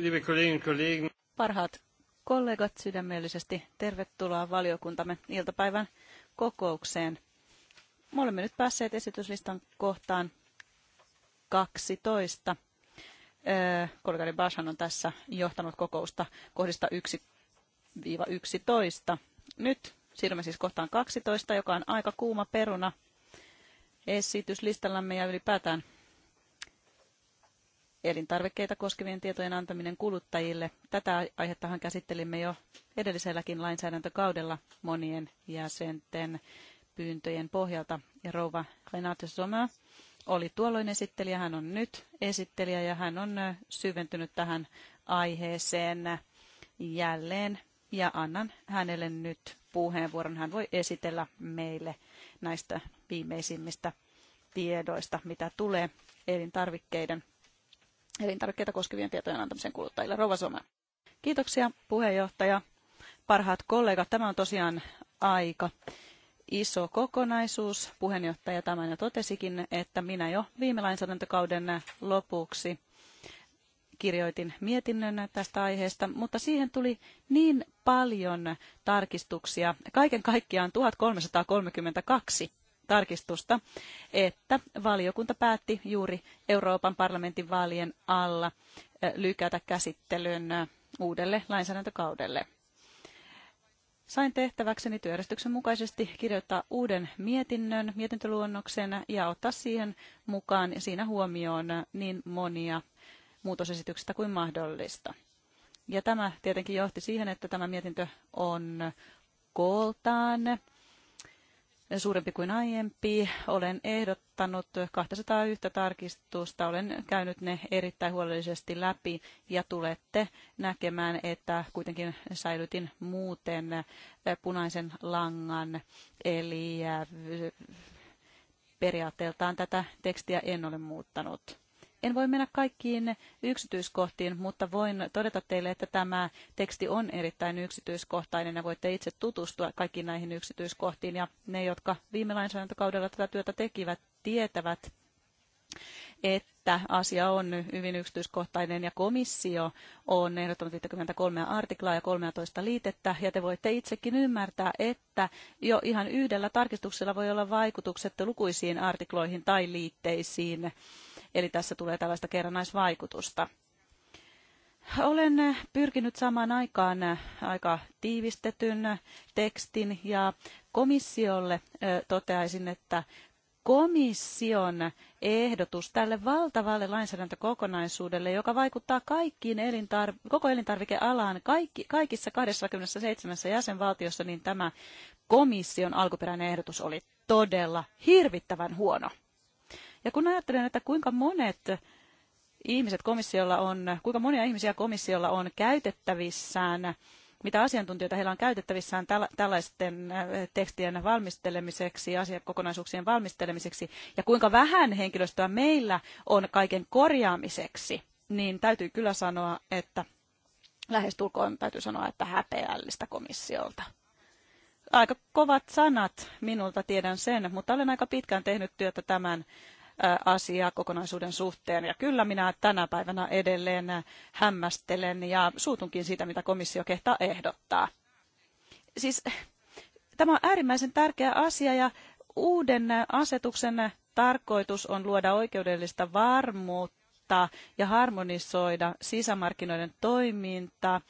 liebe Kolleginnen Kollegen. Parhaat kollegat, sydämellisesti tervetuloa valiokuntamme iltapäivän kokoukseen. Me olemme nyt päässeet esityslistan kohtaan 12. Kollegani Bashan on tässä johtanut kokousta kohdista 1-11. Nyt siirrymme siis kohtaan 12, joka on aika kuuma peruna esityslistallamme ja ylipäätään elintarvikkeita koskevien tietojen antaminen kuluttajille. Tätä aihettahan käsittelimme jo edelliselläkin lainsäädäntökaudella monien jäsenten pyyntöjen pohjalta. Ja rouva Renate Soma oli tuolloin esittelijä, hän on nyt esittelijä ja hän on syventynyt tähän aiheeseen jälleen. Ja annan hänelle nyt puheenvuoron. Hän voi esitellä meille näistä viimeisimmistä tiedoista, mitä tulee elintarvikkeiden elintarvikkeita koskevien tietojen antamisen kuluttajille. Rouva Soma. Kiitoksia puheenjohtaja. Parhaat kollegat, tämä on tosiaan aika iso kokonaisuus. Puheenjohtaja tämän jo totesikin, että minä jo viime lainsäädäntökauden lopuksi kirjoitin mietinnön tästä aiheesta, mutta siihen tuli niin paljon tarkistuksia, kaiken kaikkiaan 1332 tarkistusta, että valiokunta päätti juuri Euroopan parlamentin vaalien alla eh, lykätä käsittelyn eh, uudelle lainsäädäntökaudelle. Sain tehtäväkseni työjärjestyksen mukaisesti kirjoittaa uuden mietinnön, mietintöluonnoksen ja ottaa siihen mukaan ja siinä huomioon eh, niin monia muutosesityksistä kuin mahdollista. Ja tämä tietenkin johti siihen, että tämä mietintö on kooltaan suurempi kuin aiempi. Olen ehdottanut 201 tarkistusta, olen käynyt ne erittäin huolellisesti läpi ja tulette näkemään, että kuitenkin säilytin muuten punaisen langan, eli äh, periaatteeltaan tätä tekstiä en ole muuttanut. En voi mennä kaikkiin yksityiskohtiin, mutta voin todeta teille, että tämä teksti on erittäin yksityiskohtainen ja voitte itse tutustua kaikkiin näihin yksityiskohtiin. Ja ne, jotka viime lainsäädäntökaudella tätä työtä tekivät, tietävät, että asia on hyvin yksityiskohtainen ja komissio on ehdottanut 53 artiklaa ja 13 liitettä ja te voitte itsekin ymmärtää, että jo ihan yhdellä tarkistuksella voi olla vaikutukset lukuisiin artikloihin tai liitteisiin Eli tässä tulee tällaista kerrannaisvaikutusta. Olen pyrkinyt samaan aikaan aika tiivistetyn tekstin ja komissiolle toteaisin, että komission ehdotus tälle valtavalle lainsäädäntökokonaisuudelle, joka vaikuttaa kaikkiin elintar- koko elintarvikealaan kaikki, kaikissa 27 jäsenvaltiossa, niin tämä komission alkuperäinen ehdotus oli todella hirvittävän huono. Ja kun ajattelen, että kuinka monet ihmiset komissiolla on, kuinka monia ihmisiä komissiolla on käytettävissään, mitä asiantuntijoita heillä on käytettävissään tällaisten äh, tekstien valmistelemiseksi, asiakokonaisuuksien valmistelemiseksi, ja kuinka vähän henkilöstöä meillä on kaiken korjaamiseksi, niin täytyy kyllä sanoa, että lähestulkoon täytyy sanoa, että häpeällistä komissiolta. Aika kovat sanat minulta tiedän sen, mutta olen aika pitkään tehnyt työtä tämän asiaa kokonaisuuden suhteen. Ja kyllä minä tänä päivänä edelleen hämmästelen ja suutunkin siitä, mitä komissio kehtaa ehdottaa. Siis tämä on äärimmäisen tärkeä asia ja uuden asetuksen tarkoitus on luoda oikeudellista varmuutta ja harmonisoida sisämarkkinoiden toiminta.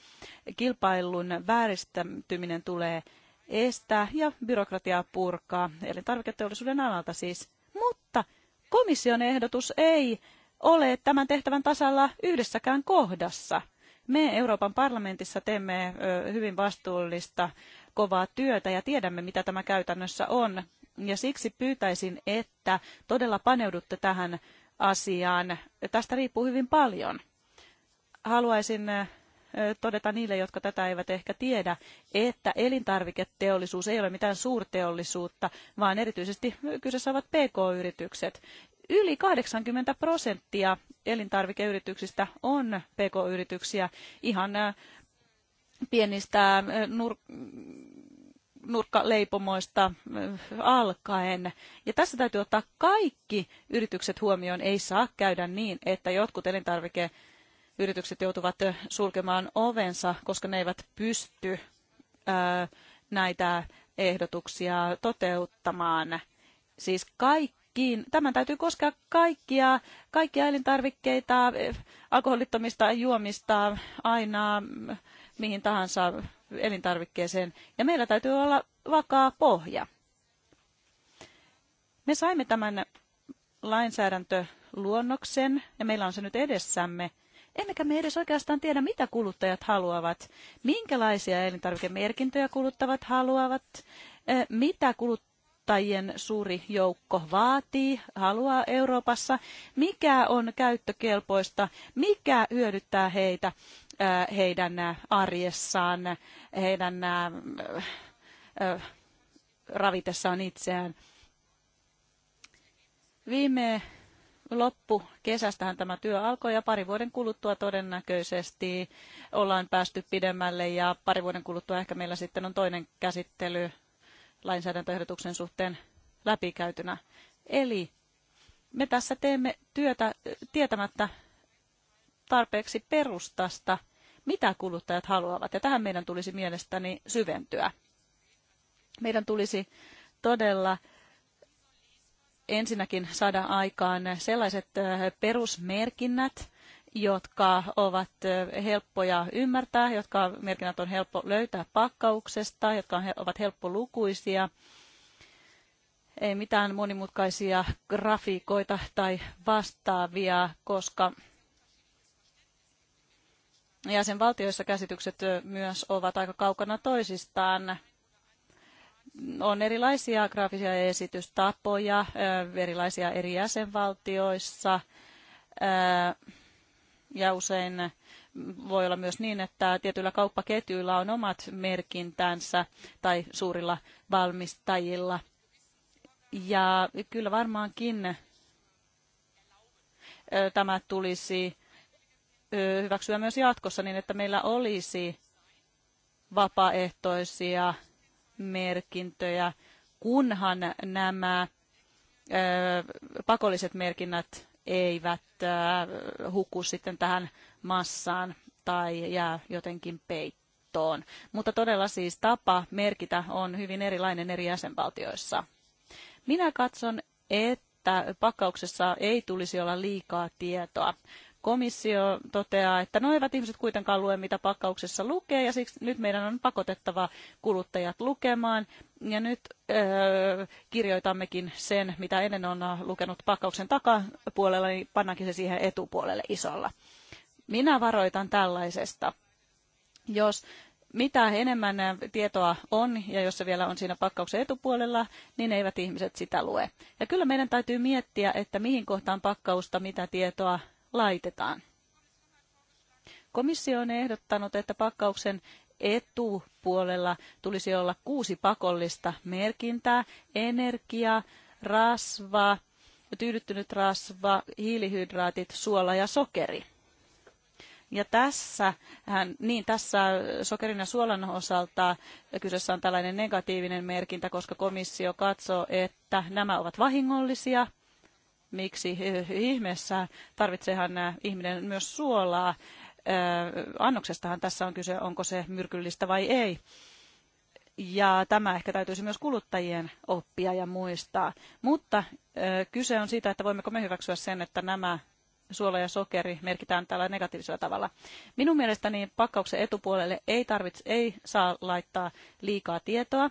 Kilpailun vääristäminen tulee estää ja byrokratiaa purkaa, eli tarviketeollisuuden alalta siis. Mutta Komission ehdotus ei ole tämän tehtävän tasalla yhdessäkään kohdassa. Me Euroopan parlamentissa teemme hyvin vastuullista kovaa työtä ja tiedämme, mitä tämä käytännössä on. Ja siksi pyytäisin, että todella paneudutte tähän asiaan. Tästä riippuu hyvin paljon. Haluaisin todeta niille, jotka tätä eivät ehkä tiedä, että elintarviketeollisuus ei ole mitään suurteollisuutta, vaan erityisesti kyseessä ovat PK-yritykset. Yli 80 prosenttia elintarvikeyrityksistä on PK-yrityksiä ihan pienistä nur- nurkkaleipomoista alkaen. Ja tässä täytyy ottaa kaikki yritykset huomioon. Ei saa käydä niin, että jotkut elintarvikeyritykset yritykset joutuvat sulkemaan ovensa, koska ne eivät pysty näitä ehdotuksia toteuttamaan. Siis kaikkiin, tämän täytyy koskea kaikkia, kaikkia elintarvikkeita, alkoholittomista juomista aina mm, mihin tahansa elintarvikkeeseen. Ja meillä täytyy olla vakaa pohja. Me saimme tämän lainsäädäntöluonnoksen ja meillä on se nyt edessämme – Emmekä me edes oikeastaan tiedä, mitä kuluttajat haluavat, minkälaisia elintarvikemerkintöjä kuluttavat haluavat, eh, mitä kuluttajien suuri joukko vaatii, haluaa Euroopassa, mikä on käyttökelpoista, mikä hyödyttää heitä eh, heidän eh, arjessaan, heidän ravitessaan itseään. Viime loppu kesästähän tämä työ alkoi ja pari vuoden kuluttua todennäköisesti ollaan päästy pidemmälle ja pari vuoden kuluttua ehkä meillä sitten on toinen käsittely lainsäädäntöehdotuksen suhteen läpikäytynä. Eli me tässä teemme työtä tietämättä tarpeeksi perustasta, mitä kuluttajat haluavat. Ja tähän meidän tulisi mielestäni syventyä. Meidän tulisi todella ensinnäkin saada aikaan sellaiset perusmerkinnät, jotka ovat helppoja ymmärtää, jotka merkinnät on helppo löytää pakkauksesta, jotka ovat helppolukuisia. Ei mitään monimutkaisia grafiikoita tai vastaavia, koska jäsenvaltioissa käsitykset myös ovat aika kaukana toisistaan on erilaisia graafisia esitystapoja, erilaisia eri jäsenvaltioissa ja usein voi olla myös niin, että tietyillä kauppaketjuilla on omat merkintänsä tai suurilla valmistajilla. Ja kyllä varmaankin tämä tulisi hyväksyä myös jatkossa niin, että meillä olisi vapaaehtoisia merkintöjä, kunhan nämä pakolliset merkinnät eivät huku sitten tähän massaan tai jää jotenkin peittoon. Mutta todella siis tapa merkitä on hyvin erilainen eri jäsenvaltioissa. Minä katson, että pakkauksessa ei tulisi olla liikaa tietoa komissio toteaa, että no eivät ihmiset kuitenkaan lue, mitä pakkauksessa lukee, ja siksi nyt meidän on pakotettava kuluttajat lukemaan. Ja nyt öö, kirjoitammekin sen, mitä ennen on lukenut pakkauksen takapuolella, niin pannaankin se siihen etupuolelle isolla. Minä varoitan tällaisesta. Jos mitä enemmän tietoa on, ja jos se vielä on siinä pakkauksen etupuolella, niin eivät ihmiset sitä lue. Ja kyllä meidän täytyy miettiä, että mihin kohtaan pakkausta, mitä tietoa laitetaan. Komissio on ehdottanut, että pakkauksen etupuolella tulisi olla kuusi pakollista merkintää, energia, rasva, tyydyttynyt rasva, hiilihydraatit, suola ja sokeri. Ja tässä, niin tässä sokerin ja suolan osalta kyseessä on tällainen negatiivinen merkintä, koska komissio katsoo, että nämä ovat vahingollisia – miksi ihmeessä tarvitseehan ihminen myös suolaa. Öö, annoksestahan tässä on kyse, onko se myrkyllistä vai ei. Ja tämä ehkä täytyisi myös kuluttajien oppia ja muistaa. Mutta öö, kyse on siitä, että voimmeko me hyväksyä sen, että nämä suola ja sokeri merkitään tällä negatiivisella tavalla. Minun mielestäni pakkauksen etupuolelle ei, tarvitse, ei saa laittaa liikaa tietoa.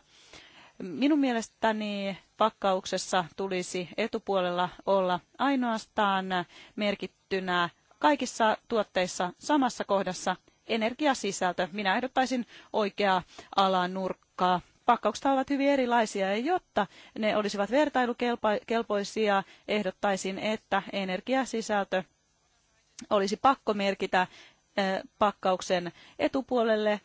Minun mielestäni pakkauksessa tulisi etupuolella olla ainoastaan merkittynä kaikissa tuotteissa samassa kohdassa energiasisältö. Minä ehdottaisin oikeaa alanurkkaa. Pakkaukset ovat hyvin erilaisia ja jotta ne olisivat vertailukelpoisia, ehdottaisin, että energiasisältö olisi pakko merkitä pakkauksen etupuolelle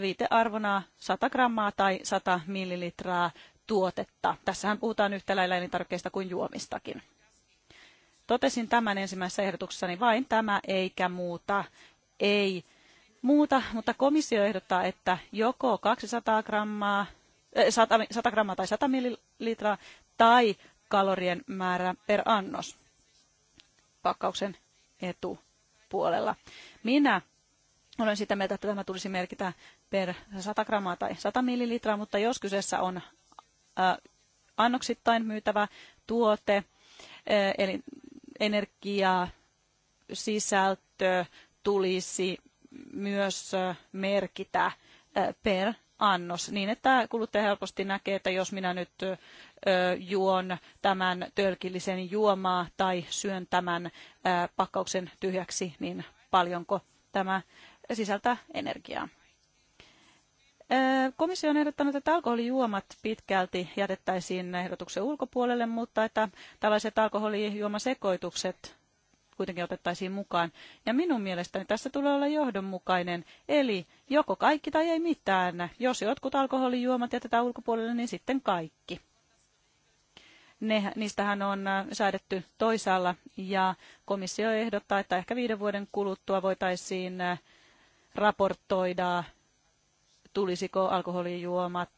viitearvona 100 grammaa tai 100 millilitraa tuotetta. Tässähän puhutaan yhtä lailla elintarvikkeista kuin juomistakin. Totesin tämän ensimmäisessä ehdotuksessani vain tämä eikä muuta. Ei muuta, mutta komissio ehdottaa, että joko 200 grammaa, 100, 100 grammaa tai 100 millilitraa tai kalorien määrä per annos pakkauksen etupuolella. Minä olen sitä mieltä, että tämä tulisi merkitä per 100 grammaa tai 100 millilitraa, mutta jos kyseessä on annoksittain myytävä tuote, eli energiaa, sisältö tulisi myös merkitä per annos niin, että kuluttaja helposti näkee, että jos minä nyt juon tämän tölkillisen juomaa tai syön tämän pakkauksen tyhjäksi, niin paljonko tämä sisältää energiaa. Komissio on ehdottanut, että alkoholijuomat pitkälti jätettäisiin ehdotuksen ulkopuolelle, mutta että tällaiset alkoholijuomasekoitukset kuitenkin otettaisiin mukaan. Ja minun mielestäni tässä tulee olla johdonmukainen, eli joko kaikki tai ei mitään. Jos jotkut alkoholijuomat jätetään ulkopuolelle, niin sitten kaikki. Ne, niistähän on säädetty toisaalla ja komissio ehdottaa, että ehkä viiden vuoden kuluttua voitaisiin raportoida, tulisiko alkoholijuomat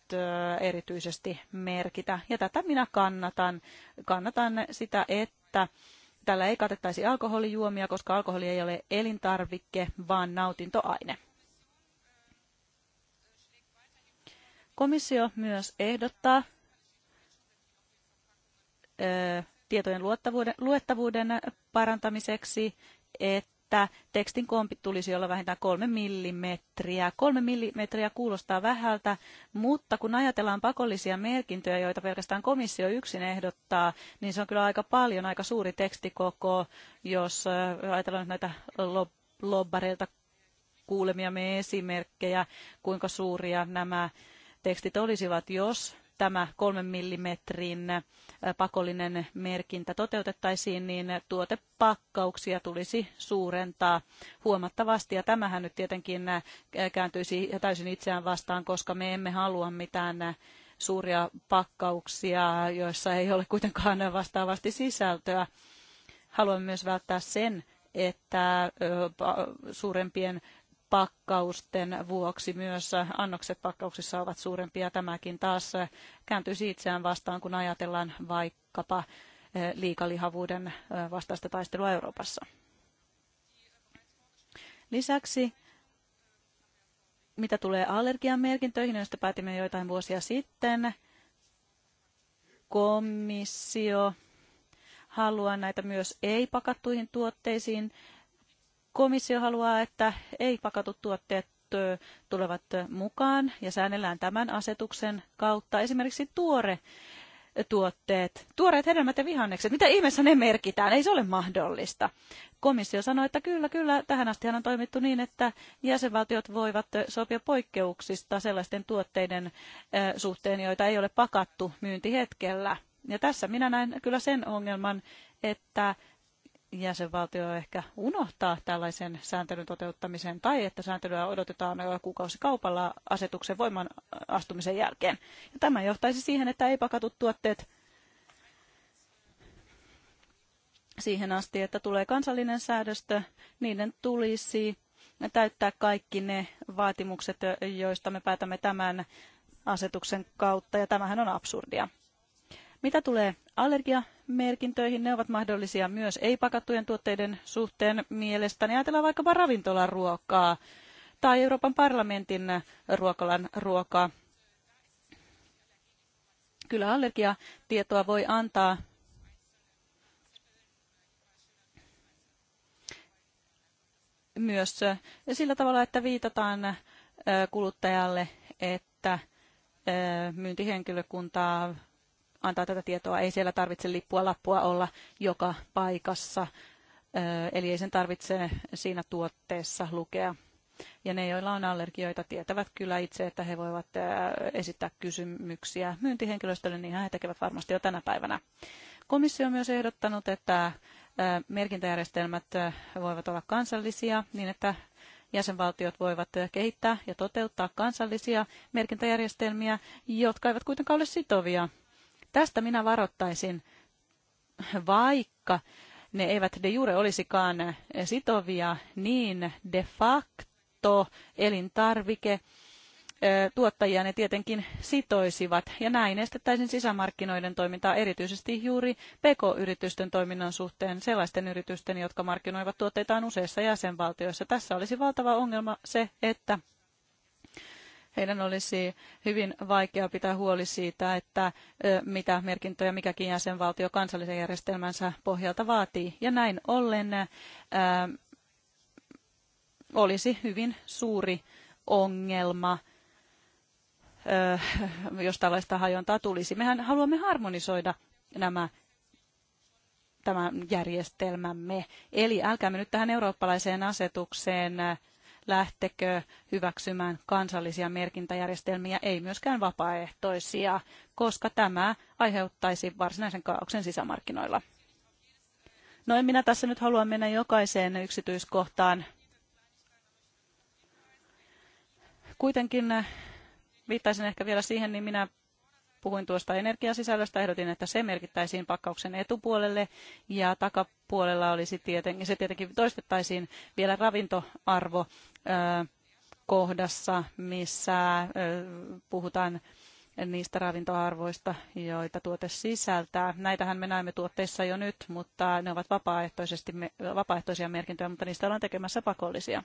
erityisesti merkitä. Ja tätä minä kannatan. Kannatan sitä, että tällä ei katettaisi alkoholijuomia, koska alkoholi ei ole elintarvikke, vaan nautintoaine. Komissio myös ehdottaa tietojen luettavuuden parantamiseksi, että että tekstin kompi tulisi olla vähintään kolme millimetriä. Kolme millimetriä kuulostaa vähältä, mutta kun ajatellaan pakollisia merkintöjä, joita pelkästään komissio yksin ehdottaa, niin se on kyllä aika paljon, aika suuri tekstikoko, jos ajatellaan näitä lobbareilta kuulemiamme esimerkkejä, kuinka suuria nämä tekstit olisivat, jos tämä kolmen millimetrin äh, pakollinen merkintä toteutettaisiin, niin tuotepakkauksia tulisi suurentaa huomattavasti. Ja tämähän nyt tietenkin äh, kääntyisi täysin itseään vastaan, koska me emme halua mitään äh, suuria pakkauksia, joissa ei ole kuitenkaan vastaavasti sisältöä. Haluamme myös välttää sen, että suurempien pakkausten vuoksi myös annokset pakkauksissa ovat suurempia. Tämäkin taas kääntyisi itseään vastaan, kun ajatellaan vaikkapa eh, liikalihavuuden eh, vastaista taistelua Euroopassa. Lisäksi mitä tulee allergian merkintöihin, joista päätimme joitain vuosia sitten, komissio haluaa näitä myös ei-pakattuihin tuotteisiin Komissio haluaa, että ei pakatut tuotteet tulevat mukaan ja säännellään tämän asetuksen kautta esimerkiksi tuore tuotteet, tuoreet hedelmät ja vihannekset, mitä ihmeessä ne merkitään, ei se ole mahdollista. Komissio sanoi, että kyllä, kyllä, tähän asti on toimittu niin, että jäsenvaltiot voivat sopia poikkeuksista sellaisten tuotteiden suhteen, joita ei ole pakattu myyntihetkellä. Ja tässä minä näen kyllä sen ongelman, että jäsenvaltio ehkä unohtaa tällaisen sääntelyn toteuttamisen tai että sääntelyä odotetaan kuukausikaupalla asetuksen voiman astumisen jälkeen. Ja tämä johtaisi siihen, että ei pakatut tuotteet siihen asti, että tulee kansallinen säädöstö, niiden tulisi täyttää kaikki ne vaatimukset, joista me päätämme tämän asetuksen kautta, ja tämähän on absurdia. Mitä tulee allergiamerkintöihin, ne ovat mahdollisia myös ei-pakattujen tuotteiden suhteen mielestäni. Ajatellaan vaikkapa ravintolaruokaa tai Euroopan parlamentin ruokalan ruokaa. Kyllä allergiatietoa voi antaa myös eh, sillä tavalla, että viitataan eh, kuluttajalle, että eh, myyntihenkilökuntaa antaa tätä tietoa. Ei siellä tarvitse lippua lappua olla joka paikassa, eli ei sen tarvitse siinä tuotteessa lukea. Ja ne, joilla on allergioita, tietävät kyllä itse, että he voivat esittää kysymyksiä myyntihenkilöstölle, niin he tekevät varmasti jo tänä päivänä. Komissio on myös ehdottanut, että merkintäjärjestelmät voivat olla kansallisia niin, että jäsenvaltiot voivat kehittää ja toteuttaa kansallisia merkintäjärjestelmiä, jotka eivät kuitenkaan ole sitovia Tästä minä varoittaisin, vaikka ne eivät de jure olisikaan sitovia, niin de facto elintarvike tuottajia ne tietenkin sitoisivat ja näin estettäisiin sisämarkkinoiden toimintaa erityisesti juuri PK-yritysten toiminnan suhteen sellaisten yritysten, jotka markkinoivat tuotteitaan useissa jäsenvaltioissa. Tässä olisi valtava ongelma se, että heidän olisi hyvin vaikea pitää huoli siitä, että mitä merkintöjä mikäkin jäsenvaltio kansallisen järjestelmänsä pohjalta vaatii. Ja näin ollen ää, olisi hyvin suuri ongelma ää, jos tällaista hajontaa tulisi. Mehän haluamme harmonisoida nämä tämä järjestelmämme. Eli älkäämme nyt tähän eurooppalaiseen asetukseen lähtekö hyväksymään kansallisia merkintäjärjestelmiä, ei myöskään vapaaehtoisia, koska tämä aiheuttaisi varsinaisen kaauksen sisämarkkinoilla. No en minä tässä nyt halua mennä jokaiseen yksityiskohtaan. Kuitenkin viittaisin ehkä vielä siihen, niin minä puhuin tuosta energiasisällöstä, ehdotin, että se merkittäisiin pakkauksen etupuolelle ja takapuolella olisi tietenkin, se tietenkin toistettaisiin vielä ravintoarvo kohdassa, missä puhutaan niistä ravintoarvoista, joita tuote sisältää. Näitähän me näemme tuotteissa jo nyt, mutta ne ovat vapaaehtoisesti, vapaaehtoisia merkintöjä, mutta niistä ollaan tekemässä pakollisia.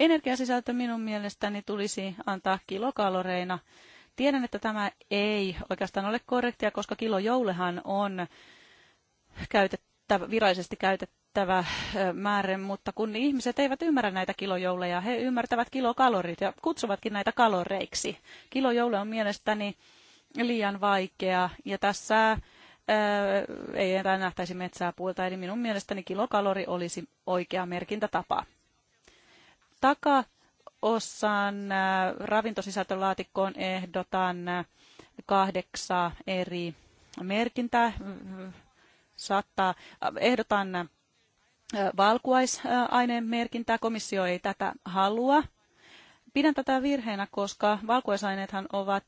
Energiasisältö minun mielestäni tulisi antaa kilokaloreina Tiedän, että tämä ei oikeastaan ole korrektia, koska kilojoulehan on käytettävä, virallisesti käytettävä määrä, mutta kun ihmiset eivät ymmärrä näitä kilojouleja, he ymmärtävät kilokalorit ja kutsuvatkin näitä kaloreiksi. Kilojoule on mielestäni liian vaikea ja tässä ei enää nähtäisi metsää puolta, eli minun mielestäni kilokalori olisi oikea merkintätapa. Taka osan äh, ravintosisältölaatikkoon ehdotan äh, kahdeksa eri merkintää. Äh, saattaa, ehdotan valkuaisaineen merkintää. Komissio ei tätä halua. Pidän tätä virheenä, koska valkuaisaineethan ovat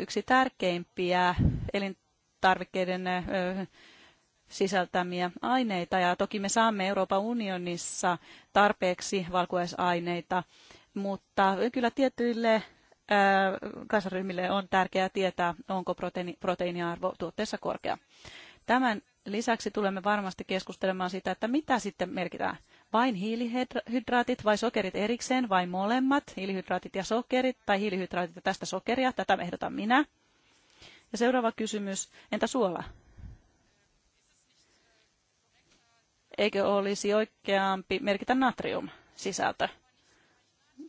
yksi tärkeimpiä elintarvikkeiden sisältämiä aineita. Ja toki me saamme Euroopan unionissa tarpeeksi valkuaisaineita, mutta kyllä tietyille kasaryhmille on tärkeää tietää, onko proteiini, proteiiniarvo tuotteessa korkea. Tämän lisäksi tulemme varmasti keskustelemaan sitä, että mitä sitten merkitään. Vain hiilihydraatit vai sokerit erikseen vai molemmat, hiilihydraatit ja sokerit tai hiilihydraatit ja tästä sokeria, tätä ehdotan minä. Ja seuraava kysymys, entä suola? eikö olisi oikeampi merkitä natrium sisältö?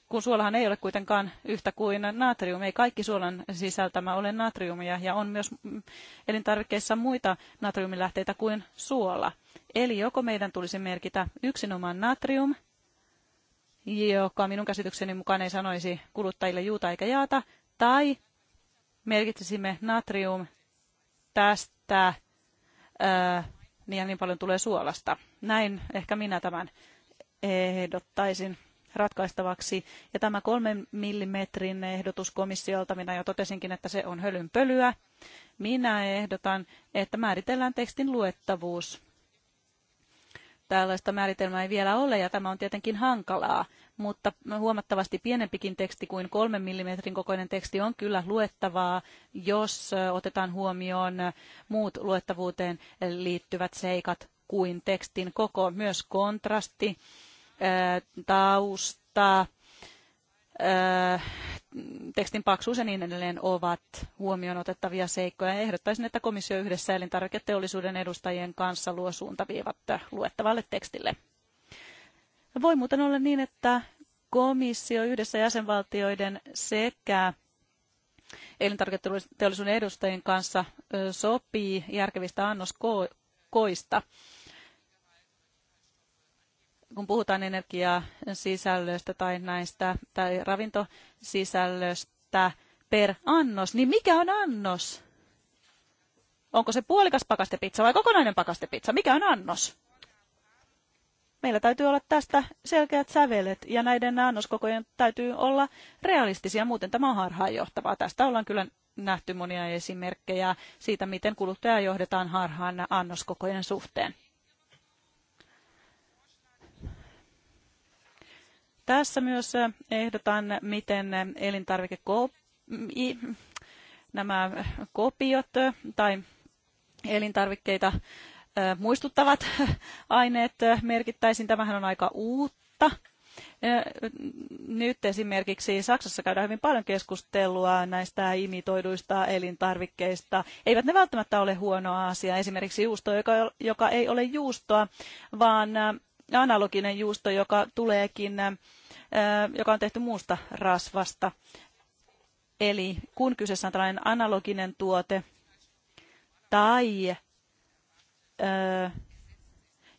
Kun suolahan ei ole kuitenkaan yhtä kuin natrium, ei kaikki suolan sisältämä ole natriumia ja on myös elintarvikkeissa muita natriumilähteitä kuin suola. Eli joko meidän tulisi merkitä yksinomaan natrium, joka minun käsitykseni mukaan ei sanoisi kuluttajille juuta eikä jaata, tai merkitsisimme natrium tästä, ää, niin ja niin paljon tulee suolasta. Näin ehkä minä tämän ehdottaisin ratkaistavaksi. Ja tämä kolmen millimetrin ehdotus komissiolta, minä jo totesinkin, että se on hölynpölyä. Minä ehdotan, että määritellään tekstin luettavuus. Tällaista määritelmää ei vielä ole ja tämä on tietenkin hankalaa, mutta huomattavasti pienempikin teksti kuin kolmen millimetrin kokoinen teksti on kyllä luettavaa, jos otetaan huomioon muut luettavuuteen liittyvät seikat kuin tekstin koko, myös kontrasti, tausta, tekstin paksuus ja niin edelleen ovat huomioon otettavia seikkoja. Ehdottaisin, että komissio yhdessä elintarviketeollisuuden edustajien kanssa luo suuntaviivat luettavalle tekstille. Voi muuten olla niin, että komissio yhdessä jäsenvaltioiden sekä elintarviketeollisuuden edustajien kanssa sopii järkevistä annoskoista kun puhutaan energiasisällöstä tai näistä tai ravintosisällöstä per annos, niin mikä on annos? Onko se puolikas pakastepizza vai kokonainen pakastepizza? Mikä on annos? Meillä täytyy olla tästä selkeät sävelet ja näiden annoskokojen täytyy olla realistisia, muuten tämä on harhaanjohtavaa. Tästä ollaan kyllä nähty monia esimerkkejä siitä, miten kuluttajaa johdetaan harhaan annoskokojen suhteen. Tässä myös ehdotan, miten elintarvikeko- nämä kopiot tai elintarvikkeita muistuttavat aineet merkittäisiin. Tämähän on aika uutta. Nyt esimerkiksi Saksassa käydään hyvin paljon keskustelua näistä imitoiduista elintarvikkeista. Eivät ne välttämättä ole huonoa asiaa. Esimerkiksi juusto, joka, joka ei ole juustoa, vaan analoginen juusto, joka tuleekin joka on tehty muusta rasvasta. Eli kun kyseessä on tällainen analoginen tuote tai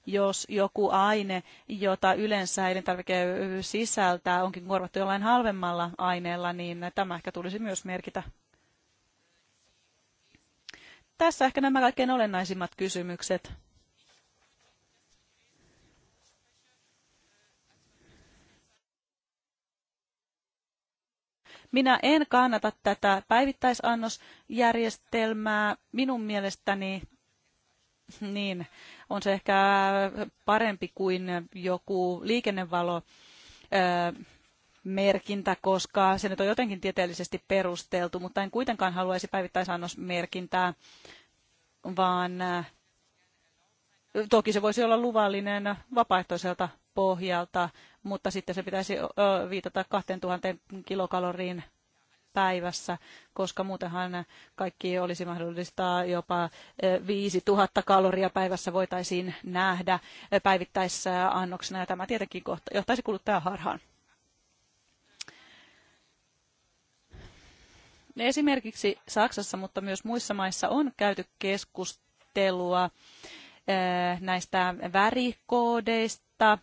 jos joku aine, jota yleensä elintarvike sisältää, onkin korvattu jollain halvemmalla aineella, niin tämä ehkä tulisi myös merkitä. Tässä ehkä nämä kaikkein olennaisimmat kysymykset. Minä en kannata tätä päivittäisannosjärjestelmää. Minun mielestäni niin, on se ehkä parempi kuin joku liikennevalo merkintä, koska se nyt on jotenkin tieteellisesti perusteltu, mutta en kuitenkaan haluaisi päivittäisannosmerkintää, vaan toki se voisi olla luvallinen vapaaehtoiselta pohjalta, mutta sitten se pitäisi viitata 2000 kilokaloriin päivässä, koska muutenhan kaikki olisi mahdollista jopa 5000 kaloria päivässä voitaisiin nähdä päivittäisessä annoksena ja tämä tietenkin johtaisi kuluttaa harhaan. Esimerkiksi Saksassa, mutta myös muissa maissa on käyty keskustelua Äh, näistä värikoodeista.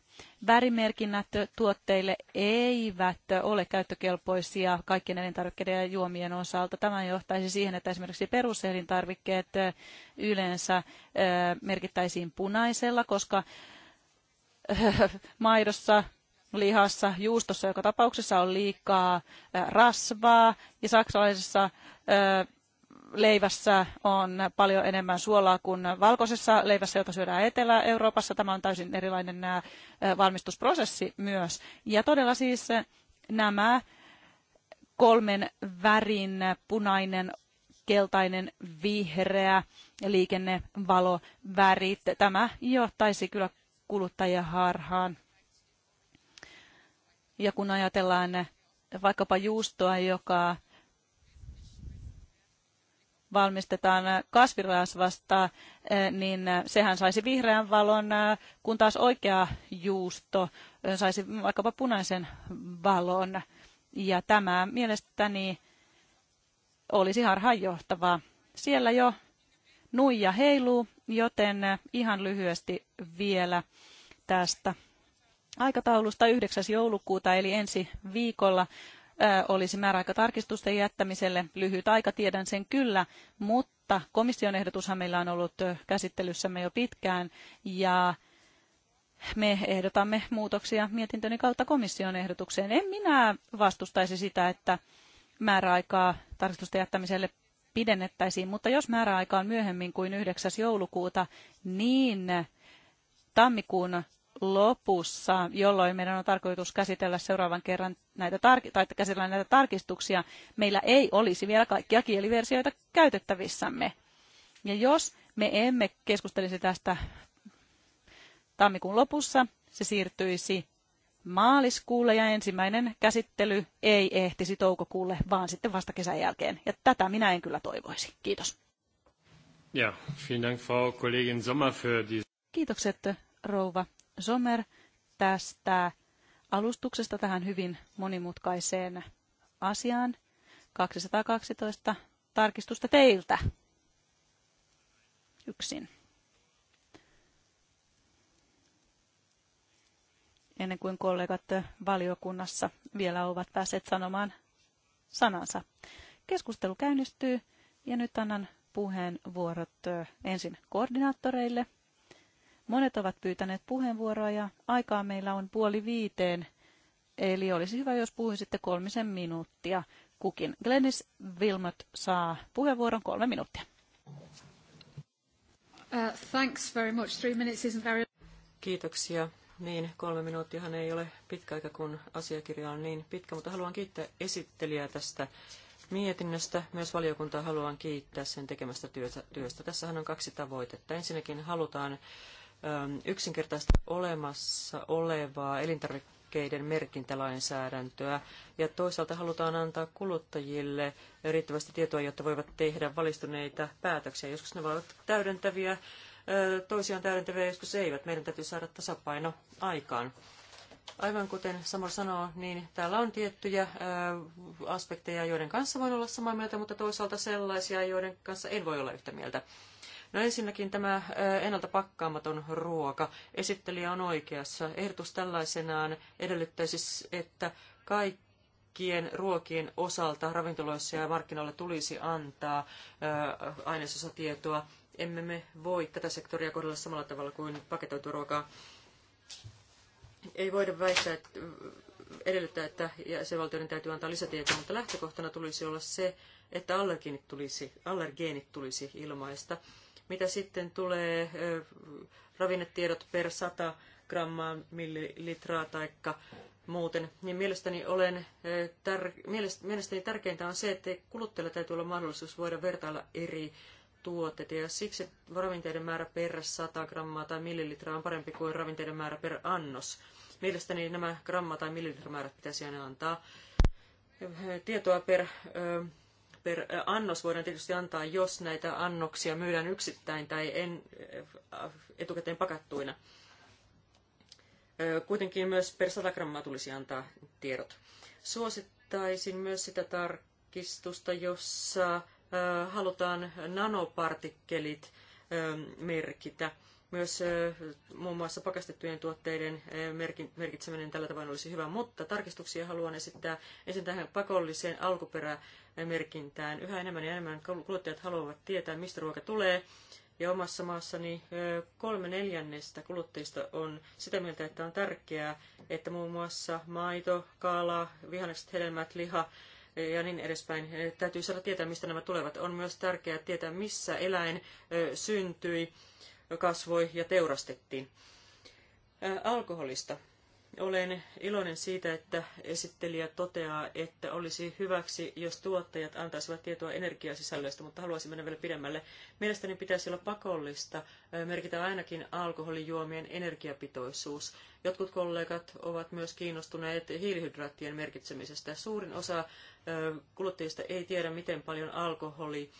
Värimerkinnät tuotteille eivät ole käyttökelpoisia kaikkien elintarvikkeiden ja juomien osalta. Tämä johtaisi siihen, että esimerkiksi peruselintarvikkeet yleensä äh, merkittäisiin punaisella, koska äh, maidossa lihassa, juustossa joka tapauksessa on liikaa rasvaa ja saksalaisessa leivässä on paljon enemmän suolaa kuin valkoisessa leivässä, jota syödään Etelä-Euroopassa. Tämä on täysin erilainen valmistusprosessi myös. Ja todella siis nämä kolmen värin punainen, keltainen, vihreä liikennevalovärit. Tämä johtaisi kyllä kuluttajia harhaan. Ja kun ajatellaan vaikkapa juustoa, joka valmistetaan kasvirasvasta, eh, niin eh, sehän saisi vihreän valon, eh, kun taas oikea juusto saisi vaikkapa punaisen valon. Ja tämä mielestäni olisi harhaanjohtavaa. Siellä jo nuija heiluu, joten ihan lyhyesti vielä tästä aikataulusta 9. joulukuuta eli ensi viikolla olisi määräaika tarkistusten jättämiselle lyhyt aika, tiedän sen kyllä, mutta komission ehdotushan meillä on ollut käsittelyssämme jo pitkään ja me ehdotamme muutoksia mietintöni kautta komission ehdotukseen. En minä vastustaisi sitä, että määräaikaa tarkistusten jättämiselle pidennettäisiin, mutta jos määräaika on myöhemmin kuin 9. joulukuuta, niin tammikuun lopussa, jolloin meidän on tarkoitus käsitellä seuraavan kerran näitä, tarki- tai käsitellä näitä tarkistuksia, meillä ei olisi vielä kaikkia kieliversioita käytettävissämme. Ja jos me emme keskustelisi tästä tammikuun lopussa, se siirtyisi maaliskuulle ja ensimmäinen käsittely ei ehtisi toukokuulle, vaan sitten vasta kesän jälkeen. Ja tätä minä en kyllä toivoisi. Kiitos. Ja, vielen Dank, Frau Kollegin Sommer, für die... Kiitokset rouva Sommer tästä alustuksesta tähän hyvin monimutkaiseen asiaan. 212 tarkistusta teiltä yksin. Ennen kuin kollegat valiokunnassa vielä ovat päässeet sanomaan sanansa. Keskustelu käynnistyy ja nyt annan puheenvuorot ensin koordinaattoreille Monet ovat pyytäneet puheenvuoroa ja aikaa meillä on puoli viiteen, eli olisi hyvä, jos puhuisitte kolmisen minuuttia kukin. Glenis Wilmot saa puheenvuoron kolme minuuttia. Uh, thanks very much. Three minutes isn't very... Kiitoksia. Niin, kolme minuuttiahan ei ole pitkä aika, kun asiakirja on niin pitkä, mutta haluan kiittää esittelijää tästä mietinnöstä. Myös valiokuntaa haluan kiittää sen tekemästä työstä. Tässähän on kaksi tavoitetta. Ensinnäkin halutaan Ähm, yksinkertaista olemassa olevaa elintarvikkeiden merkintälainsäädäntöä ja toisaalta halutaan antaa kuluttajille riittävästi tietoa, jotta voivat tehdä valistuneita päätöksiä. Joskus ne voivat täydentäviä, toisiaan täydentäviä, joskus eivät. Meidän täytyy saada tasapaino aikaan. Aivan kuten Samor sanoo, niin täällä on tiettyjä aspekteja, joiden kanssa voin olla samaa mieltä, mutta toisaalta sellaisia, joiden kanssa en voi olla yhtä mieltä. No ensinnäkin tämä ennalta pakkaamaton ruoka. Esittelijä on oikeassa. Ehdotus tällaisenaan edellyttäisi, että kaikkien ruokien osalta ravintoloissa ja markkinoilla tulisi antaa ainesosatietoa. Emme me voi tätä sektoria kohdella samalla tavalla kuin paketoitua ruokaa. Ei voida väittää, että edellyttää, että jäsenvaltioiden täytyy antaa lisätietoa, mutta lähtökohtana tulisi olla se, että allergeenit tulisi, allergeenit tulisi ilmaista. Mitä sitten tulee ravinnetiedot per 100 grammaa millilitraa tai muuten, niin mielestäni, olen, tär, mielestäni tärkeintä on se, että kuluttajalla täytyy olla mahdollisuus voida vertailla eri tuotteita. Ja siksi ravinteiden määrä per 100 grammaa tai millilitraa on parempi kuin ravinteiden määrä per annos. Mielestäni nämä gramma- tai millilitramäärät pitäisi aina antaa tietoa per per annos voidaan tietysti antaa, jos näitä annoksia myydään yksittäin tai en, etukäteen pakattuina. Kuitenkin myös per 100 grammaa tulisi antaa tiedot. Suosittaisin myös sitä tarkistusta, jossa halutaan nanopartikkelit merkitä – myös muun muassa pakastettujen tuotteiden merkitseminen tällä tavoin olisi hyvä, mutta tarkistuksia haluan esittää ensin tähän pakolliseen alkuperämerkintään. Yhä enemmän ja enemmän kuluttajat haluavat tietää, mistä ruoka tulee. Ja omassa maassani kolme neljännestä kuluttajista on sitä mieltä, että on tärkeää, että muun muassa maito, kala, vihannekset, hedelmät, liha ja niin edespäin. Täytyy saada tietää, mistä nämä tulevat. On myös tärkeää tietää, missä eläin syntyi kasvoi ja teurastettiin. Alkoholista. Olen iloinen siitä, että esittelijä toteaa, että olisi hyväksi, jos tuottajat antaisivat tietoa energiasisällöistä, mutta haluaisin mennä vielä pidemmälle. Mielestäni pitäisi olla pakollista merkitä ainakin alkoholijuomien energiapitoisuus. Jotkut kollegat ovat myös kiinnostuneet hiilihydraattien merkitsemisestä. Suurin osa kuluttajista ei tiedä, miten paljon alkoholi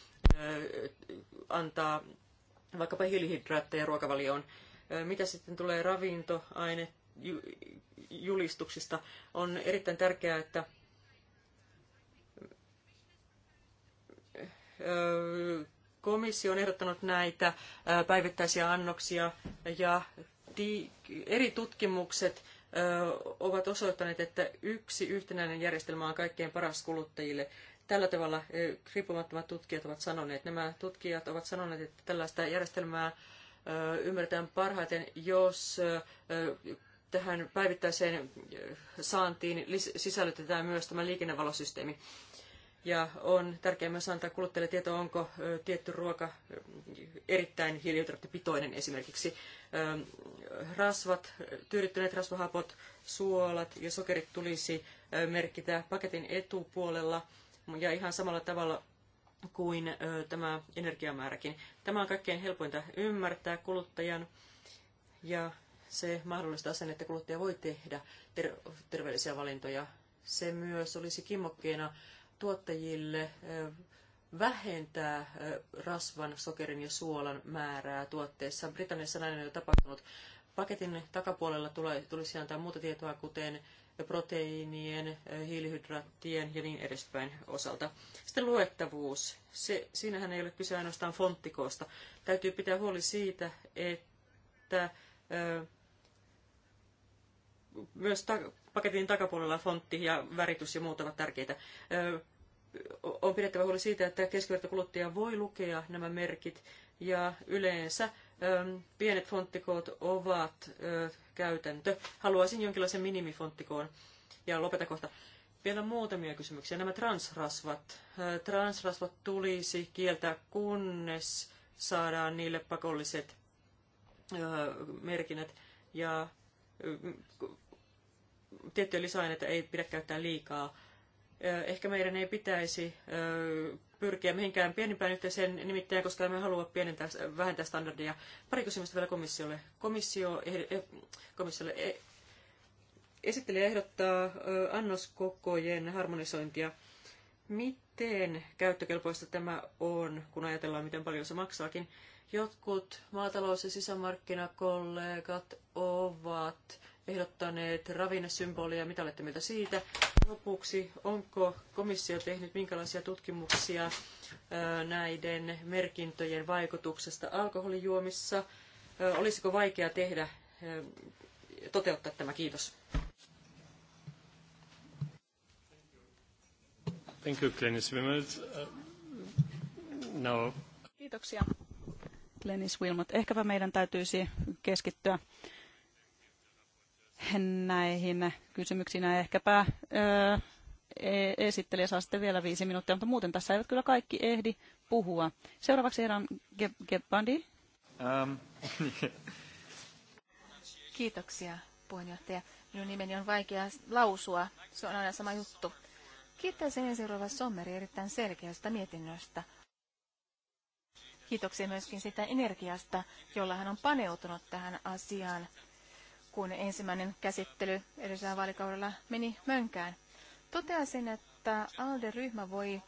antaa vaikkapa hiilihydraatteja ruokavalioon. Mitä sitten tulee ravintoaine julistuksista, on erittäin tärkeää, että komissio on ehdottanut näitä päivittäisiä annoksia ja eri tutkimukset ovat osoittaneet, että yksi yhtenäinen järjestelmä on kaikkein paras kuluttajille. Tällä tavalla riippumattomat tutkijat ovat sanoneet. Nämä tutkijat ovat sanoneet, että tällaista järjestelmää ymmärretään parhaiten, jos tähän päivittäiseen saantiin sisällytetään myös tämä liikennevalosysteemi. Ja on tärkeää myös antaa kuluttajille tietoa, onko tietty ruoka erittäin hiilihydraattipitoinen esimerkiksi. Rasvat, tyydyttyneet rasvahapot, suolat ja sokerit tulisi merkitä paketin etupuolella – ja ihan samalla tavalla kuin tämä energiamääräkin. Tämä on kaikkein helpointa ymmärtää kuluttajan ja se mahdollistaa sen, että kuluttaja voi tehdä ter- terveellisiä valintoja. Se myös olisi kimmokkeena tuottajille vähentää rasvan, sokerin ja suolan määrää tuotteessa. Britanniassa näin on jo tapahtunut. Paketin takapuolella tulisi antaa muuta tietoa, kuten proteiinien, hiilihydraattien ja niin edespäin osalta. Sitten luettavuus. Se, siinähän ei ole kyse ainoastaan fonttikoosta. Täytyy pitää huoli siitä, että ö, myös ta- paketin takapuolella fontti ja väritys ja muut ovat tärkeitä. Ö, on pidettävä huoli siitä, että keskivertokuluttaja voi lukea nämä merkit ja yleensä ö, pienet fonttikoot ovat ö, käytäntö. Haluaisin jonkinlaisen minimifonttikoon. Ja lopeta kohta. Vielä muutamia kysymyksiä. Nämä transrasvat. Transrasvat tulisi kieltää, kunnes saadaan niille pakolliset merkinnät. Ja tiettyjä lisäaineita ei pidä käyttää liikaa ehkä meidän ei pitäisi pyrkiä mihinkään pienimpään yhteiseen nimittäin, koska emme halua pienentää, vähentää standardeja. Pari kysymystä vielä komissiolle. Komissio, eh, komissiolle eh, esittelijä ehdottaa annoskokojen harmonisointia. Miten käyttökelpoista tämä on, kun ajatellaan, miten paljon se maksaakin? Jotkut maatalous- ja sisämarkkinakollegat ovat ehdottaneet ravinnesymbolia. Mitä olette mieltä siitä? lopuksi, onko komissio tehnyt minkälaisia tutkimuksia näiden merkintöjen vaikutuksesta alkoholijuomissa? Olisiko vaikea tehdä, toteuttaa tämä? Kiitos. Thank you, Glenis Wilmot. Uh, no. Kiitoksia, Glenis Wilmot. Ehkäpä meidän täytyisi keskittyä näihin kysymyksiin. Ehkäpä e, esittelijä saa sitten vielä viisi minuuttia, mutta muuten tässä eivät kyllä kaikki ehdi puhua. Seuraavaksi herra Gebbandi. Um, ähm. Kiitoksia, puheenjohtaja. Minun nimeni on vaikea lausua. Se on aina sama juttu. Kiittäisin ensin Rova Sommeri erittäin selkeästä mietinnöstä. Kiitoksia myöskin sitä energiasta, jolla hän on paneutunut tähän asiaan kun ensimmäinen käsittely edellisellä vaalikaudella meni mönkään. Toteasin, että ALDE-ryhmä voi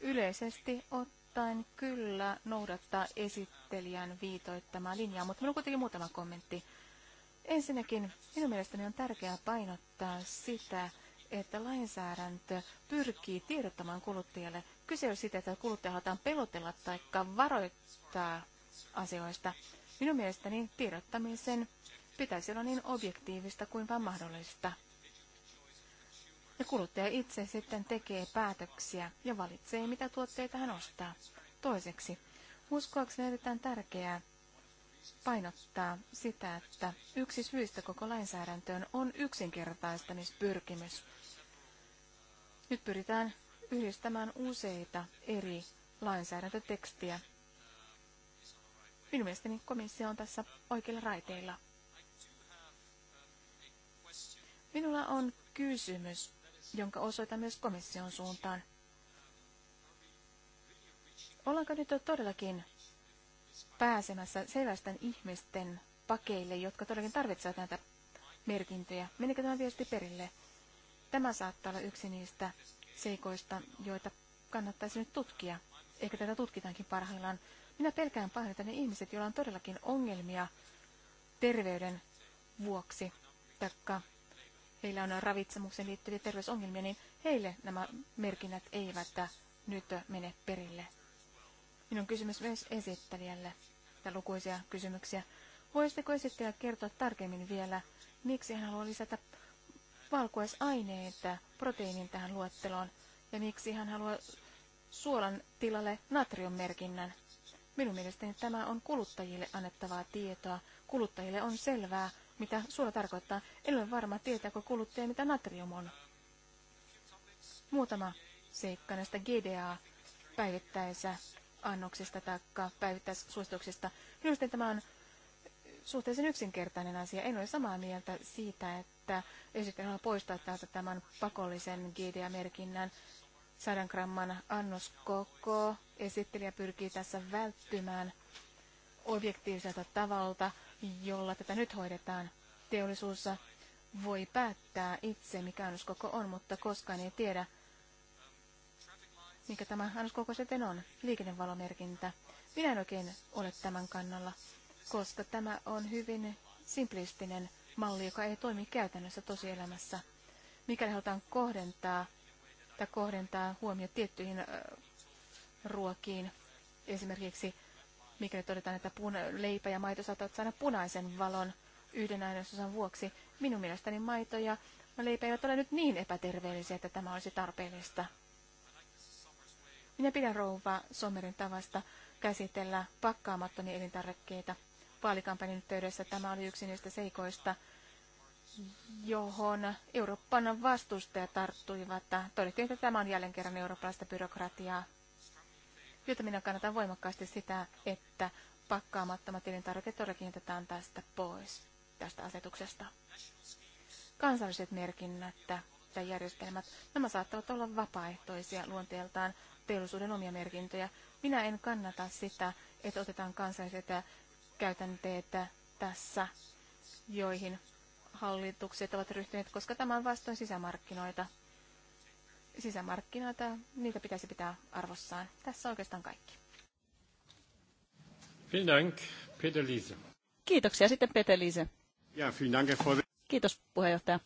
yleisesti ottaen kyllä noudattaa esittelijän viitoittamaa linjaa, mutta minulla on kuitenkin muutama kommentti. Ensinnäkin minun mielestäni on tärkeää painottaa sitä, että lainsäädäntö pyrkii tiedottamaan kuluttajalle. Kyse on sitä, että kuluttaja halutaan pelotella tai varoittaa asioista. Minun mielestäni tiedottamisen pitäisi olla niin objektiivista kuin vain mahdollista. Ja kuluttaja itse sitten tekee päätöksiä ja valitsee, mitä tuotteita hän ostaa. Toiseksi, uskoakseni erittäin tärkeää painottaa sitä, että yksi syistä koko lainsäädäntöön on yksinkertaistamispyrkimys. Nyt pyritään yhdistämään useita eri lainsäädäntötekstiä. Minun mielestäni komissio on tässä oikeilla raiteilla. Minulla on kysymys, jonka osoitan myös komission suuntaan. Ollaanko nyt todellakin pääsemässä sellaisten ihmisten pakeille, jotka todellakin tarvitsevat näitä merkintöjä? Menikö tämä viesti perille? Tämä saattaa olla yksi niistä seikoista, joita kannattaisi nyt tutkia. Ehkä tätä tutkitaankin parhaillaan. Minä pelkään pahoin, että ne ihmiset, joilla on todellakin ongelmia terveyden vuoksi, taikka heillä on ravitsemukseen liittyviä terveysongelmia, niin heille nämä merkinnät eivät nyt mene perille. Minun kysymys myös esittelijälle, ja lukuisia kysymyksiä. Voisitteko esittäjä kertoa tarkemmin vielä, miksi hän haluaa lisätä valkuaisaineita, proteiinin tähän luetteloon, ja miksi hän haluaa suolan tilalle natriummerkinnän? Minun mielestäni tämä on kuluttajille annettavaa tietoa. Kuluttajille on selvää, mitä suola tarkoittaa. En ole varma, tietääkö kuluttaja, mitä natrium on. Muutama seikka näistä GDA päivittäisä annoksista tai päivittäissuosituksista. Minusta tämä on suhteellisen yksinkertainen asia. En ole samaa mieltä siitä, että esittelyllä poistaa täältä tämän pakollisen GDA-merkinnän 100 gramman annoskoko. Esittelijä pyrkii tässä välttymään objektiiviselta tavalta jolla tätä nyt hoidetaan. Teollisuus voi päättää itse, mikä annoskoko on, mutta koskaan ei tiedä, mikä tämä annoskoko sitten on, liikennevalomerkintä. Minä en oikein ole tämän kannalla, koska tämä on hyvin simplistinen malli, joka ei toimi käytännössä tosielämässä. Mikäli halutaan kohdentaa tai kohdentaa huomio tiettyihin ruokiin, esimerkiksi mikäli todetaan, että puna- leipä ja maito saattavat saada punaisen valon yhden ainesosan vuoksi. Minun mielestäni maito ja leipä eivät ole nyt niin epäterveellisiä, että tämä olisi tarpeellista. Minä pidän rouva Sommerin tavasta käsitellä pakkaamattomia elintarvikkeita. Vaalikampanjan yhteydessä tämä oli yksi niistä seikoista, johon Euroopan vastustajat tarttuivat. Todettiin, että tämä on jälleen kerran eurooppalaista byrokratiaa. Joten minä kannatan voimakkaasti sitä, että pakkaamattomat elintarvikkeet todellakin jätetään tästä pois, tästä asetuksesta. Kansalliset merkinnät ja järjestelmät, nämä saattavat olla vapaaehtoisia luonteeltaan teollisuuden omia merkintöjä. Minä en kannata sitä, että otetaan kansalliset käytänteet tässä, joihin hallitukset ovat ryhtyneet, koska tämä on vastoin sisämarkkinoita sisämarkkinoita, niitä pitäisi pitää arvossaan. Tässä oikeastaan kaikki. Vielen Dank, Peter Liese. Kiitoksia sitten Peter Liese. Ja, vielen Dank, Kiitos puheenjohtaja.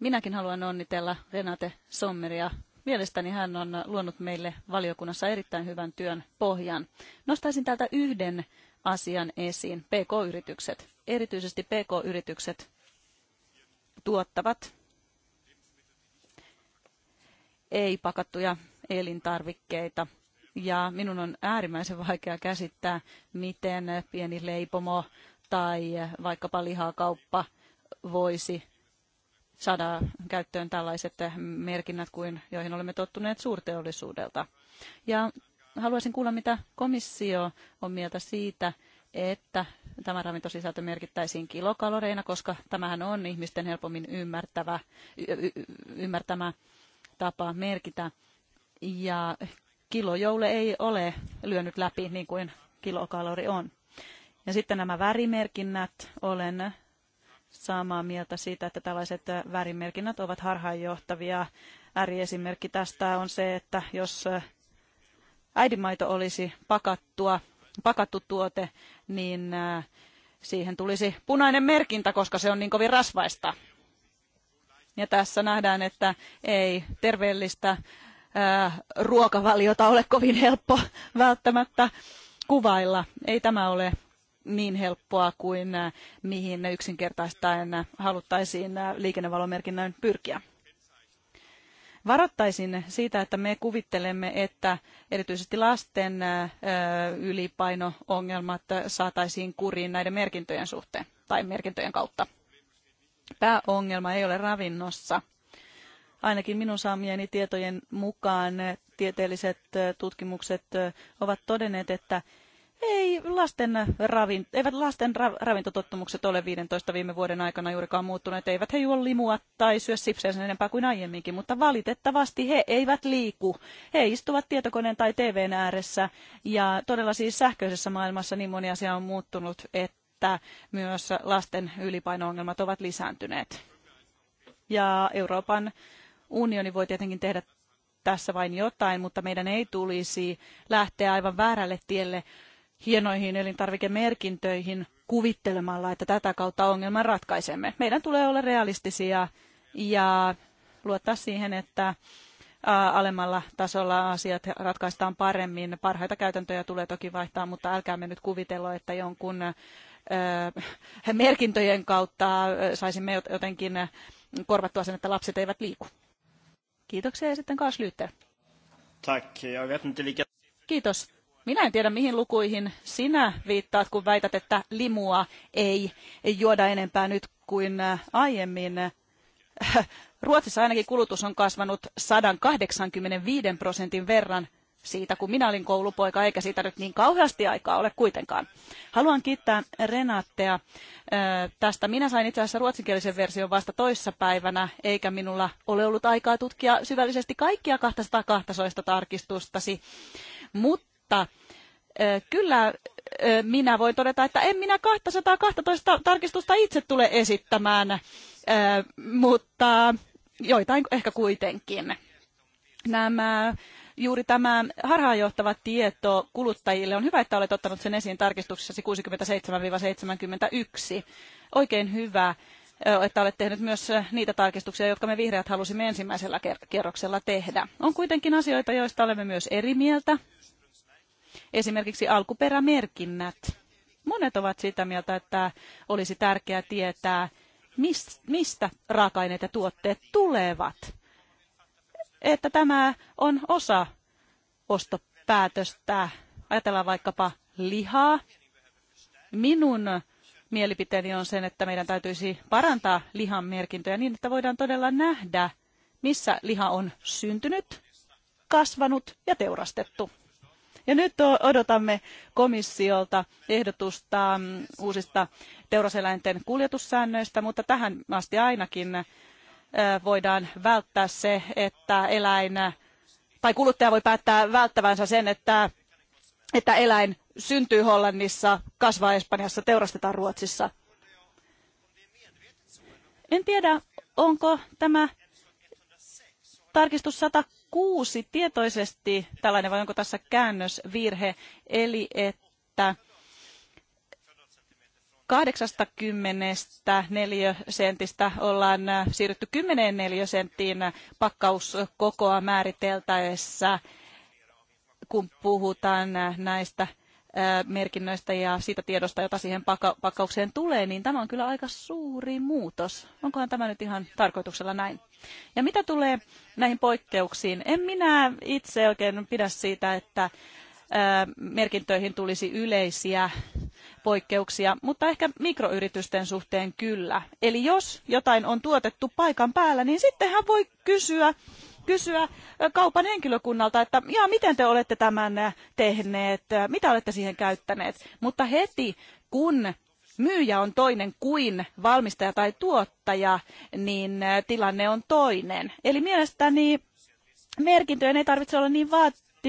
Minäkin haluan onnitella Renate Sommeria. Mielestäni hän on luonut meille valiokunnassa erittäin hyvän työn pohjan. Nostaisin täältä yhden asian esiin, PK-yritykset. Erityisesti PK-yritykset tuottavat ei-pakattuja elintarvikkeita. Ja minun on äärimmäisen vaikea käsittää, miten pieni leipomo tai vaikkapa lihakauppa voisi saada käyttöön tällaiset merkinnät kuin joihin olemme tottuneet suurteollisuudelta. Ja haluaisin kuulla, mitä komissio on mieltä siitä, että tämä ravintosisältö merkittäisiin kilokaloreina, koska tämähän on ihmisten helpommin ymmärtävä, y- y- ymmärtämä tapa merkitä. Ja kilojoule ei ole lyönyt läpi niin kuin kilokalori on. Ja sitten nämä värimerkinnät, olen samaa mieltä siitä, että tällaiset värimerkinnät ovat harhaanjohtavia. Ääriesimerkki tästä on se, että jos äidinmaito olisi pakattua, pakattu tuote, niin äh, siihen tulisi punainen merkintä, koska se on niin kovin rasvaista. Ja tässä nähdään, että ei terveellistä ruokavaliota ole kovin helppo välttämättä kuvailla. Ei tämä ole niin helppoa kuin mihin yksinkertaistaen haluttaisiin liikennevalomerkinnän pyrkiä. Varoittaisin siitä, että me kuvittelemme, että erityisesti lasten ylipaino-ongelmat saataisiin kuriin näiden merkintöjen suhteen tai merkintöjen kautta pääongelma ei ole ravinnossa. Ainakin minun saamieni tietojen mukaan tieteelliset tutkimukset ovat todenneet, että ei lasten ravin, eivät lasten ra, ravintotottumukset ole 15 viime vuoden aikana juurikaan muuttuneet. Eivät he juo limua tai syö sipsejä sen enempää kuin aiemminkin, mutta valitettavasti he eivät liiku. He istuvat tietokoneen tai TVn ääressä ja todella siis sähköisessä maailmassa niin moni asia on muuttunut, että että myös lasten ylipaino-ongelmat ovat lisääntyneet. Ja Euroopan unioni voi tietenkin tehdä tässä vain jotain, mutta meidän ei tulisi lähteä aivan väärälle tielle hienoihin elintarvikemerkintöihin kuvittelemalla, että tätä kautta ongelman ratkaisemme. Meidän tulee olla realistisia ja luottaa siihen, että alemmalla tasolla asiat ratkaistaan paremmin. Parhaita käytäntöjä tulee toki vaihtaa, mutta älkäämme nyt kuvitella, että jonkun merkintöjen kautta saisimme jotenkin korvattua sen, että lapset eivät liiku. Kiitoksia ja sitten Kaas Lyytter. Kiitos. Minä en tiedä, mihin lukuihin sinä viittaat, kun väität, että limua ei, ei juoda enempää nyt kuin aiemmin. Ruotsissa ainakin kulutus on kasvanut 185 prosentin verran siitä, kun minä olin koulupoika, eikä siitä nyt niin kauheasti aikaa ole kuitenkaan. Haluan kiittää Renattea tästä. Minä sain itse asiassa ruotsinkielisen version vasta toissapäivänä, eikä minulla ole ollut aikaa tutkia syvällisesti kaikkia 212 tarkistustasi. Mutta kyllä minä voin todeta, että en minä 212 tarkistusta itse tule esittämään, mutta joitain ehkä kuitenkin. Nämä juuri tämä harhaanjohtava tieto kuluttajille. On hyvä, että olet ottanut sen esiin tarkistuksessasi 67-71. Oikein hyvä että olet tehnyt myös niitä tarkistuksia, jotka me vihreät halusimme ensimmäisellä kierroksella tehdä. On kuitenkin asioita, joista olemme myös eri mieltä. Esimerkiksi alkuperämerkinnät. Monet ovat sitä mieltä, että olisi tärkeää tietää, mistä raaka-aineet ja tuotteet tulevat että tämä on osa ostopäätöstä. Ajatellaan vaikkapa lihaa. Minun mielipiteeni on sen, että meidän täytyisi parantaa lihan merkintöjä niin, että voidaan todella nähdä, missä liha on syntynyt, kasvanut ja teurastettu. Ja nyt odotamme komissiolta ehdotusta mm, uusista teuraseläinten kuljetussäännöistä, mutta tähän asti ainakin voidaan välttää se, että eläin tai kuluttaja voi päättää välttävänsä sen, että, että eläin syntyy Hollannissa, kasvaa Espanjassa, teurastetaan Ruotsissa. En tiedä, onko tämä tarkistus 106 tietoisesti tällainen vai onko tässä käännösvirhe, eli että 80 neliösentistä ollaan äh, siirrytty 10 neliösenttiin pakkauskokoa määriteltäessä, kun puhutaan äh, näistä äh, merkinnöistä ja siitä tiedosta, jota siihen pakkaukseen tulee, niin tämä on kyllä aika suuri muutos. Onkohan tämä nyt ihan tarkoituksella näin? Ja mitä tulee näihin poikkeuksiin? En minä itse oikein pidä siitä, että merkintöihin tulisi yleisiä poikkeuksia, mutta ehkä mikroyritysten suhteen kyllä. Eli jos jotain on tuotettu paikan päällä, niin sittenhän voi kysyä, kysyä kaupan henkilökunnalta, että ja miten te olette tämän tehneet, mitä olette siihen käyttäneet. Mutta heti kun myyjä on toinen kuin valmistaja tai tuottaja, niin tilanne on toinen. Eli mielestäni merkintöjen ei tarvitse olla niin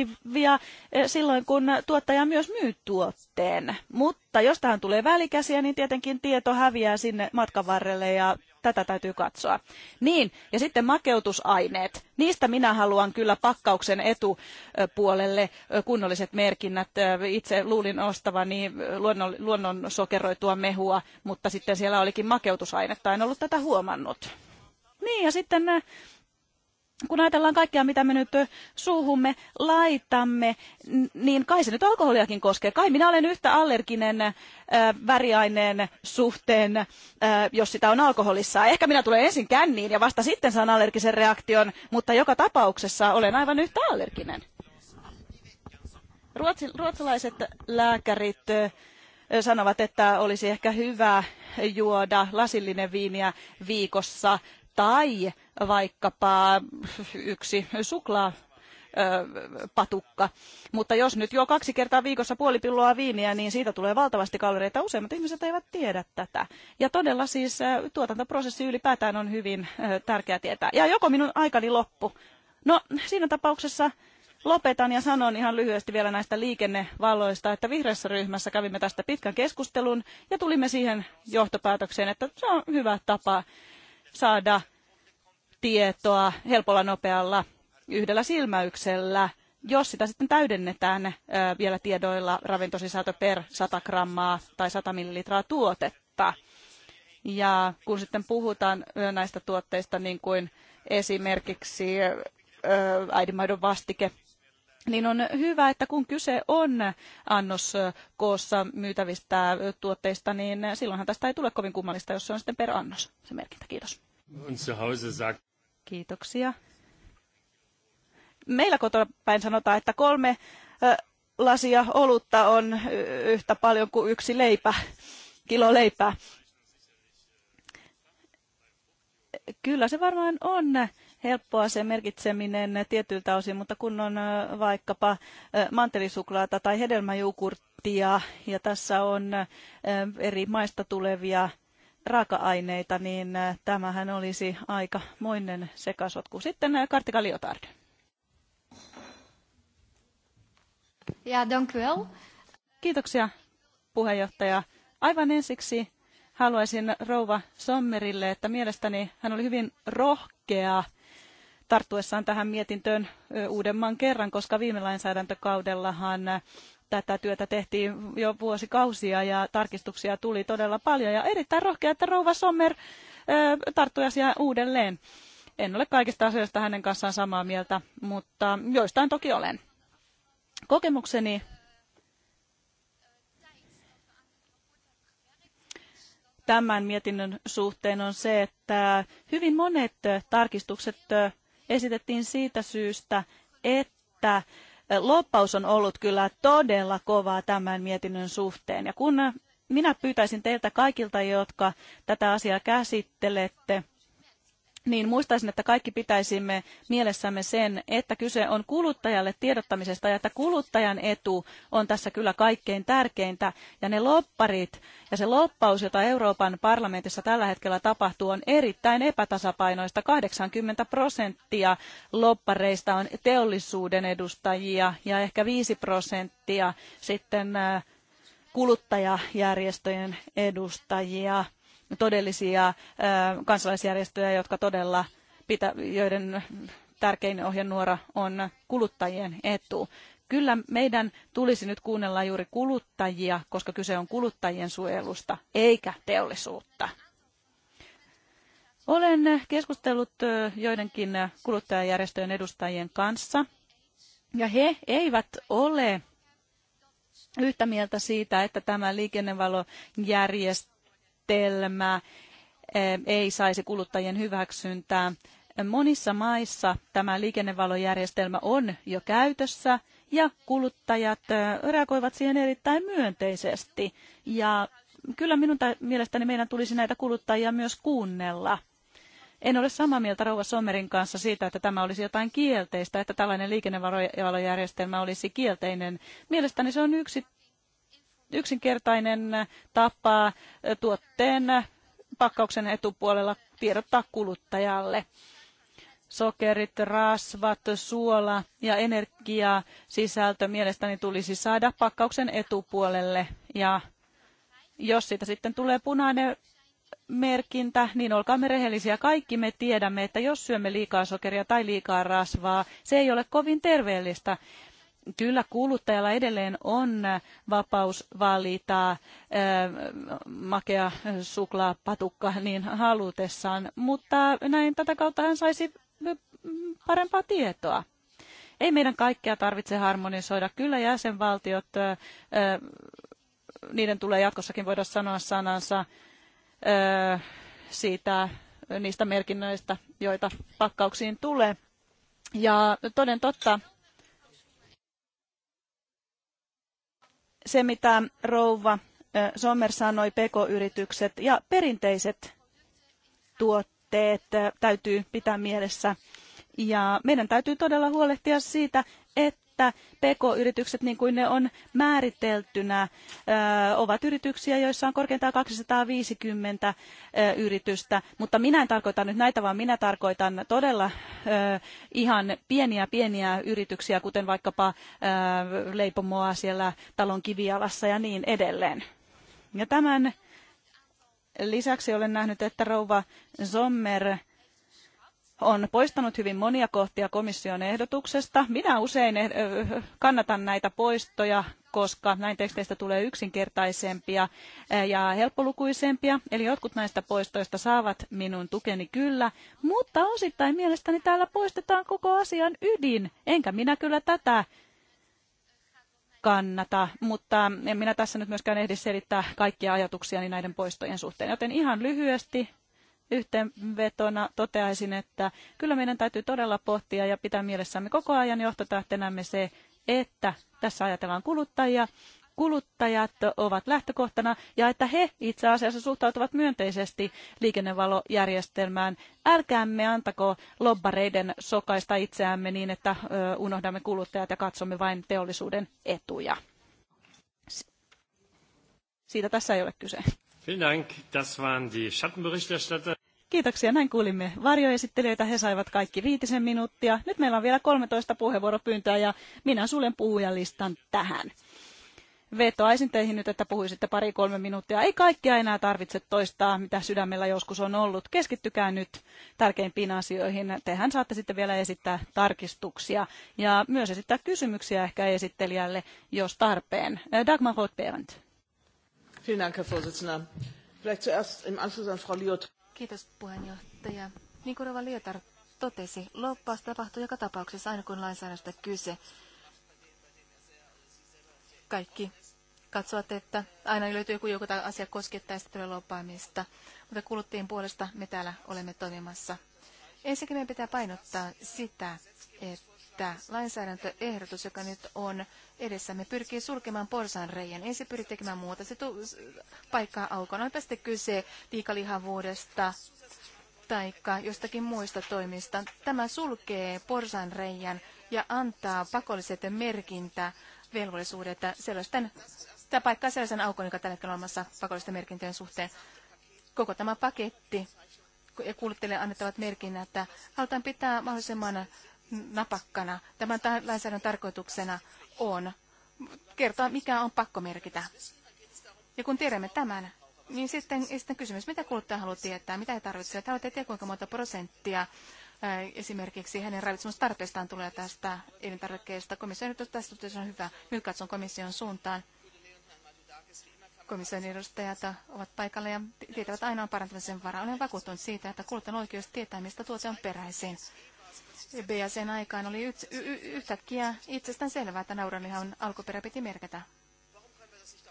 aktiivia eh, silloin, kun tuottaja myös myy tuotteen. Mutta jos tähän tulee välikäsiä, niin tietenkin tieto häviää sinne matkan varrelle ja tätä täytyy katsoa. Niin, ja sitten makeutusaineet. Niistä minä haluan kyllä pakkauksen etupuolelle eh, eh, kunnolliset merkinnät. Itse luulin ostavani luonnon, luonnon sokeroitua mehua, mutta sitten siellä olikin makeutusainetta. En ollut tätä huomannut. Niin, ja sitten kun ajatellaan kaikkea, mitä me nyt suuhumme laitamme, niin kai se nyt alkoholiakin koskee. Kai minä olen yhtä allerginen äh, väriaineen suhteen, äh, jos sitä on alkoholissa. Ehkä minä tulen ensin känniin ja vasta sitten saan allergisen reaktion, mutta joka tapauksessa olen aivan yhtä allerginen. Ruotsi, ruotsalaiset lääkärit äh, sanovat, että olisi ehkä hyvä juoda lasillinen viiniä viikossa tai vaikkapa yksi suklaa patukka. Mutta jos nyt juo kaksi kertaa viikossa puoli pilloa viiniä, niin siitä tulee valtavasti kaloreita. Useimmat ihmiset eivät tiedä tätä. Ja todella siis äh, tuotantoprosessi ylipäätään on hyvin äh, tärkeä tietää. Ja joko minun aikani loppu. No siinä tapauksessa lopetan ja sanon ihan lyhyesti vielä näistä liikennevaloista, että vihreässä ryhmässä kävimme tästä pitkän keskustelun ja tulimme siihen johtopäätökseen, että se on hyvä tapa saada tietoa helpolla nopealla yhdellä silmäyksellä. Jos sitä sitten täydennetään vielä tiedoilla ravintosisältö per 100 grammaa tai 100 millilitraa tuotetta. Ja kun sitten puhutaan näistä tuotteista, niin kuin esimerkiksi äidinmaidon vastike, niin on hyvä, että kun kyse on annoskoossa myytävistä tuotteista, niin silloinhan tästä ei tule kovin kummallista, jos se on sitten per annos se merkintä. Kiitos. Kiitoksia. Meillä kotona päin sanotaan, että kolme lasia olutta on yhtä paljon kuin yksi leipä, kilo leipää. Kyllä se varmaan on helppoa se merkitseminen tietyiltä osin, mutta kun on vaikkapa mantelisuklaata tai hedelmäjukurttia ja tässä on eri maista tulevia raaka-aineita, niin äh, tämähän olisi aika moinen sekasotku. Sitten äh, Kartika Liotard. Ja, Kiitoksia puheenjohtaja. Aivan ensiksi haluaisin rouva Sommerille, että mielestäni hän oli hyvin rohkea tarttuessaan tähän mietintöön uudemman kerran, koska viime lainsäädäntökaudellahan tätä työtä tehtiin jo vuosikausia ja tarkistuksia tuli todella paljon. Ja erittäin rohkea, että rouva Sommer tarttui asiaan uudelleen. En ole kaikista asioista hänen kanssaan samaa mieltä, mutta joistain toki olen. Kokemukseni tämän mietinnön suhteen on se, että hyvin monet tarkistukset esitettiin siitä syystä, että loppaus on ollut kyllä todella kovaa tämän mietinnön suhteen. Ja kun minä pyytäisin teiltä kaikilta, jotka tätä asiaa käsittelette, niin muistaisin, että kaikki pitäisimme mielessämme sen, että kyse on kuluttajalle tiedottamisesta ja että kuluttajan etu on tässä kyllä kaikkein tärkeintä. Ja ne lopparit ja se loppaus, jota Euroopan parlamentissa tällä hetkellä tapahtuu, on erittäin epätasapainoista. 80 prosenttia loppareista on teollisuuden edustajia ja ehkä 5 prosenttia sitten äh, kuluttajajärjestöjen edustajia todellisia kansalaisjärjestöjä, jotka todella pitä, joiden tärkein ohjenuora on kuluttajien etu. Kyllä meidän tulisi nyt kuunnella juuri kuluttajia, koska kyse on kuluttajien suojelusta eikä teollisuutta. Olen keskustellut joidenkin kuluttajajärjestöjen edustajien kanssa, ja he eivät ole yhtä mieltä siitä, että tämä liikennevalojärjestelmä menetelmä eh, ei saisi kuluttajien hyväksyntää. Monissa maissa tämä liikennevalojärjestelmä on jo käytössä ja kuluttajat eh, reagoivat siihen erittäin myönteisesti. Ja kyllä minun mielestäni meidän tulisi näitä kuluttajia myös kuunnella. En ole samaa mieltä Rouva Sommerin kanssa siitä, että tämä olisi jotain kielteistä, että tällainen liikennevalojärjestelmä olisi kielteinen. Mielestäni se on yksi yksinkertainen tapa tuotteen pakkauksen etupuolella tiedottaa kuluttajalle. Sokerit, rasvat, suola ja energia sisältö mielestäni tulisi saada pakkauksen etupuolelle ja jos siitä sitten tulee punainen merkintä, niin olkaamme rehellisiä. Kaikki me tiedämme, että jos syömme liikaa sokeria tai liikaa rasvaa, se ei ole kovin terveellistä kyllä kuluttajalla edelleen on vapaus valita makea suklaa, niin halutessaan, mutta näin tätä kautta hän saisi parempaa tietoa. Ei meidän kaikkea tarvitse harmonisoida. Kyllä jäsenvaltiot, niiden tulee jatkossakin voida sanoa sanansa siitä, niistä merkinnöistä, joita pakkauksiin tulee. Ja toden totta, se, mitä rouva Sommer sanoi, pk-yritykset ja perinteiset tuotteet täytyy pitää mielessä. Ja meidän täytyy todella huolehtia siitä, että että PK-yritykset, niin kuin ne on määriteltynä, ovat yrityksiä, joissa on korkeintaan 250 yritystä. Mutta minä en tarkoita nyt näitä, vaan minä tarkoitan todella ihan pieniä, pieniä yrityksiä, kuten vaikkapa leipomoa siellä talon kivialassa ja niin edelleen. Ja tämän lisäksi olen nähnyt, että rouva Sommer on poistanut hyvin monia kohtia komission ehdotuksesta. Minä usein eh, eh, kannatan näitä poistoja, koska näin teksteistä tulee yksinkertaisempia eh, ja helppolukuisempia. Eli jotkut näistä poistoista saavat minun tukeni kyllä, mutta osittain mielestäni täällä poistetaan koko asian ydin. Enkä minä kyllä tätä kannata, mutta en minä tässä nyt myöskään ehdi selittää kaikkia ajatuksiani näiden poistojen suhteen. Joten ihan lyhyesti yhteenvetona toteaisin, että kyllä meidän täytyy todella pohtia ja pitää mielessämme koko ajan johtotähtenämme se, että tässä ajatellaan kuluttajia, kuluttajat ovat lähtökohtana ja että he itse asiassa suhtautuvat myönteisesti liikennevalojärjestelmään. Älkäämme antako lobbareiden sokaista itseämme niin, että unohdamme kuluttajat ja katsomme vain teollisuuden etuja. Siitä tässä ei ole kyse. Kiitoksia, näin kuulimme varjoesittelijöitä. He saivat kaikki viitisen minuuttia. Nyt meillä on vielä 13 puheenvuoropyyntöä ja minä suljen puhujalistan tähän. Vetoaisin teihin nyt, että puhuisitte pari-kolme minuuttia. Ei kaikkia enää tarvitse toistaa, mitä sydämellä joskus on ollut. Keskittykää nyt tärkeimpiin asioihin. Tehän saatte sitten vielä esittää tarkistuksia ja myös esittää kysymyksiä ehkä esittelijälle, jos tarpeen. Dagmar Rothberg. Kiitos puheenjohtaja. Niin kuin Rova Liotar totesi, loppaus tapahtuu joka tapauksessa aina kun lainsäädännöstä kyse. Kaikki katsovat, että aina löytyy joku, joka asia koskettaa sitä loppaamista, mutta kuluttajien puolesta me täällä olemme toimimassa. Ensinnäkin meidän pitää painottaa sitä, että että lainsäädäntöehdotus, joka nyt on edessämme, pyrkii sulkemaan porsanreijän. Ei se pyri tekemään muuta. Se paikkaa aukoon. Olipa sitten kyse liikalihavuudesta tai jostakin muista toimista. Tämä sulkee porsanreijän ja antaa pakolliset velvollisuudet sellaisten, tämä paikka sellaisen aukon, joka tällä hetkellä on olemassa pakollisten merkintöjen suhteen. Koko tämä paketti ja kuluttajille annettavat merkinnät, että halutaan pitää mahdollisimman napakkana. Tämän lainsäädännön tarkoituksena on kertoa, mikä on pakko merkitä. Ja kun tiedämme tämän, niin sitten, sitten kysymys, mitä kuluttaja haluaa tietää, mitä he tarvitsevat. Haluatte tietää, kuinka monta prosenttia esimerkiksi hänen ravitsemustarpeestaan tulee tästä elintarvikkeesta. Komission ehdotus tästä on hyvä. Nyt katson komission suuntaan. Komission edustajat ovat paikalla ja tietävät aina on parantamisen varaa. Olen vakuuttunut siitä, että kuluttajan oikeus tietää, mistä tuote on peräisin sen aikaan oli yts, y, y, yhtäkkiä itsestään selvää, että nauranlihan alkuperä piti merkitä.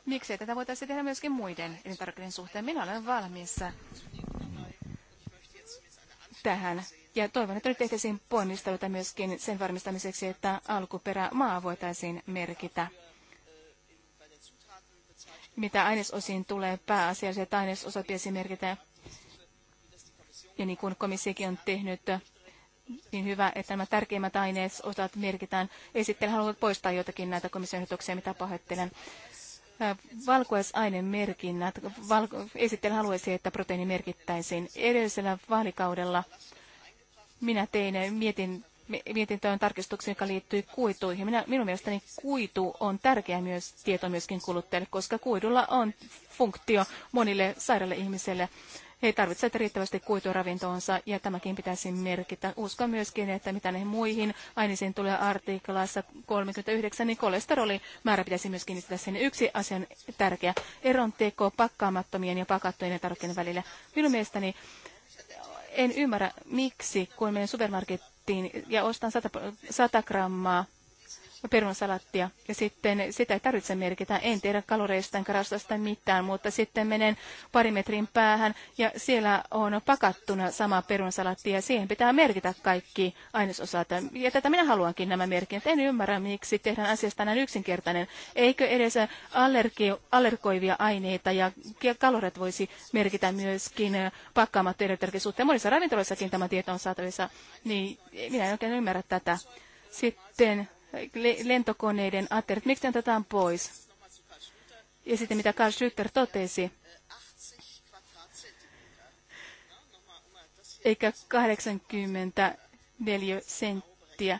Miksei tätä voitaisiin tehdä myöskin muiden elintarvikkeiden suhteen? Minä olen valmis tähän. Ja toivon, että nyt tehtäisiin ponnisteluita myöskin sen varmistamiseksi, että alkuperämaa voitaisiin merkitä. Mitä ainesosiin tulee, pääasialliset ainesosat pitäisi merkitä. Ja niin kuin komissiokin on tehnyt, niin hyvä, että nämä tärkeimmät aineisosat merkitään. Esittelen halunnut poistaa jotakin näitä komission ehdotuksia, mitä pahoittelen. Valkuaisaineen merkinnät. Valko- esittelen haluaisi, että proteiini merkittäisiin. Edellisellä vaalikaudella minä tein mietin, mietin mietintöön tarkistuksen, joka liittyy kuituihin. Minä, minun mielestäni kuitu on tärkeä myös tieto myöskin kuluttajille, koska kuidulla on funktio monille sairaille ihmisille. He tarvitsevat riittävästi ravintoonsa ja tämäkin pitäisi merkitä. Uskon myöskin, että mitä ne muihin aineisiin tulee artiklassa 39, niin kolesterolimäärä pitäisi myöskin lisätä sinne. Yksi asia on tärkeä. Eron teko pakkaamattomien ja pakattujen tarvikkeiden välillä. Minun mielestäni en ymmärrä, miksi, kun menen supermarkettiin ja ostan 100, 100 grammaa perunasalattia ja sitten sitä ei tarvitse merkitä. En tiedä kaloreista enkä rasvasta mitään, mutta sitten menen pari metrin päähän ja siellä on pakattuna sama perunsalatti ja siihen pitää merkitä kaikki ainesosat. Ja tätä minä haluankin nämä merkinnät. En ymmärrä, miksi tehdään asiasta näin yksinkertainen. Eikö edes allergi- allergoivia aineita ja kaloreita voisi merkitä myöskin pakkaamattu elintarvikesuhteen. Monissa ravintoloissakin tämä tieto on saatavissa, niin minä en oikein ymmärrä tätä. Sitten lentokoneiden aterit. miksi ne otetaan pois? Ja sitten mitä Karl Schlüter totesi, eikä 84 senttiä.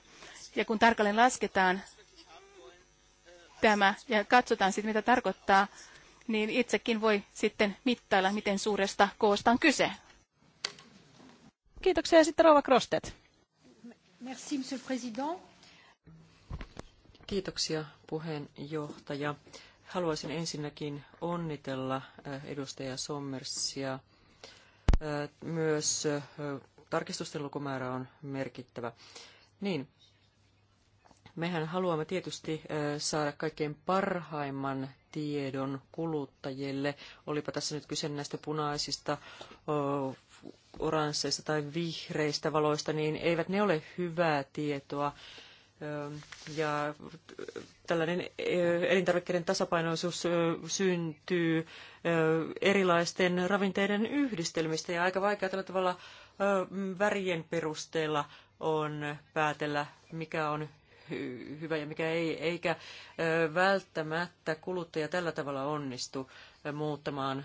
Ja kun tarkalleen lasketaan tämä ja katsotaan sitten, mitä tarkoittaa, niin itsekin voi sitten mittailla, miten suuresta koosta on kyse. Kiitoksia ja sitten Rova Krostet. Merci, monsieur le président. Kiitoksia puheenjohtaja. Haluaisin ensinnäkin onnitella eh, edustaja Sommersia. Eh, myös eh, tarkistusten lukumäärä on merkittävä. Niin, mehän haluamme tietysti saada kaikkein parhaimman tiedon kuluttajille. Olipa tässä nyt kyse näistä punaisista, oransseista tai vihreistä valoista, niin eivät ne ole hyvää tietoa ja tällainen elintarvikkeiden tasapainoisuus syntyy erilaisten ravinteiden yhdistelmistä ja aika vaikea tällä tavalla värien perusteella on päätellä, mikä on hyvä ja mikä ei, eikä välttämättä kuluttaja tällä tavalla onnistu muuttamaan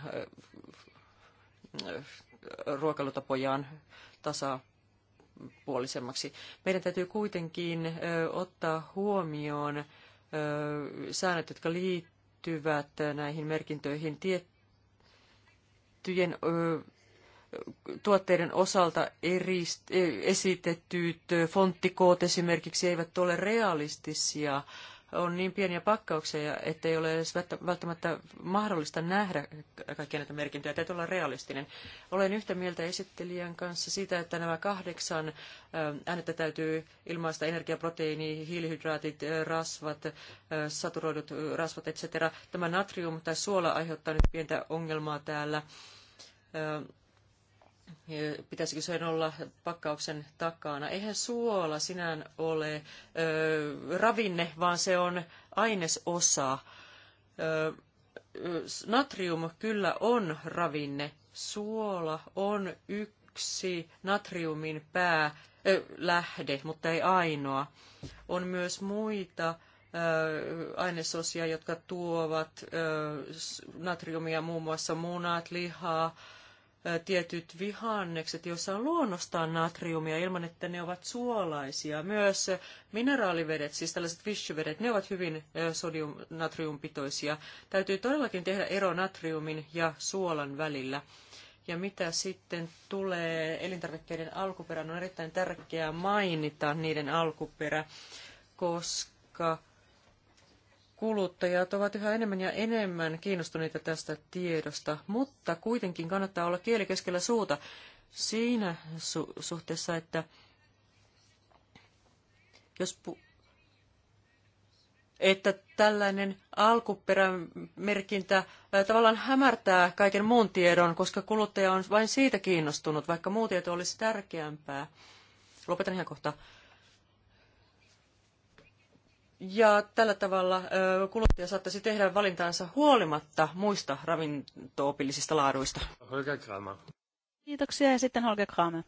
ruokailutapojaan tasa tasapuolisemmaksi. Meidän täytyy kuitenkin ottaa huomioon säännöt, jotka liittyvät näihin merkintöihin tiettyjen tuotteiden osalta erist, e, esitetyt fonttikoot esimerkiksi eivät ole realistisia on niin pieniä pakkauksia, ettei ole edes välttämättä mahdollista nähdä kaikkia näitä merkintöjä. Täytyy olla realistinen. Olen yhtä mieltä esittelijän kanssa siitä, että nämä kahdeksan äänettä täytyy ilmaista energia, proteiini, hiilihydraatit, rasvat, saturoidut rasvat, etc. Tämä natrium tai suola aiheuttaa nyt pientä ongelmaa täällä pitäisikö sen olla pakkauksen takana. Eihän suola sinään ole ö, ravinne, vaan se on ainesosa. Ö, natrium kyllä on ravinne. Suola on yksi natriumin päälähde, mutta ei ainoa. On myös muita ainesosia, jotka tuovat natriumia, muun muassa munat, lihaa, tietyt vihannekset, joissa on luonnostaan natriumia ilman, että ne ovat suolaisia. Myös mineraalivedet, siis tällaiset vishyvedet, ne ovat hyvin sodium, natriumpitoisia. Täytyy todellakin tehdä ero natriumin ja suolan välillä. Ja mitä sitten tulee elintarvikkeiden alkuperään, on erittäin tärkeää mainita niiden alkuperä, koska kuluttajat ovat yhä enemmän ja enemmän kiinnostuneita tästä tiedosta, mutta kuitenkin kannattaa olla kieli keskellä suuta siinä su- suhteessa, että jos pu- että tällainen alkuperämerkintä tavallaan hämärtää kaiken muun tiedon, koska kuluttaja on vain siitä kiinnostunut, vaikka muu tieto olisi tärkeämpää. Lopetan ihan kohta. Ja tällä tavalla kuluttaja saattaisi tehdä valintaansa huolimatta muista ravintoopillisista laaduista. Holger Kramer. Kiitoksia ja sitten Holger Kramer.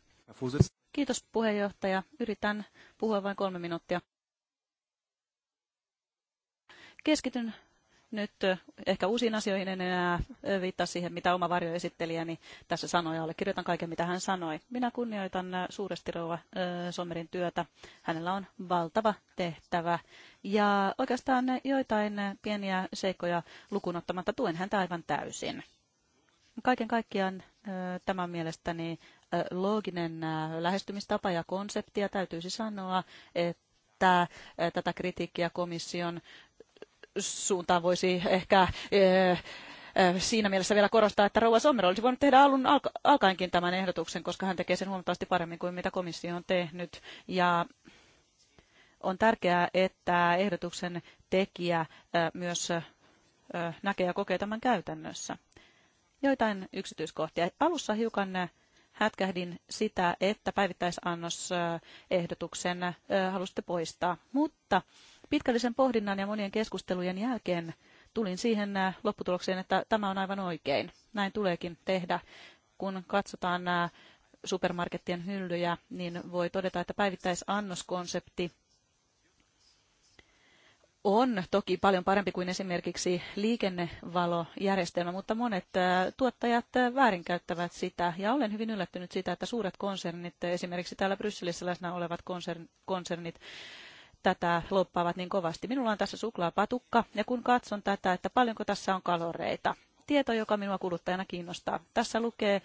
Kiitos puheenjohtaja. Yritän puhua vain kolme minuuttia. Keskityn nyt ehkä uusiin asioihin en enää viittaa siihen, mitä oma niin tässä sanoi. Allekirjoitan kaiken, mitä hän sanoi. Minä kunnioitan suuresti Rouva Sommerin työtä. Hänellä on valtava tehtävä. Ja oikeastaan joitain pieniä seikkoja lukunottamatta tuen häntä aivan täysin. Kaiken kaikkiaan tämän mielestäni looginen lähestymistapa ja konsepti, ja täytyisi sanoa, että tätä kritiikkiä komission suuntaan voisi ehkä eh, eh, siinä mielessä vielä korostaa, että Rouva Sommer olisi voinut tehdä alun alkaenkin tämän ehdotuksen, koska hän tekee sen huomattavasti paremmin kuin mitä komissio on tehnyt. Ja on tärkeää, että ehdotuksen tekijä eh, myös näkee ja kokee tämän käytännössä. Joitain yksityiskohtia. Alussa hiukan hätkähdin sitä, että päivittäisannosehdotuksen halusitte poistaa, mutta Pitkällisen pohdinnan ja monien keskustelujen jälkeen tulin siihen äh, lopputulokseen, että tämä on aivan oikein. Näin tuleekin tehdä, kun katsotaan äh, supermarkettien hyllyjä, niin voi todeta, että päivittäisannoskonsepti on toki paljon parempi kuin esimerkiksi liikennevalojärjestelmä, mutta monet äh, tuottajat väärinkäyttävät sitä. Ja olen hyvin yllättynyt siitä, että suuret konsernit, esimerkiksi täällä Brysselissä läsnä olevat konsernit, tätä loppaavat niin kovasti. Minulla on tässä suklaapatukka ja kun katson tätä, että paljonko tässä on kaloreita, tieto, joka minua kuluttajana kiinnostaa. Tässä lukee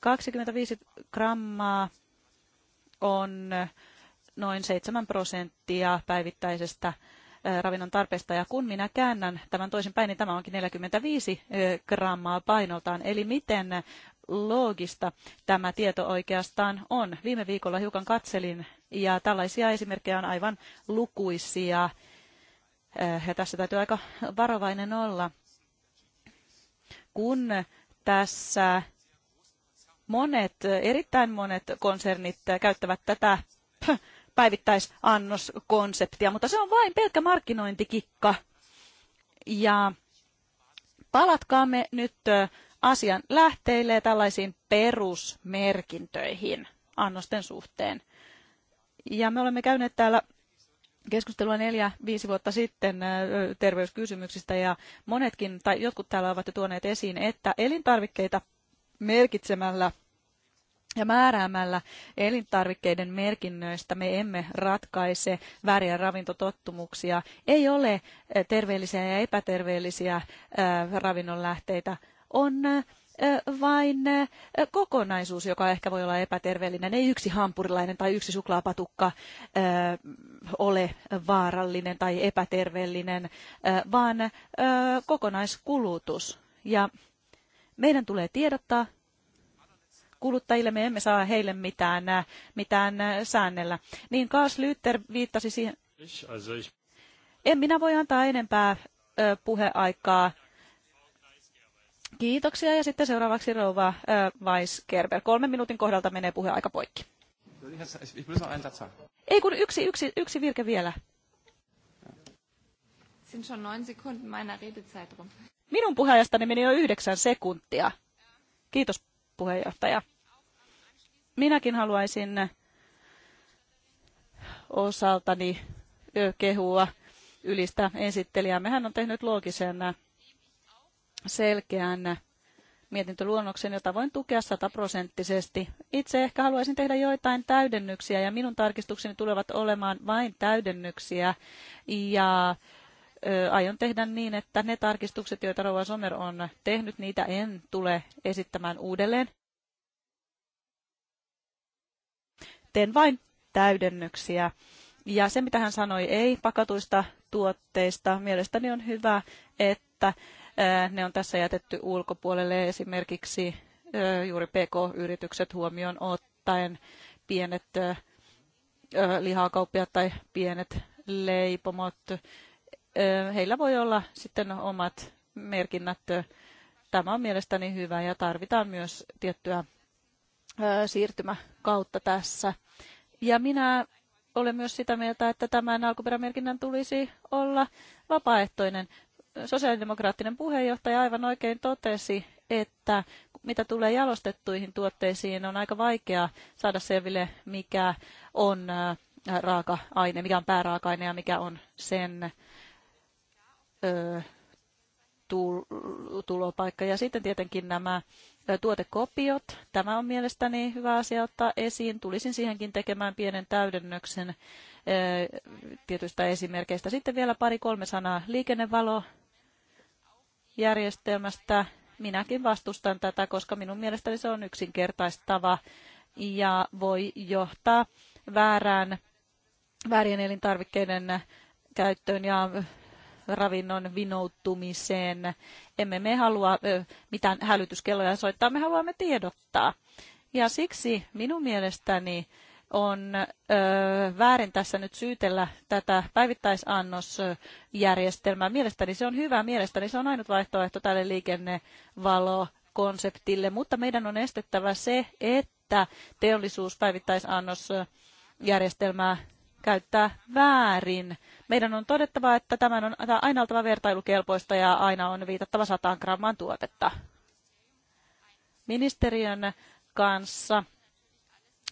25 grammaa on noin 7 prosenttia päivittäisestä ravinnon tarpeesta. Ja kun minä käännän tämän päin, niin tämä onkin 45 grammaa painoltaan. Eli miten loogista tämä tieto oikeastaan on. Viime viikolla hiukan katselin ja tällaisia esimerkkejä on aivan lukuisia. Eh, ja tässä täytyy aika varovainen olla. Kun tässä monet, erittäin monet konsernit käyttävät tätä päivittäisannoskonseptia, mutta se on vain pelkkä markkinointikikka. Ja palatkaamme nyt eh, asian lähteille ja tällaisiin perusmerkintöihin annosten suhteen. Ja me olemme käyneet täällä keskustelua neljä, viisi vuotta sitten terveyskysymyksistä ja monetkin, tai jotkut täällä ovat jo tuoneet esiin, että elintarvikkeita merkitsemällä ja määräämällä elintarvikkeiden merkinnöistä me emme ratkaise väriä ravintotottumuksia. Ei ole terveellisiä ja epäterveellisiä ravinnonlähteitä. On vain kokonaisuus, joka ehkä voi olla epäterveellinen. Ei yksi hampurilainen tai yksi suklaapatukka ole vaarallinen tai epäterveellinen, vaan kokonaiskulutus. Ja meidän tulee tiedottaa kuluttajille, me emme saa heille mitään, mitään säännellä. Niin Kaas Lytter viittasi siihen. En minä voi antaa enempää puheaikaa Kiitoksia ja sitten seuraavaksi rouva Weiss-Kerber. Kolmen minuutin kohdalta menee puhe aika poikki. Ei kun yksi, yksi, yksi virke vielä. Minun puheenjohtajani meni jo yhdeksän sekuntia. Kiitos puheenjohtaja. Minäkin haluaisin osaltani kehua ylistä esittelijää. Mehän on tehnyt loogisen selkeän mietintöluonnoksen, jota voin tukea sataprosenttisesti. Itse ehkä haluaisin tehdä joitain täydennyksiä ja minun tarkistukseni tulevat olemaan vain täydennyksiä ja ö, aion tehdä niin, että ne tarkistukset, joita Rova Sommer on tehnyt, niitä en tule esittämään uudelleen. Teen vain täydennyksiä. Ja se, mitä hän sanoi ei pakatuista tuotteista, mielestäni on hyvä, että ne on tässä jätetty ulkopuolelle esimerkiksi juuri PK-yritykset huomioon ottaen pienet lihakauppiat tai pienet leipomot. Heillä voi olla sitten omat merkinnät. Tämä on mielestäni hyvä ja tarvitaan myös tiettyä siirtymäkautta tässä. Ja minä olen myös sitä mieltä, että tämän alkuperämerkinnän tulisi olla vapaaehtoinen sosiaalidemokraattinen puheenjohtaja aivan oikein totesi, että mitä tulee jalostettuihin tuotteisiin, on aika vaikea saada selville, mikä on äh, raaka-aine, mikä on pääraaka-aine ja mikä on sen tulopaikka. Ja sitten tietenkin nämä tuotekopiot. Tämä on mielestäni hyvä asia ottaa esiin. Tulisin siihenkin tekemään pienen täydennöksen tietyistä esimerkkeistä. Sitten vielä pari-kolme sanaa liikennevalo järjestelmästä. Minäkin vastustan tätä, koska minun mielestäni se on yksinkertaistava ja voi johtaa väärään, väärien elintarvikkeiden käyttöön ja ravinnon vinoutumiseen. Emme me halua mitään hälytyskelloja soittaa, me haluamme tiedottaa. Ja siksi minun mielestäni on väärin tässä nyt syytellä tätä päivittäisannosjärjestelmää. Mielestäni se on hyvä, mielestäni se on ainut vaihtoehto tälle liikennevalokonseptille, mutta meidän on estettävä se, että teollisuus päivittäisannosjärjestelmää käyttää väärin. Meidän on todettava, että tämän on aina oltava vertailukelpoista ja aina on viitattava 100 grammaan tuotetta. Ministeriön kanssa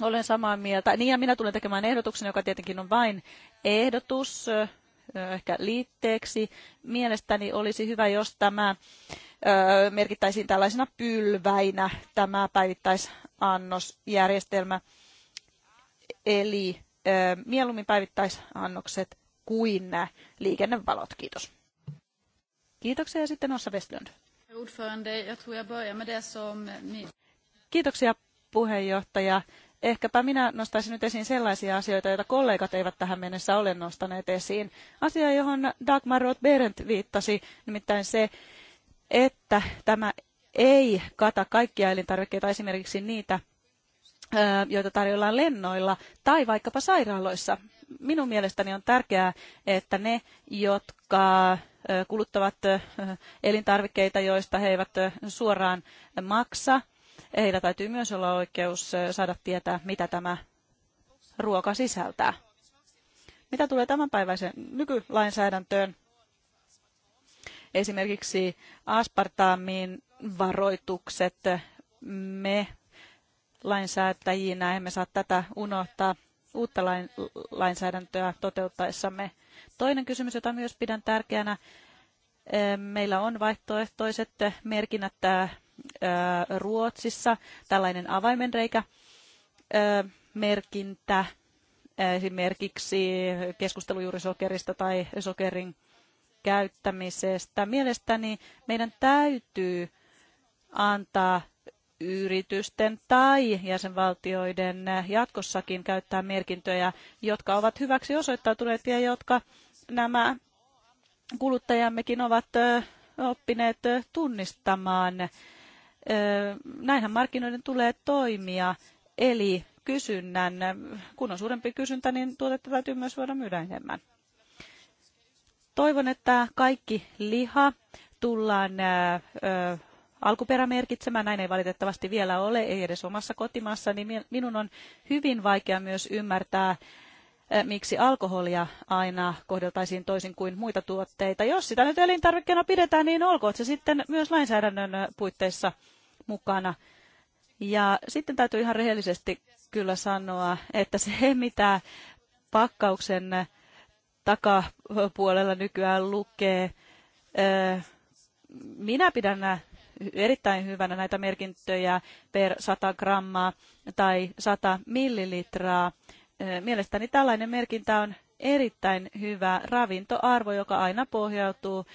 olen samaa mieltä. Niin ja minä tulen tekemään ehdotuksen, joka tietenkin on vain ehdotus ehkä liitteeksi. Mielestäni olisi hyvä, jos tämä merkittäisiin tällaisena pylväinä tämä päivittäisannosjärjestelmä. Eli mieluummin päivittäisannokset kuin liikennevalot. Kiitos. Kiitoksia ja sitten Ossa Westlund. Kiitoksia puheenjohtaja ehkäpä minä nostaisin nyt esiin sellaisia asioita, joita kollegat eivät tähän mennessä ole nostaneet esiin. Asia, johon Dagmar Roth-Berendt viittasi, nimittäin se, että tämä ei kata kaikkia elintarvikkeita, esimerkiksi niitä, joita tarjoillaan lennoilla tai vaikkapa sairaaloissa. Minun mielestäni on tärkeää, että ne, jotka kuluttavat elintarvikkeita, joista he eivät suoraan maksa, heillä täytyy myös olla oikeus saada tietää, mitä tämä ruoka sisältää. Mitä tulee tämänpäiväiseen nykylainsäädäntöön, esimerkiksi aspartaamin varoitukset, me lainsäätäjinä emme saa tätä unohtaa uutta lainsäädäntöä toteuttaessamme. Toinen kysymys, jota myös pidän tärkeänä, meillä on vaihtoehtoiset merkinnät Ruotsissa tällainen avaimenreikä merkintä esimerkiksi keskustelujuurisokerista tai sokerin käyttämisestä. Mielestäni meidän täytyy antaa yritysten tai jäsenvaltioiden jatkossakin käyttää merkintöjä, jotka ovat hyväksi osoittautuneet ja jotka nämä kuluttajammekin ovat oppineet tunnistamaan näinhän markkinoiden tulee toimia, eli kysynnän, kun on suurempi kysyntä, niin tuotetta täytyy myös voida myydä enemmän. Toivon, että kaikki liha tullaan alkuperämerkitsemään, näin ei valitettavasti vielä ole, ei edes omassa kotimaassa, niin minun on hyvin vaikea myös ymmärtää miksi alkoholia aina kohdeltaisiin toisin kuin muita tuotteita. Jos sitä nyt elintarvikkeena pidetään, niin olkoon se sitten myös lainsäädännön puitteissa mukana. Ja sitten täytyy ihan rehellisesti kyllä sanoa, että se mitä pakkauksen takapuolella nykyään lukee, minä pidän erittäin hyvänä näitä merkintöjä per 100 grammaa tai 100 millilitraa. Mielestäni tällainen merkintä on erittäin hyvä ravintoarvo, joka aina pohjautuu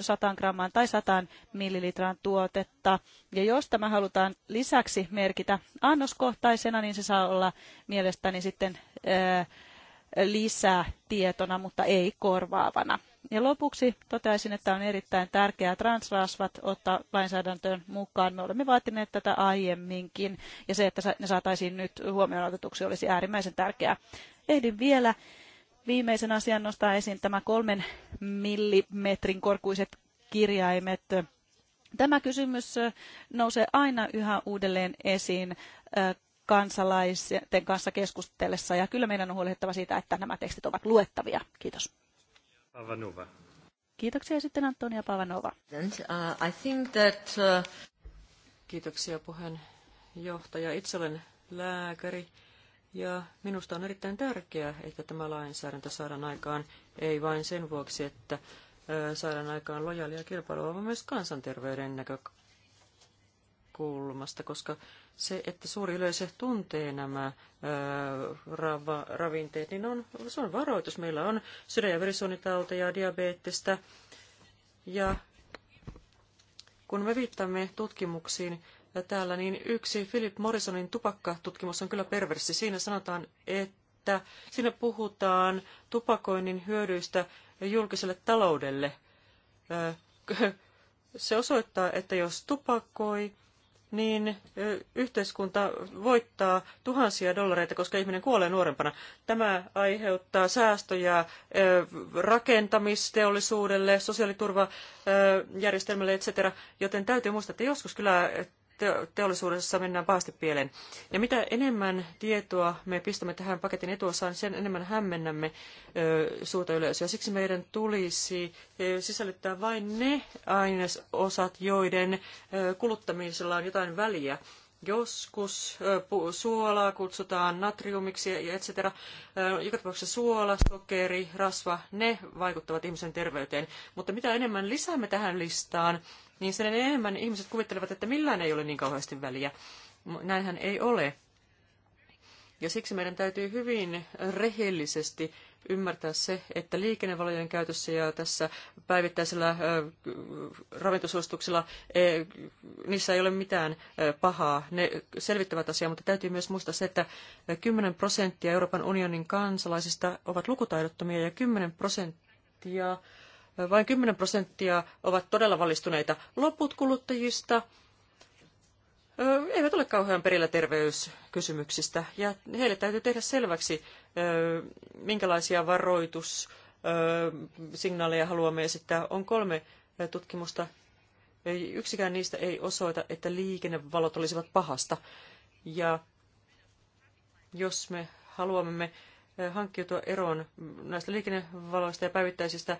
100 grammaan tai 100 millilitraan tuotetta. Ja jos tämä halutaan lisäksi merkitä annoskohtaisena, niin se saa olla mielestäni sitten lisää tietona, mutta ei korvaavana. Ja lopuksi toteaisin, että on erittäin tärkeää transrasvat ottaa lainsäädäntöön mukaan. Me olemme vaatineet tätä aiemminkin ja se, että ne saataisiin nyt huomioon otetuksi, olisi äärimmäisen tärkeää. Ehdin vielä viimeisen asian nostaa esiin tämä kolmen millimetrin korkuiset kirjaimet. Tämä kysymys nousee aina yhä uudelleen esiin kansalaisten kanssa keskustellessa ja kyllä meidän on huolehdittava siitä, että nämä tekstit ovat luettavia. Kiitos. Pavanova. Kiitoksia sitten Antonia Pavanova. Uh, I think that, uh... Kiitoksia puheenjohtaja. Itse olen lääkäri ja minusta on erittäin tärkeää, että tämä lainsäädäntö saadaan aikaan ei vain sen vuoksi, että uh, saadaan aikaan lojaalia kilpailua, vaan myös kansanterveyden näkökulmasta, koska se, että suuri yleisö tuntee nämä rava, ravinteet, niin on, se on varoitus. Meillä on sydän- ja verisuonitauteja, diabeettista. Ja kun me viittamme tutkimuksiin täällä, niin yksi Philip Morrisonin tupakkatutkimus on kyllä perversi, Siinä sanotaan, että siinä puhutaan tupakoinnin hyödyistä julkiselle taloudelle. Se osoittaa, että jos tupakoi, niin yhteiskunta voittaa tuhansia dollareita, koska ihminen kuolee nuorempana. Tämä aiheuttaa säästöjä rakentamisteollisuudelle, sosiaaliturvajärjestelmälle, etc. Joten täytyy muistaa, että joskus kyllä teollisuudessa mennään pahasti pieleen. Ja mitä enemmän tietoa me pistämme tähän paketin etuosaan, sen enemmän hämmennämme suurta yleisöä. Siksi meidän tulisi sisällyttää vain ne ainesosat, joiden kuluttamisella on jotain väliä. Joskus suolaa kutsutaan natriumiksi ja etc. Joka tapauksessa suola, sokeri, rasva, ne vaikuttavat ihmisen terveyteen. Mutta mitä enemmän lisäämme tähän listaan, niin sen enemmän ihmiset kuvittelevat, että millään ei ole niin kauheasti väliä. Näinhän ei ole. Ja siksi meidän täytyy hyvin rehellisesti ymmärtää se, että liikennevalojen käytössä ja tässä päivittäisellä ravintosuosituksella e, niissä ei ole mitään pahaa. Ne selvittävät asiaa, mutta täytyy myös muistaa se, että 10 prosenttia Euroopan unionin kansalaisista ovat lukutaidottomia ja 10 prosenttia vain 10 prosenttia ovat todella valistuneita. Loput kuluttajista eivät ole kauhean perillä terveyskysymyksistä ja heille täytyy tehdä selväksi, minkälaisia varoitussignaaleja haluamme esittää. On kolme tutkimusta. Yksikään niistä ei osoita, että liikennevalot olisivat pahasta. Ja jos me haluamme hankkiutua eroon näistä liikennevaloista ja päivittäisistä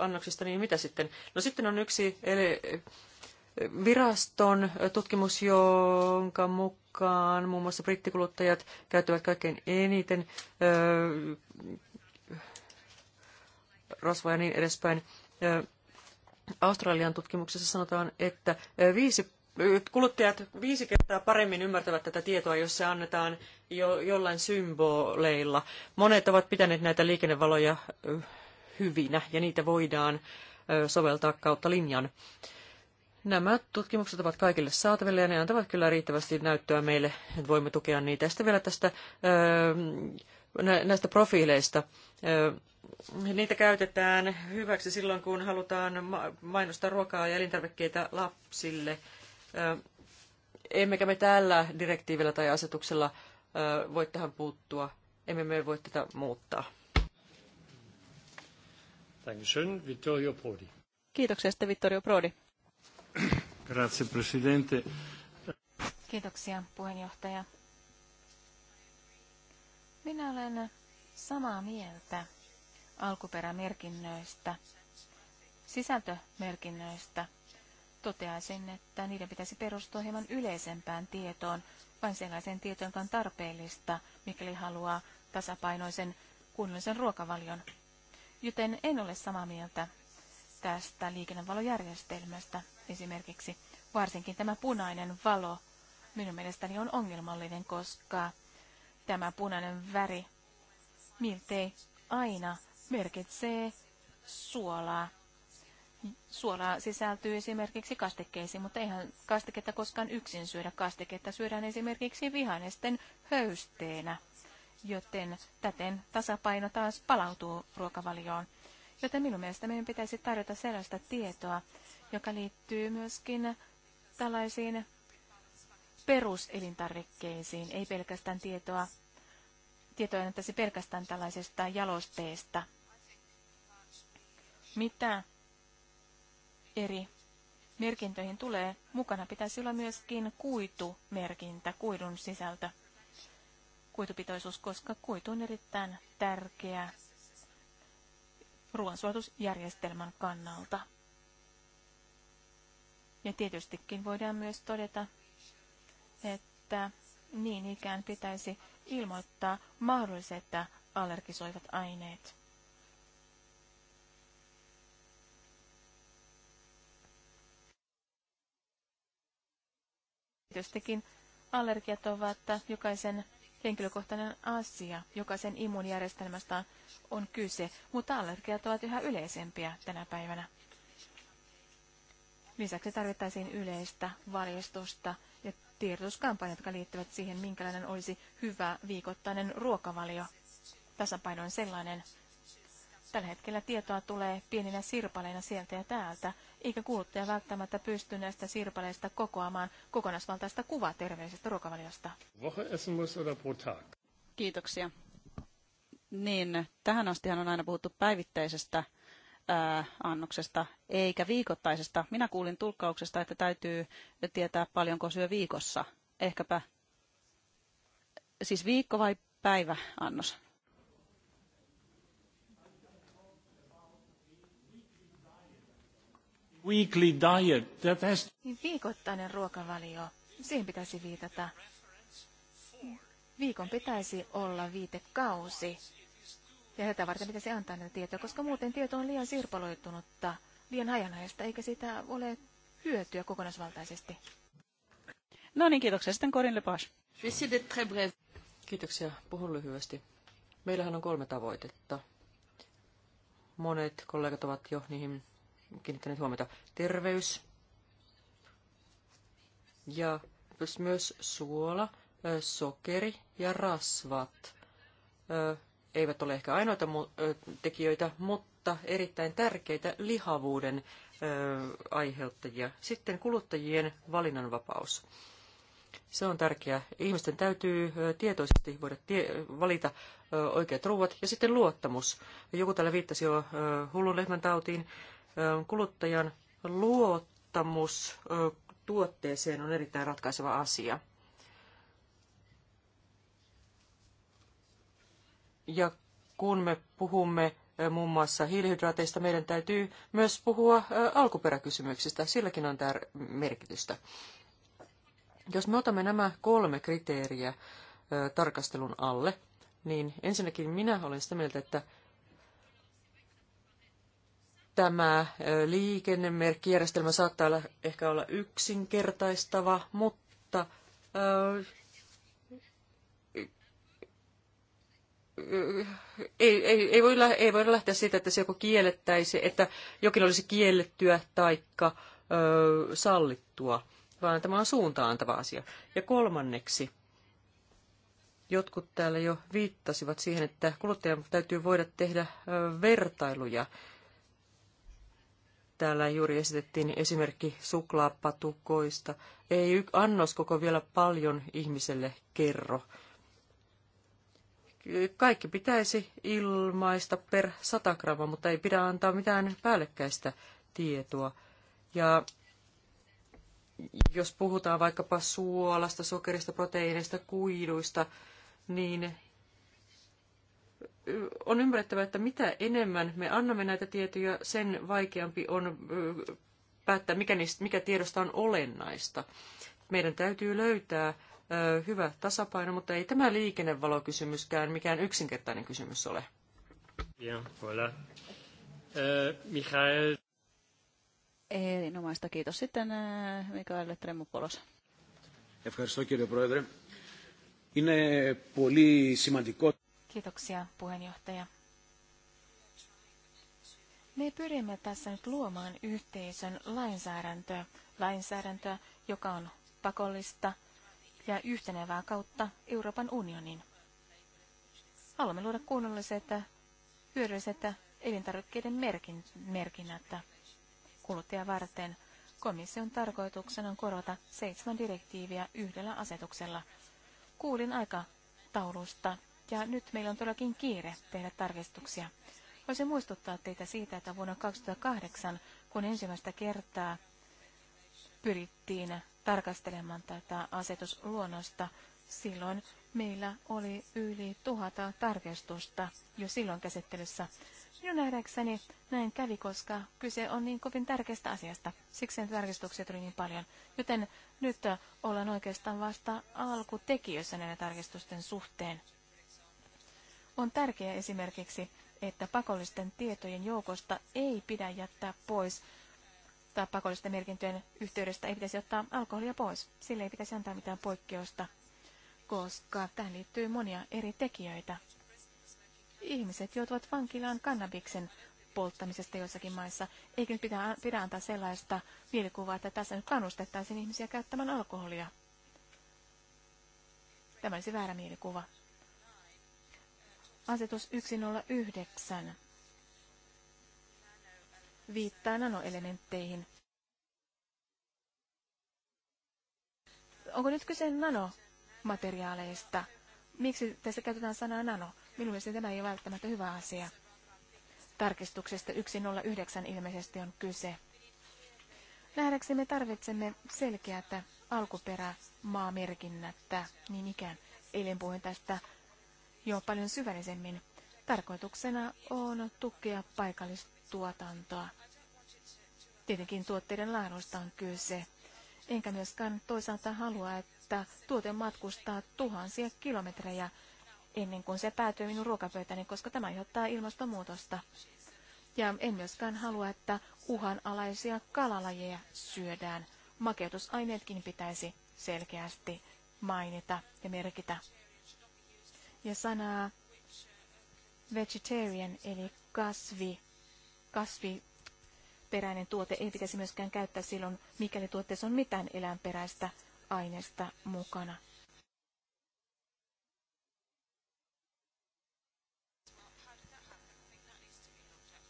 annoksista, niin mitä sitten? No sitten on yksi eli viraston tutkimus, jonka mukaan muun muassa brittikuluttajat käyttävät kaikkein eniten rasvaa ja niin edespäin. Australian tutkimuksessa sanotaan, että viisi kuluttajat viisi kertaa paremmin ymmärtävät tätä tietoa, jos se annetaan jo, jollain symboleilla. Monet ovat pitäneet näitä liikennevaloja hyvinä ja niitä voidaan soveltaa kautta linjan. Nämä tutkimukset ovat kaikille saatavilla ja ne antavat kyllä riittävästi näyttöä meille, että voimme tukea niitä. Sitten vielä tästä, näistä profiileista. Niitä käytetään hyväksi silloin, kun halutaan mainostaa ruokaa ja elintarvikkeita lapsille – Emmekä me tällä direktiivillä tai asetuksella voi tähän puuttua. Emme me voi tätä muuttaa. Dankeschön, Vittorio Prodi. Kiitoksia sitten Vittorio Prodi. Grazie, Presidente. Kiitoksia, puheenjohtaja. Minä olen samaa mieltä alkuperämerkinnöistä, sisältömerkinnöistä toteaisin, että niiden pitäisi perustua hieman yleisempään tietoon, vain sellaiseen tietoon, joka on tarpeellista, mikäli haluaa tasapainoisen kunnollisen ruokavalion. Joten en ole samaa mieltä tästä liikennevalojärjestelmästä esimerkiksi. Varsinkin tämä punainen valo minun mielestäni on ongelmallinen, koska tämä punainen väri miltei aina merkitsee suolaa Suolaa sisältyy esimerkiksi kastikkeisiin, mutta eihän kastiketta koskaan yksin syödä. Kastiketta syödään esimerkiksi vihannesten höysteenä, joten täten tasapaino taas palautuu ruokavalioon. Joten minun mielestä meidän pitäisi tarjota sellaista tietoa, joka liittyy myöskin tällaisiin peruselintarvikkeisiin, ei pelkästään tietoa, tietoa annettaisi pelkästään tällaisesta jalosteesta. Mitä eri merkintöihin tulee, mukana pitäisi olla myöskin kuitumerkintä, kuidun sisältö. Kuitupitoisuus, koska kuitu on erittäin tärkeä ruoansulatusjärjestelmän kannalta. Ja tietystikin voidaan myös todeta, että niin ikään pitäisi ilmoittaa mahdolliset allergisoivat aineet. Tietystikin allergiat ovat jokaisen henkilökohtainen asia, jokaisen immuunijärjestelmästä on kyse, mutta allergiat ovat yhä yleisempiä tänä päivänä. Lisäksi tarvittaisiin yleistä varjostusta ja tiedotuskampanjat, jotka liittyvät siihen, minkälainen olisi hyvä viikoittainen ruokavalio. on sellainen. Tällä hetkellä tietoa tulee pieninä sirpaleina sieltä ja täältä, eikä kuluttaja välttämättä pysty näistä sirpaleista kokoamaan kokonaisvaltaista kuvaa terveellisestä ruokavaliosta. Kiitoksia. Niin, tähän astihan on aina puhuttu päivittäisestä ää, äh, annoksesta eikä viikoittaisesta. Minä kuulin tulkkauksesta, että täytyy tietää paljonko syö viikossa. Ehkäpä siis viikko vai päivä annos? Weekly diet, that has... Niin viikoittainen ruokavalio, siihen pitäisi viitata. Viikon pitäisi olla viitekausi. Ja tätä varten pitäisi antaa näitä tietoja, koska muuten tieto on liian sirpaloitunutta, liian hajanaista, eikä sitä ole hyötyä kokonaisvaltaisesti. No niin, kiitoksia. Sitten Corin Lepage. Kiitoksia. Puhun lyhyesti. Meillähän on kolme tavoitetta. Monet kollegat ovat jo niihin kiinnittäneet huomiota. Terveys ja myös suola, sokeri ja rasvat eivät ole ehkä ainoita tekijöitä, mutta erittäin tärkeitä lihavuuden aiheuttajia. Sitten kuluttajien valinnanvapaus. Se on tärkeää. Ihmisten täytyy tietoisesti voida tie- valita oikeat ruuat ja sitten luottamus. Joku täällä viittasi jo hullun lehmän tautiin kuluttajan luottamus tuotteeseen on erittäin ratkaiseva asia. Ja kun me puhumme muun muassa hiilihydraateista, meidän täytyy myös puhua alkuperäkysymyksistä. Silläkin on tämä merkitystä. Jos me otamme nämä kolme kriteeriä tarkastelun alle, niin ensinnäkin minä olen sitä mieltä, että tämä liikennemerkkijärjestelmä saattaa olla, ehkä olla yksinkertaistava, mutta ei, ei, ei, voi, lähteä siitä, että se joko kiellettäisi, että jokin olisi kiellettyä taikka ö, sallittua, vaan tämä on suuntaantava asia. Ja kolmanneksi, jotkut täällä jo viittasivat siihen, että kuluttajan täytyy voida tehdä vertailuja. Täällä juuri esitettiin esimerkki suklaapatukoista. Ei annos koko vielä paljon ihmiselle kerro. Kaikki pitäisi ilmaista per 100 grammaa, mutta ei pidä antaa mitään päällekkäistä tietoa. Ja jos puhutaan vaikkapa suolasta, sokerista, proteiineista, kuiduista, niin on ymmärrettävä, että mitä enemmän me annamme näitä tietoja, sen vaikeampi on päättää, mikä, niistä, mikä tiedosta on olennaista. Meidän täytyy löytää hyvä tasapaino, mutta ei tämä liikennevalokysymyskään mikään yksinkertainen kysymys ole. Bien, voilà. äh, Michael. Erinomaista. Kiitos sitten äh, Mikael Tremopolos. Ευχαριστώ κύριε Πρόεδρε. Είναι πολύ σημαντικό. Kiitoksia, puheenjohtaja. Me pyrimme tässä nyt luomaan yhteisön lainsäädäntöä, lainsäädäntöä, joka on pakollista ja yhtenevää kautta Euroopan unionin. Haluamme luoda kunnolliset, hyödylliset elintarvikkeiden merkin, merkinnät kuluttaja varten. Komission tarkoituksena on korota seitsemän direktiiviä yhdellä asetuksella. Kuulin aika taulusta ja nyt meillä on todellakin kiire tehdä tarkistuksia. Voisin muistuttaa teitä siitä, että vuonna 2008, kun ensimmäistä kertaa pyrittiin tarkastelemaan tätä asetusluonnosta, silloin meillä oli yli tuhata tarkistusta jo silloin käsittelyssä. Minun nähdäkseni näin kävi, koska kyse on niin kovin tärkeästä asiasta. Siksi sen tarkistuksia tuli niin paljon. Joten nyt ollaan oikeastaan vasta alkutekijöissä näiden tarkistusten suhteen. On tärkeää esimerkiksi, että pakollisten tietojen joukosta ei pidä jättää pois tai pakollisten merkintöjen yhteydestä ei pitäisi ottaa alkoholia pois. Sille ei pitäisi antaa mitään poikkeusta, koska tähän liittyy monia eri tekijöitä. Ihmiset joutuvat vankilaan kannabiksen polttamisesta joissakin maissa. Eikä nyt pidä, pidä antaa sellaista mielikuvaa, että tässä nyt kannustettaisiin ihmisiä käyttämään alkoholia. Tämä olisi väärä mielikuva asetus 109 viittaa nanoelementteihin. Onko nyt kyse nanomateriaaleista? Miksi tässä käytetään sanaa nano? Minun mielestäni tämä ei ole välttämättä hyvä asia. Tarkistuksesta 109 ilmeisesti on kyse. me tarvitsemme selkeätä alkuperämaamerkinnättä, niin ikään. Eilen puhuin tästä jo paljon syvällisemmin. Tarkoituksena on tukea paikallistuotantoa. Tietenkin tuotteiden laadusta on kyse. Enkä myöskään toisaalta halua, että tuote matkustaa tuhansia kilometrejä ennen kuin se päätyy minun ruokapöytäni, koska tämä aiheuttaa ilmastonmuutosta. Ja en myöskään halua, että uhanalaisia kalalajeja syödään. Makeutusaineetkin pitäisi selkeästi mainita ja merkitä ja sanaa vegetarian eli kasvi, kasviperäinen tuote ei pitäisi myöskään käyttää silloin, mikäli tuotteessa on mitään eläinperäistä aineesta mukana.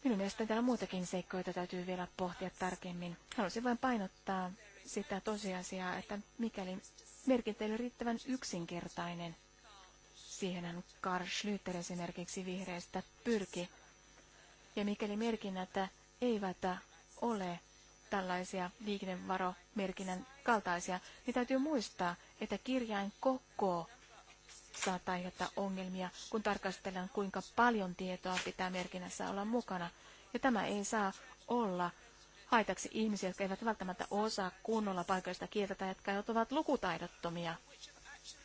Minun mielestäni täällä muutakin seikkoja täytyy vielä pohtia tarkemmin. Haluaisin vain painottaa sitä tosiasiaa, että mikäli merkintä ei ole riittävän yksinkertainen, Siihenhän Karl Schlüter esimerkiksi vihreistä pyrki. Ja mikäli merkinnät eivät ole tällaisia liikennevaromerkinnän kaltaisia, niin täytyy muistaa, että kirjain koko saattaa aiheuttaa ongelmia, kun tarkastellaan, kuinka paljon tietoa pitää merkinnässä olla mukana. Ja tämä ei saa olla haitaksi ihmisiä, jotka eivät välttämättä osaa kunnolla paikallista kieltä tai jotka ovat lukutaidottomia.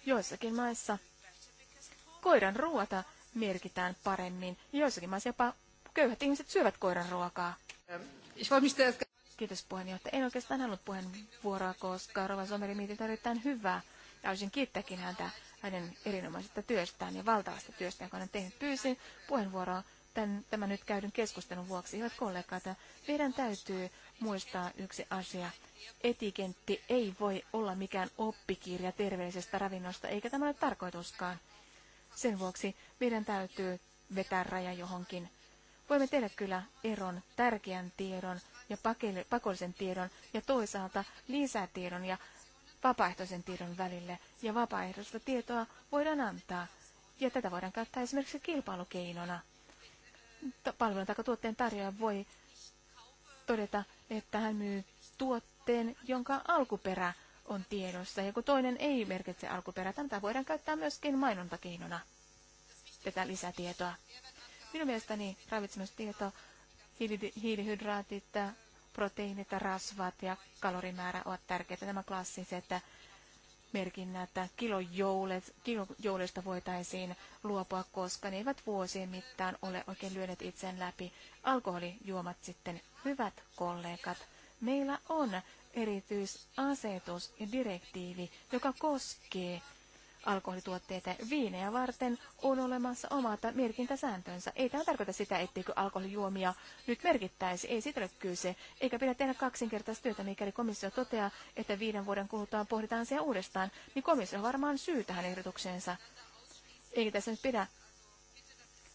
Joissakin maissa koiran ruoata merkitään paremmin. Joissakin maissa jopa köyhät ihmiset syövät koiran ruokaa. Kiitos puheenjohtaja. En oikeastaan halunnut puheenvuoroa, koska Rova Someri mietintö erittäin hyvää. Ja olisin kiittäkin häntä hänen erinomaisesta työstään ja valtavasta työstään, jonka hän tehnyt. Pyysin puheenvuoroa tämän, tämän nyt käydyn keskustelun vuoksi. Hyvät kollegat, meidän täytyy muistaa yksi asia. Etikentti ei voi olla mikään oppikirja terveellisestä ravinnosta, eikä tämä ole tarkoituskaan. Sen vuoksi meidän täytyy vetää raja johonkin. Voimme tehdä kyllä eron tärkeän tiedon ja pakollisen tiedon ja toisaalta lisätiedon ja vapaaehtoisen tiedon välille. Ja vapaaehtoista tietoa voidaan antaa. Ja tätä voidaan käyttää esimerkiksi kilpailukeinona. Palvelun tai tuotteen tarjoaja voi todeta, että hän myy tuotteen, jonka alkuperä on tiedossa. kun toinen ei merkitse alkuperää. Tätä voidaan käyttää myöskin mainontakeinona. Tätä lisätietoa. Minun mielestäni ravitsemustieto, hiilihydraatit, proteiinit, rasvat ja kalorimäärä ovat tärkeitä. Nämä klassiset merkinnät kilojouleista voitaisiin luopua, koska ne eivät vuosien mittaan ole oikein lyöneet itseään läpi. Alkoholijuomat sitten, hyvät kollegat. Meillä on erityisasetus ja direktiivi, joka koskee alkoholituotteita viinejä varten on olemassa omat merkintäsääntönsä. Ei tämä tarkoita sitä, etteikö alkoholijuomia nyt merkittäisi. Ei sitä ole kyse. Eikä pidä tehdä kaksinkertaista työtä, mikäli komissio toteaa, että viiden vuoden kuluttua pohditaan se uudestaan, niin komissio on varmaan syy tähän ehdotukseensa. Eikä tässä nyt pidä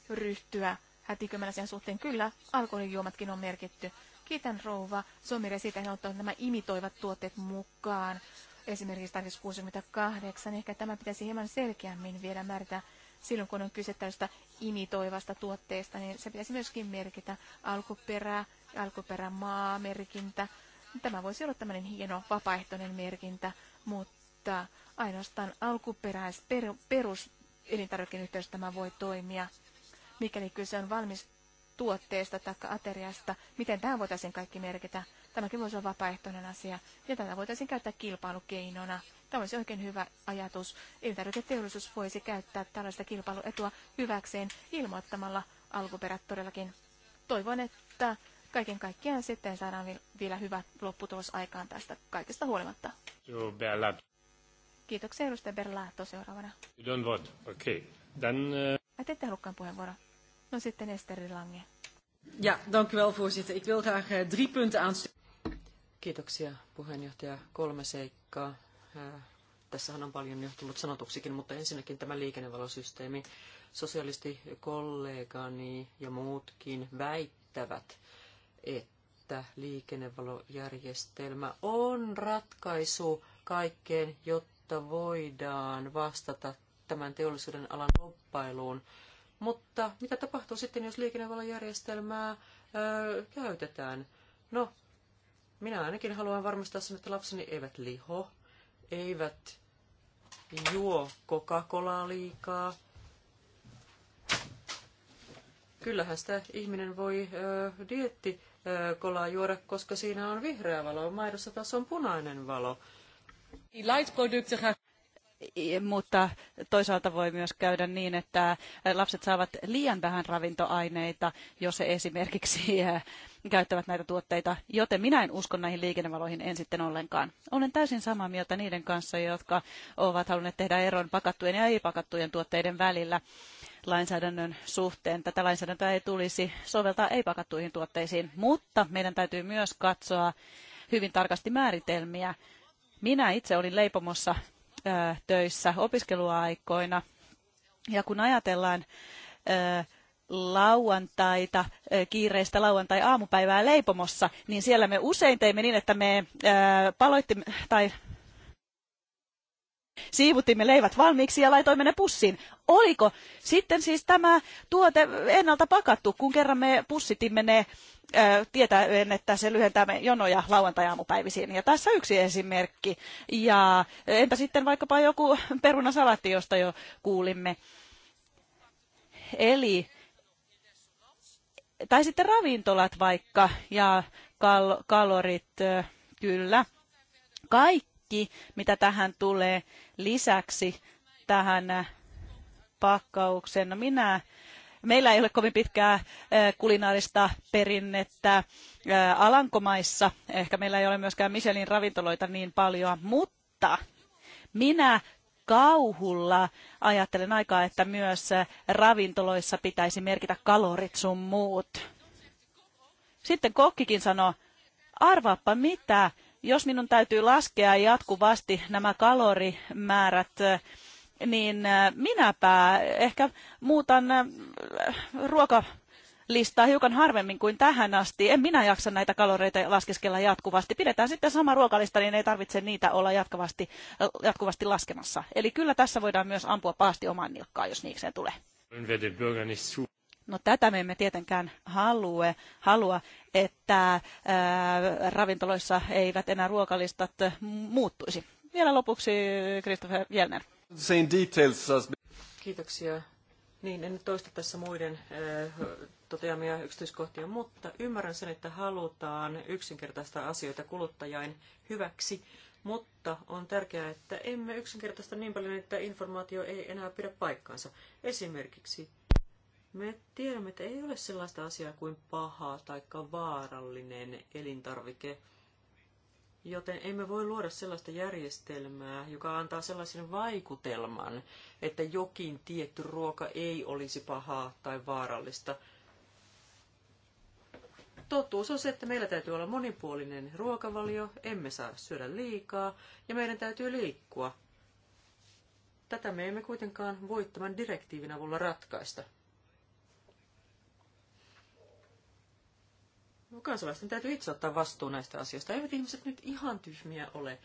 ryhtyä hätikömän asian suhteen. Kyllä, alkoholijuomatkin on merkitty. Kiitän rouva Suomi siitä, että ottanut nämä imitoivat tuotteet mukaan. Esimerkiksi tarkistus 68. Ehkä tämä pitäisi hieman selkeämmin vielä määritä silloin, kun on kyse tällaista imitoivasta tuotteesta, niin se pitäisi myöskin merkitä alkuperä, alkuperämaa, merkintä. Tämä voisi olla tämmöinen hieno vapaaehtoinen merkintä, mutta ainoastaan alkuperäis perus elintarvikeyhteys tämä voi toimia. Mikäli kyse on valmis, tuotteesta tai ateriasta, miten tämä voitaisiin kaikki merkitä. Tämäkin voisi olla vapaaehtoinen asia, ja tätä voitaisiin käyttää kilpailukeinona. Tämä olisi oikein hyvä ajatus. Elintarviketeollisuus voisi käyttää tällaista kilpailuetua hyväkseen ilmoittamalla alkuperät todellakin. Toivon, että kaiken kaikkiaan sitten saadaan vielä hyvä lopputulos aikaan tästä kaikesta huolimatta. Joo, Kiitoksia edustaja Berlaatto seuraavana. You don't vote. Okay. Then, uh... Ette halukkaan puheenvuoroa. No sitten Esteri Lange. Ja, dank u wel voorzitter. Ik wil graag eh, drie punten aansturen. Kiitoksia puheenjohtaja. Kolme seikkaa. Äh, tässähän on paljon jo tullut sanotuksikin, mutta ensinnäkin tämä liikennevalosysteemi. kollegani ja muutkin väittävät, että liikennevalojärjestelmä on ratkaisu kaikkeen, jotta voidaan vastata tämän teollisuuden alan loppailuun. Mutta mitä tapahtuu sitten, jos liikennevalojärjestelmää öö, käytetään? No, minä ainakin haluan varmistaa sen, että lapseni eivät liho, eivät juo Coca-Colaa liikaa. Kyllähän sitä ihminen voi dietti kolaa juoda, koska siinä on vihreä valo, maidossa taas on punainen valo. Die mutta toisaalta voi myös käydä niin, että lapset saavat liian vähän ravintoaineita, jos he esimerkiksi eh, käyttävät näitä tuotteita, joten minä en usko näihin liikennevaloihin en sitten ollenkaan. Olen täysin samaa mieltä niiden kanssa, jotka ovat halunneet tehdä eron pakattujen ja ei-pakattujen tuotteiden välillä lainsäädännön suhteen. Tätä lainsäädäntöä ei tulisi soveltaa ei-pakattuihin tuotteisiin, mutta meidän täytyy myös katsoa hyvin tarkasti määritelmiä. Minä itse olin leipomossa töissä opiskeluaikoina. Ja kun ajatellaan lauantaita, kiireistä lauantai-aamupäivää leipomossa, niin siellä me usein teimme niin, että me paloitti, tai siivutimme leivät valmiiksi ja laitoimme ne pussiin. Oliko sitten siis tämä tuote ennalta pakattu, kun kerran me pussitimme ne tietäen, että se lyhentää me jonoja lauantai-aamupäivisiin. Ja tässä yksi esimerkki. Ja entä sitten vaikkapa joku perunasalatti, josta jo kuulimme. Eli, tai sitten ravintolat vaikka ja kal- kalorit, kyllä. Kaikki kaikki, mitä tähän tulee lisäksi tähän äh, pakkaukseen. No minä Meillä ei ole kovin pitkää äh, kulinaarista perinnettä äh, Alankomaissa. Ehkä meillä ei ole myöskään Michelin ravintoloita niin paljon, mutta minä kauhulla ajattelen aikaa, että myös ravintoloissa pitäisi merkitä kalorit sun muut. Sitten kokkikin sanoo, arvaappa mitä, jos minun täytyy laskea jatkuvasti nämä kalorimäärät, niin minäpä ehkä muutan ruoka listaa hiukan harvemmin kuin tähän asti. En minä jaksa näitä kaloreita laskeskella jatkuvasti. Pidetään sitten sama ruokalista, niin ei tarvitse niitä olla jatkuvasti, jatkuvasti laskemassa. Eli kyllä tässä voidaan myös ampua paasti omaan nilkkaan, jos niikseen tulee. No tätä me emme tietenkään halua, halua että ää, ravintoloissa eivät enää ruokalistat muuttuisi. Vielä lopuksi Christopher Jelner. Kiitoksia. Niin, en nyt toista tässä muiden äh, toteamia yksityiskohtia, mutta ymmärrän sen, että halutaan yksinkertaista asioita kuluttajain hyväksi, mutta on tärkeää, että emme yksinkertaista niin paljon, että informaatio ei enää pidä paikkaansa. Esimerkiksi me tiedämme, että ei ole sellaista asiaa kuin paha tai vaarallinen elintarvike, joten emme voi luoda sellaista järjestelmää, joka antaa sellaisen vaikutelman, että jokin tietty ruoka ei olisi pahaa tai vaarallista. Totuus on se, että meillä täytyy olla monipuolinen ruokavalio, emme saa syödä liikaa ja meidän täytyy liikkua. Tätä me emme kuitenkaan voi tämän direktiivin avulla ratkaista. No kansalaisten täytyy itse ottaa vastuu näistä asioista. Eivät ihmiset nyt ihan tyhmiä ole.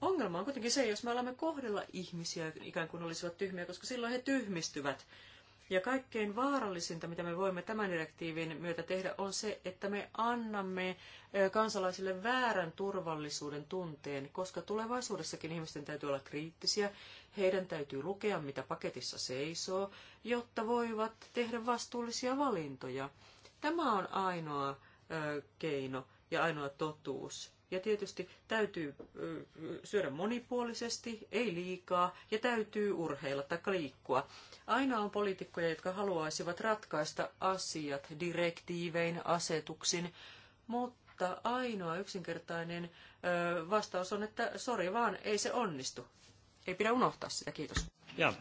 Ongelma on kuitenkin se, jos me alamme kohdella ihmisiä ikään kuin olisivat tyhmiä, koska silloin he tyhmistyvät. Ja kaikkein vaarallisinta, mitä me voimme tämän direktiivin myötä tehdä, on se, että me annamme kansalaisille väärän turvallisuuden tunteen, koska tulevaisuudessakin ihmisten täytyy olla kriittisiä, heidän täytyy lukea, mitä paketissa seisoo, jotta voivat tehdä vastuullisia valintoja. Tämä on ainoa keino ja ainoa totuus. Ja tietysti täytyy syödä monipuolisesti, ei liikaa, ja täytyy urheilla tai liikkua. Aina on poliitikkoja, jotka haluaisivat ratkaista asiat direktiivein, asetuksin, mutta ainoa yksinkertainen vastaus on, että sori vaan, ei se onnistu. Ei pidä unohtaa sitä, kiitos. Ja,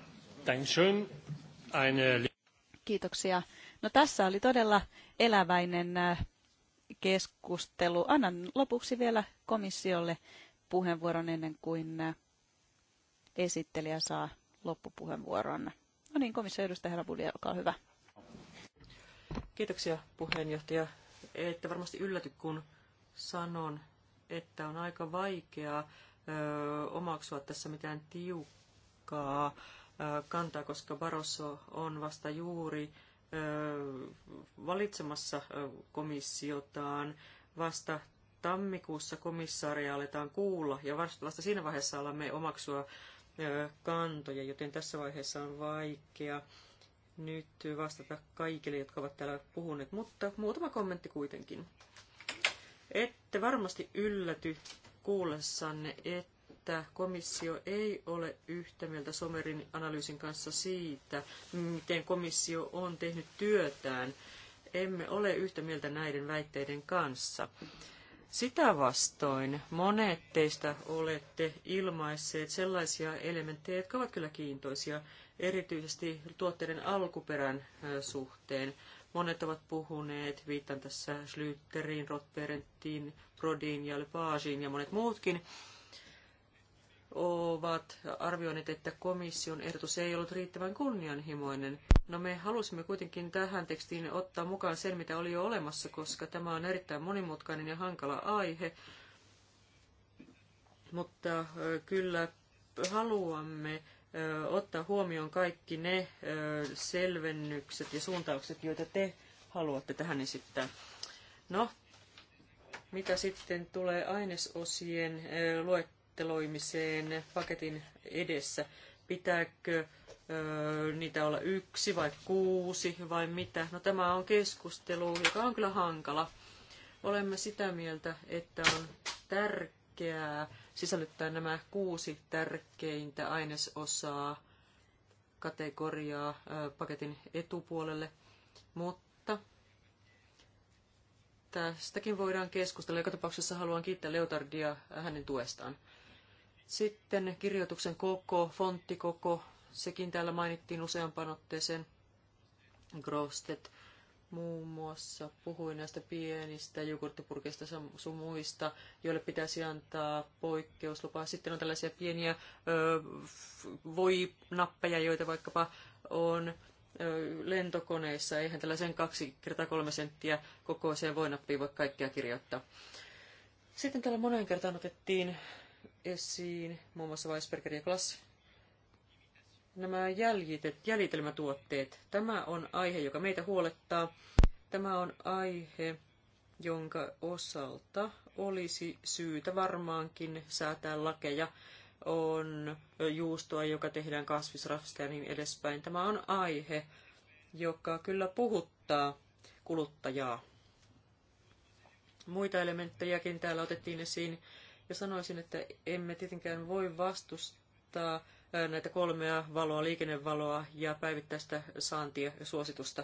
Kiitoksia. No tässä oli todella eläväinen keskustelu. Annan lopuksi vielä komissiolle puheenvuoron ennen kuin äh, esittelijä saa loppupuheenvuoron. No niin, komissio edustaja herra Budi, olkaa hyvä. Kiitoksia puheenjohtaja. Ette varmasti ylläty, kun sanon, että on aika vaikeaa ö, omaksua tässä mitään tiukkaa ö, kantaa, koska Barroso on vasta juuri valitsemassa komissiotaan. Vasta tammikuussa komissaaria aletaan kuulla ja vasta siinä vaiheessa alamme omaksua kantoja, joten tässä vaiheessa on vaikea nyt vastata kaikille, jotka ovat täällä puhuneet, mutta muutama kommentti kuitenkin. Ette varmasti ylläty kuullessanne, että että komissio ei ole yhtä mieltä Somerin analyysin kanssa siitä, miten komissio on tehnyt työtään. Emme ole yhtä mieltä näiden väitteiden kanssa. Sitä vastoin monet teistä olette ilmaisseet sellaisia elementtejä, jotka ovat kyllä kiintoisia, erityisesti tuotteiden alkuperän suhteen. Monet ovat puhuneet, viittaan tässä Schlüteriin, Rotperenttiin, Prodiin ja Lepagiin ja monet muutkin, ovat arvioineet, että komission ehdotus ei ollut riittävän kunnianhimoinen. No me halusimme kuitenkin tähän tekstiin ottaa mukaan sen, mitä oli jo olemassa, koska tämä on erittäin monimutkainen ja hankala aihe. Mutta kyllä haluamme ottaa huomioon kaikki ne selvennykset ja suuntaukset, joita te haluatte tähän esittää. No, mitä sitten tulee ainesosien luetteloon? luetteloimiseen paketin edessä. Pitääkö ö, niitä olla yksi vai kuusi vai mitä? No tämä on keskustelu, joka on kyllä hankala. Olemme sitä mieltä, että on tärkeää sisällyttää nämä kuusi tärkeintä ainesosaa kategoriaa ö, paketin etupuolelle, mutta tästäkin voidaan keskustella. Joka tapauksessa haluan kiittää Leotardia hänen tuestaan. Sitten kirjoituksen koko, fonttikoko, sekin täällä mainittiin useampaan otteeseen. Grostet muun muassa puhui näistä pienistä jogurttipurkeista sumuista, joille pitäisi antaa poikkeuslupaa. Sitten on tällaisia pieniä ö, voinappeja, joita vaikkapa on ö, lentokoneissa. Eihän tällaisen kaksi kertaa 3 senttiä kokoiseen voinappiin voi kaikkea kirjoittaa. Sitten täällä moneen kertaan otettiin esiin, muun muassa Weisberger ja Glass. Nämä jäljitet, jäljitelmätuotteet, tämä on aihe, joka meitä huolettaa. Tämä on aihe, jonka osalta olisi syytä varmaankin säätää lakeja. On juustoa, joka tehdään kasvisrafista ja niin edespäin. Tämä on aihe, joka kyllä puhuttaa kuluttajaa. Muita elementtejäkin täällä otettiin esiin. Ja sanoisin, että emme tietenkään voi vastustaa näitä kolmea valoa, liikennevaloa ja päivittäistä saantia ja suositusta.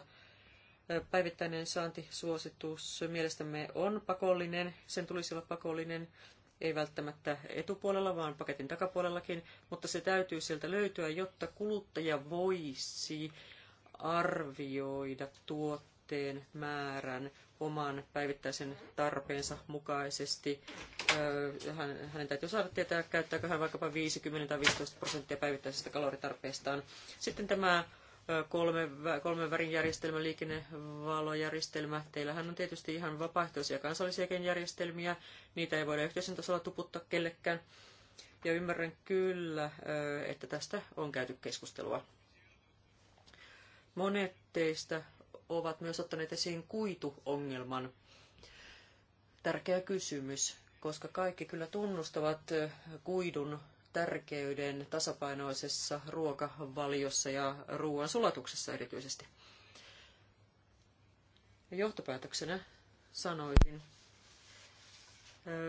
Päivittäinen saantisuositus mielestämme on pakollinen, sen tulisi olla pakollinen, ei välttämättä etupuolella, vaan paketin takapuolellakin, mutta se täytyy sieltä löytyä, jotta kuluttaja voisi arvioida tuotteen määrän oman päivittäisen tarpeensa mukaisesti. Hänen täytyy saada tietää, käyttääkö hän vaikkapa 50 tai 15 prosenttia päivittäisestä kaloritarpeestaan. Sitten tämä kolme, kolmen värin järjestelmä, liikennevalojärjestelmä. Teillähän on tietysti ihan vapaaehtoisia kansallisiakin järjestelmiä. Niitä ei voida yhteisen tasolla tuputtaa kellekään. Ja ymmärrän kyllä, että tästä on käyty keskustelua. Monet teistä ovat myös ottaneet esiin kuituongelman. Tärkeä kysymys, koska kaikki kyllä tunnustavat kuidun tärkeyden tasapainoisessa ruokavaliossa ja ruoan sulatuksessa erityisesti. Johtopäätöksenä sanoisin,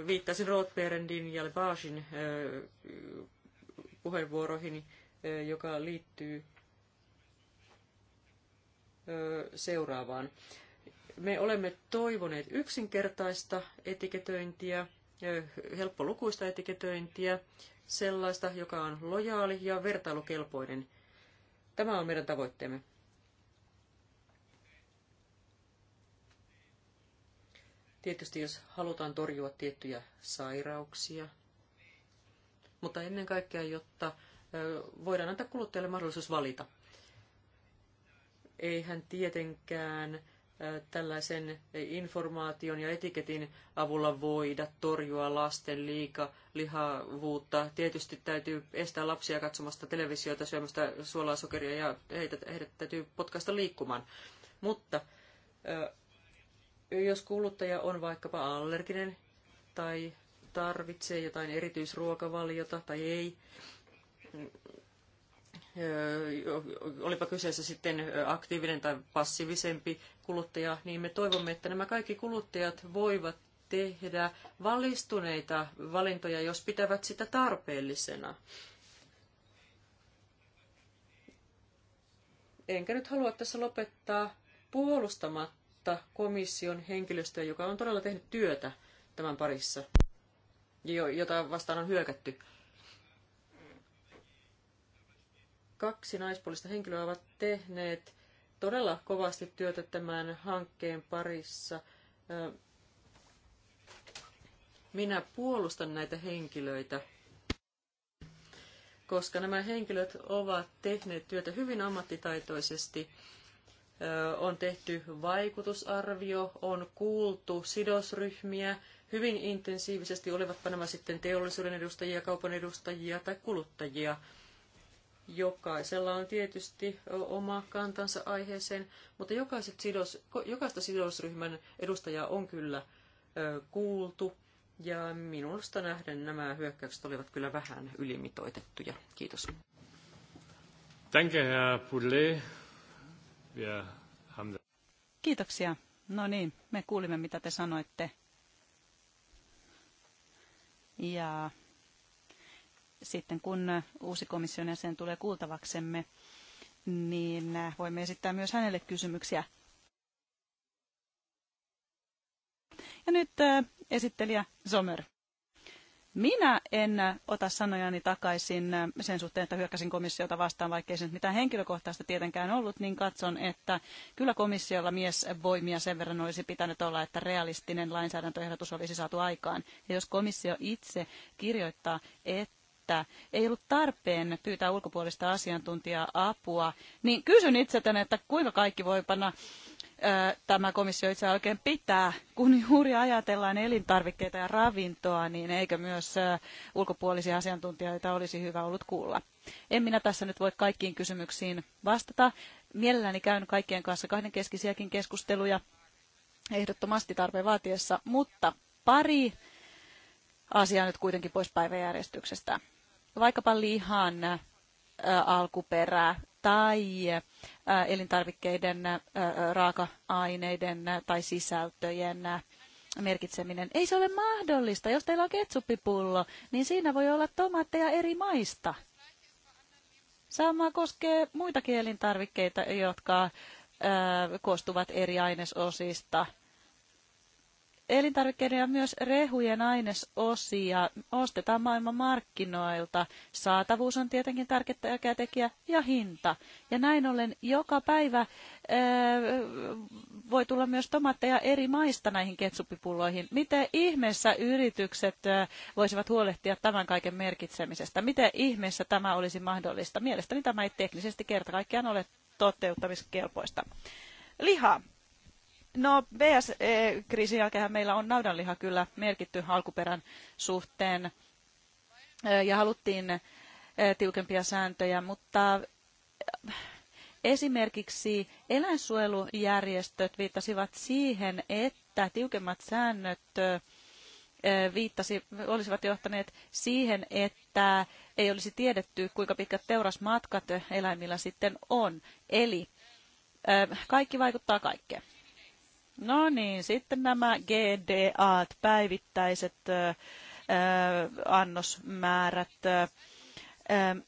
viittasin Rothberendin ja Lebasin puheenvuoroihin, joka liittyy seuraavaan. Me olemme toivoneet yksinkertaista etiketöintiä, helppolukuista etiketöintiä, sellaista, joka on lojaali ja vertailukelpoinen. Tämä on meidän tavoitteemme. Tietysti jos halutaan torjua tiettyjä sairauksia, mutta ennen kaikkea, jotta voidaan antaa kuluttajalle mahdollisuus valita – ei hän tietenkään tällaisen informaation ja etiketin avulla voida torjua lasten liikalihavuutta. Tietysti täytyy estää lapsia katsomasta televisiota, syömästä suolaa, sokeria ja heitä, heidät täytyy potkaista liikkumaan. Mutta jos kuluttaja on vaikkapa allerginen tai tarvitsee jotain erityisruokavaliota tai ei, olipa kyseessä sitten aktiivinen tai passiivisempi kuluttaja, niin me toivomme, että nämä kaikki kuluttajat voivat tehdä valistuneita valintoja, jos pitävät sitä tarpeellisena. Enkä nyt halua tässä lopettaa puolustamatta komission henkilöstöä, joka on todella tehnyt työtä tämän parissa, jota vastaan on hyökätty. kaksi naispuolista henkilöä ovat tehneet todella kovasti työtä tämän hankkeen parissa. Minä puolustan näitä henkilöitä, koska nämä henkilöt ovat tehneet työtä hyvin ammattitaitoisesti. On tehty vaikutusarvio, on kuultu sidosryhmiä hyvin intensiivisesti, olivatpa nämä sitten teollisuuden edustajia, kaupan edustajia tai kuluttajia – Jokaisella on tietysti oma kantansa aiheeseen, mutta jokaiset sidos, jokaista sidosryhmän edustajaa on kyllä kuultu. Ja minusta nähden nämä hyökkäykset olivat kyllä vähän ylimitoitettuja. Kiitos. Danke, Herr Poulet. Wir haben... Kiitoksia. No niin, me kuulimme mitä te sanoitte. Ja sitten kun uusi komission jäsen tulee kuultavaksemme, niin voimme esittää myös hänelle kysymyksiä. Ja nyt äh, esittelijä Sommer. Minä en ota sanojani takaisin äh, sen suhteen, että hyökkäsin komissiota vastaan, vaikkei se nyt mitään henkilökohtaista tietenkään ollut, niin katson, että kyllä komissiolla miesvoimia sen verran olisi pitänyt olla, että realistinen lainsäädäntöehdotus olisi saatu aikaan. Ja jos komissio itse kirjoittaa, että että ei ollut tarpeen pyytää ulkopuolista asiantuntijaa apua, niin kysyn itseltäni, että kuinka kaikki voi panna tämä komissio itse oikein pitää, kun juuri ajatellaan elintarvikkeita ja ravintoa, niin eikö myös ulkopuolisia asiantuntijoita olisi hyvä ollut kuulla. En minä tässä nyt voi kaikkiin kysymyksiin vastata. Mielelläni käyn kaikkien kanssa kahdenkeskisiäkin keskusteluja ehdottomasti tarpeen vaatiessa, mutta pari asiaa nyt kuitenkin pois päiväjärjestyksestä vaikkapa lihan äh, alkuperää tai äh, elintarvikkeiden äh, raaka-aineiden tai sisältöjen merkitseminen. Ei se ole mahdollista. Jos teillä on ketsuppipullo, niin siinä voi olla tomaatteja eri maista. Sama koskee muitakin elintarvikkeita, jotka koostuvat eri ainesosista. Elintarvikkeiden ja myös rehujen ainesosia ostetaan maailman markkinoilta. Saatavuus on tietenkin tärkeä tekijä ja hinta. Ja näin ollen joka päivä eh, voi tulla myös tomaatteja eri maista näihin ketsuppipulloihin. Miten ihmeessä yritykset eh, voisivat huolehtia tämän kaiken merkitsemisestä? Miten ihmeessä tämä olisi mahdollista? Mielestäni tämä ei teknisesti kerta kaikkiaan ole toteuttamiskelpoista. Liha No BSE-kriisin jälkeen meillä on naudanliha kyllä merkitty alkuperän suhteen eh, ja haluttiin eh, tiukempia sääntöjä, mutta eh, esimerkiksi eläinsuojelujärjestöt viittasivat siihen, että tiukemmat säännöt viittasi, olisivat johtaneet siihen, että ei olisi tiedetty, kuinka pitkät teurasmatkat eläimillä sitten on. Eli kaikki vaikuttaa kaikkeen. No niin, sitten nämä GDA, päivittäiset äh, annosmäärät Äh,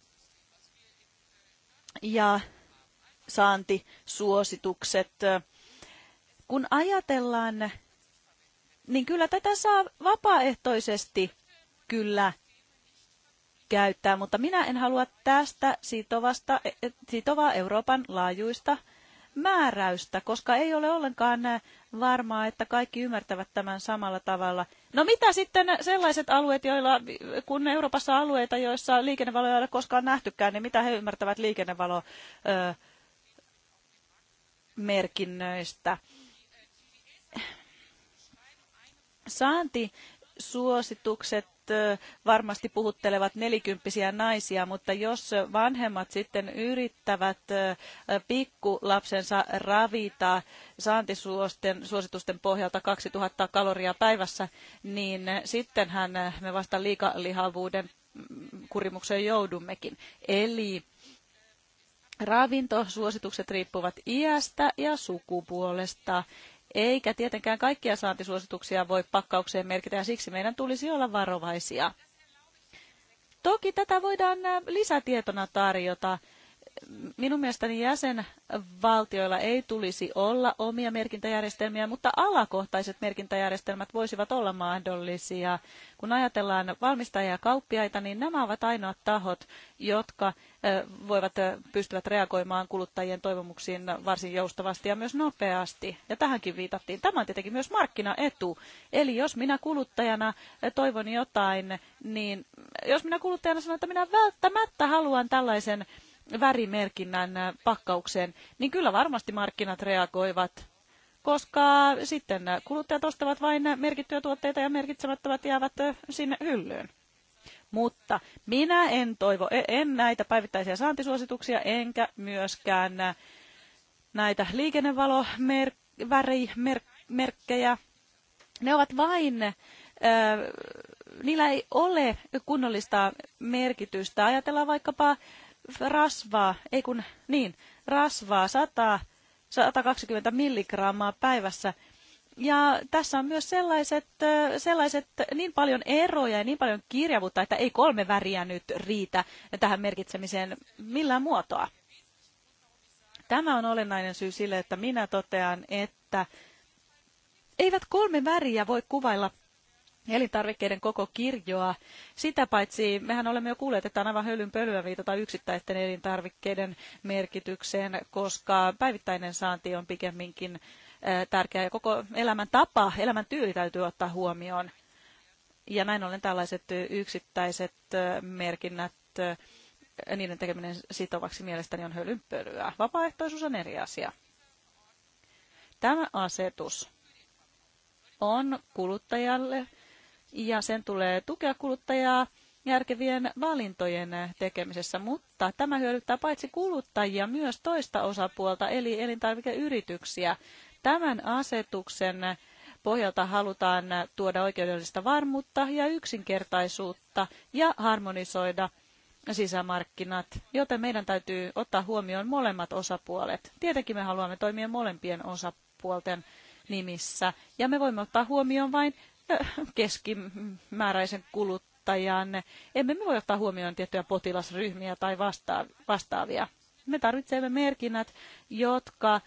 ja saantisuositukset. Kun ajatellaan, niin kyllä tätä saa vapaaehtoisesti kyllä käyttää, mutta minä en halua tästä sitovasta, e, e, sitovaa Euroopan laajuista määräystä, koska ei ole ollenkaan äh, varmaa, että kaikki ymmärtävät tämän samalla tavalla. No mitä sitten sellaiset alueet, joilla, kun Euroopassa on alueita, joissa liikennevaloja ei ole koskaan nähtykään, niin mitä he ymmärtävät liikennevalo äh, merkinnöistä? Saanti suositukset varmasti puhuttelevat nelikymppisiä naisia, mutta jos vanhemmat sitten yrittävät pikkulapsensa ravita saantisuositusten pohjalta 2000 kaloria päivässä, niin sittenhän me vasta liikalihavuuden kurimukseen joudummekin. Eli ravintosuositukset riippuvat iästä ja sukupuolesta eikä tietenkään kaikkia saantisuosituksia voi pakkaukseen merkitä ja siksi meidän tulisi olla varovaisia. Toki tätä voidaan lisätietona tarjota minun mielestäni jäsenvaltioilla ei tulisi olla omia merkintäjärjestelmiä, mutta alakohtaiset merkintäjärjestelmät voisivat olla mahdollisia. Kun ajatellaan valmistajia ja kauppiaita, niin nämä ovat ainoat tahot, jotka voivat pystyvät reagoimaan kuluttajien toivomuksiin varsin joustavasti ja myös nopeasti. Ja tähänkin viitattiin. Tämä on tietenkin myös markkinaetu. Eli jos minä kuluttajana toivon jotain, niin jos minä kuluttajana sanon, että minä välttämättä haluan tällaisen värimerkinnän äh, pakkaukseen, niin kyllä varmasti markkinat reagoivat, koska sitten kuluttajat ostavat vain merkittyjä tuotteita ja merkitsemättömät jäävät äh, sinne hyllyyn. Mutta minä en toivo, e- en näitä päivittäisiä saantisuosituksia, enkä myöskään äh, näitä liikennevalomerkkejä. Ne ovat vain niillä ei ole kunnollista merkitystä. Ajatellaan vaikkapa rasvaa, ei kun niin, rasvaa 100, 120 milligrammaa päivässä. Ja tässä on myös sellaiset, sellaiset niin paljon eroja ja niin paljon kirjavuutta, että ei kolme väriä nyt riitä tähän merkitsemiseen millään muotoa. Tämä on olennainen syy sille, että minä totean, että eivät kolme väriä voi kuvailla elintarvikkeiden koko kirjoa. Sitä paitsi mehän olemme jo kuulleet, että on aivan pölyä viitata yksittäisten elintarvikkeiden merkitykseen, koska päivittäinen saanti on pikemminkin eh, tärkeä ja koko elämän elämän tyyli täytyy ottaa huomioon. Ja näin ollen tällaiset eh, yksittäiset eh, merkinnät, niiden tekeminen sitovaksi mielestäni on hölynpölyä. Vapaaehtoisuus on eri asia. Tämä asetus on kuluttajalle ja sen tulee tukea kuluttajaa järkevien valintojen tekemisessä, mutta tämä hyödyttää paitsi kuluttajia myös toista osapuolta eli elintarvikeyrityksiä. Tämän asetuksen pohjalta halutaan tuoda oikeudellista varmuutta ja yksinkertaisuutta ja harmonisoida sisämarkkinat, joten meidän täytyy ottaa huomioon molemmat osapuolet. Tietenkin me haluamme toimia molempien osapuolten nimissä ja me voimme ottaa huomioon vain keskimääräisen kuluttajan. Emme me voi ottaa huomioon tiettyjä potilasryhmiä tai vastaavia. Me tarvitsemme merkinnät, jotka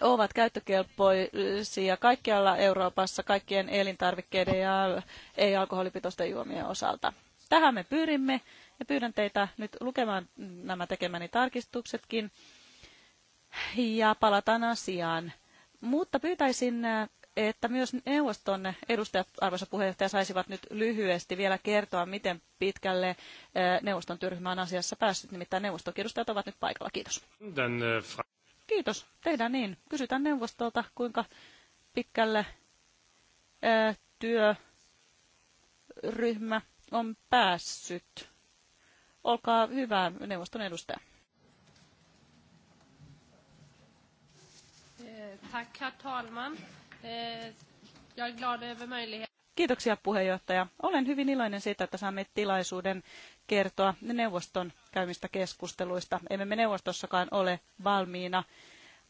ovat käyttökelpoisia kaikkialla Euroopassa kaikkien elintarvikkeiden ja ei-alkoholipitoisten juomien osalta. Tähän me pyrimme ja pyydän teitä nyt lukemaan nämä tekemäni tarkistuksetkin ja palataan asiaan. Mutta pyytäisin että myös neuvoston edustajat, arvoisa puheenjohtaja, saisivat nyt lyhyesti vielä kertoa, miten pitkälle eh, neuvoston työryhmä on asiassa päässyt. Nimittäin neuvoston edustajat ovat nyt paikalla. Kiitos. Eh, Kiitos. Tehdään niin. Kysytään neuvostolta, kuinka pitkälle eh, työryhmä on päässyt. Olkaa hyvä, neuvoston edustaja. Tack, herr talman. Eh, Kiitoksia puheenjohtaja. Olen hyvin iloinen siitä, että saamme tilaisuuden kertoa neuvoston käymistä keskusteluista. Emme me neuvostossakaan ole valmiina.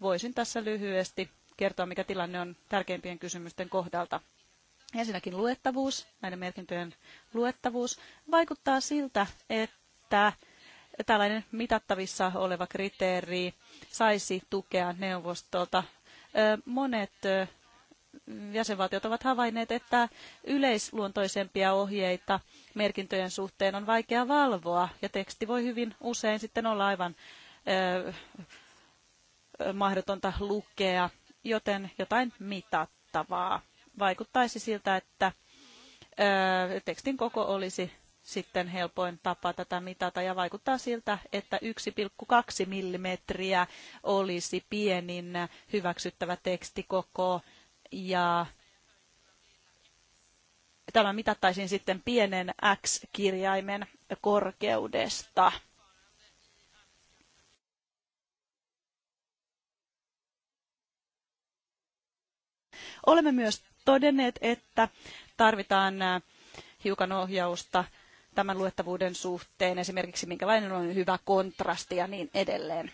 Voisin tässä lyhyesti kertoa, mikä tilanne on tärkeimpien kysymysten kohdalta. Ensinnäkin luettavuus, näiden merkintöjen luettavuus, vaikuttaa siltä, että tällainen mitattavissa oleva kriteeri saisi tukea neuvostolta. Monet jäsenvaltiot ovat havainneet, että yleisluontoisempia ohjeita merkintöjen suhteen on vaikea valvoa ja teksti voi hyvin usein sitten olla aivan mahdotonta lukea, joten jotain mitattavaa. Vaikuttaisi siltä, että tekstin koko olisi sitten helpoin tapa tätä mitata ja vaikuttaa siltä, että 1,2 millimetriä olisi pienin hyväksyttävä tekstikoko ja tämä mitattaisiin sitten pienen x-kirjaimen korkeudesta. Olemme myös todenneet, että tarvitaan äh, hiukan ohjausta tämän luettavuuden suhteen, esimerkiksi minkälainen on hyvä kontrasti ja niin edelleen.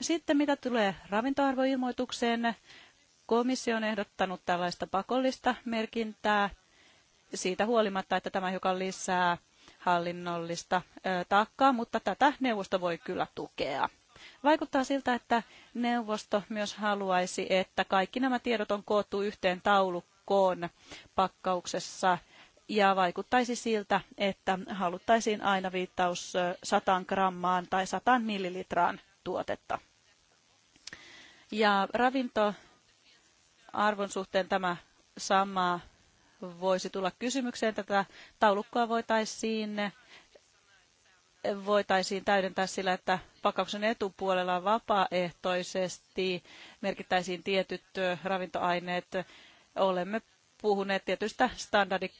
Sitten mitä tulee ravintoarvoilmoitukseen, Komissio on ehdottanut tällaista pakollista merkintää siitä huolimatta, että tämä hiukan lisää hallinnollista taakkaa, mutta tätä neuvosto voi kyllä tukea. Vaikuttaa siltä, että neuvosto myös haluaisi, että kaikki nämä tiedot on koottu yhteen taulukkoon pakkauksessa ja vaikuttaisi siltä, että haluttaisiin aina viittaus 100 grammaan tai 100 millilitraan tuotetta. Ja ravinto arvon suhteen tämä sama voisi tulla kysymykseen. Tätä taulukkoa voitaisiin, voitaisiin täydentää sillä, että pakkauksen etupuolella vapaaehtoisesti merkittäisiin tietyt ravintoaineet. Olemme puhuneet tietystä standardi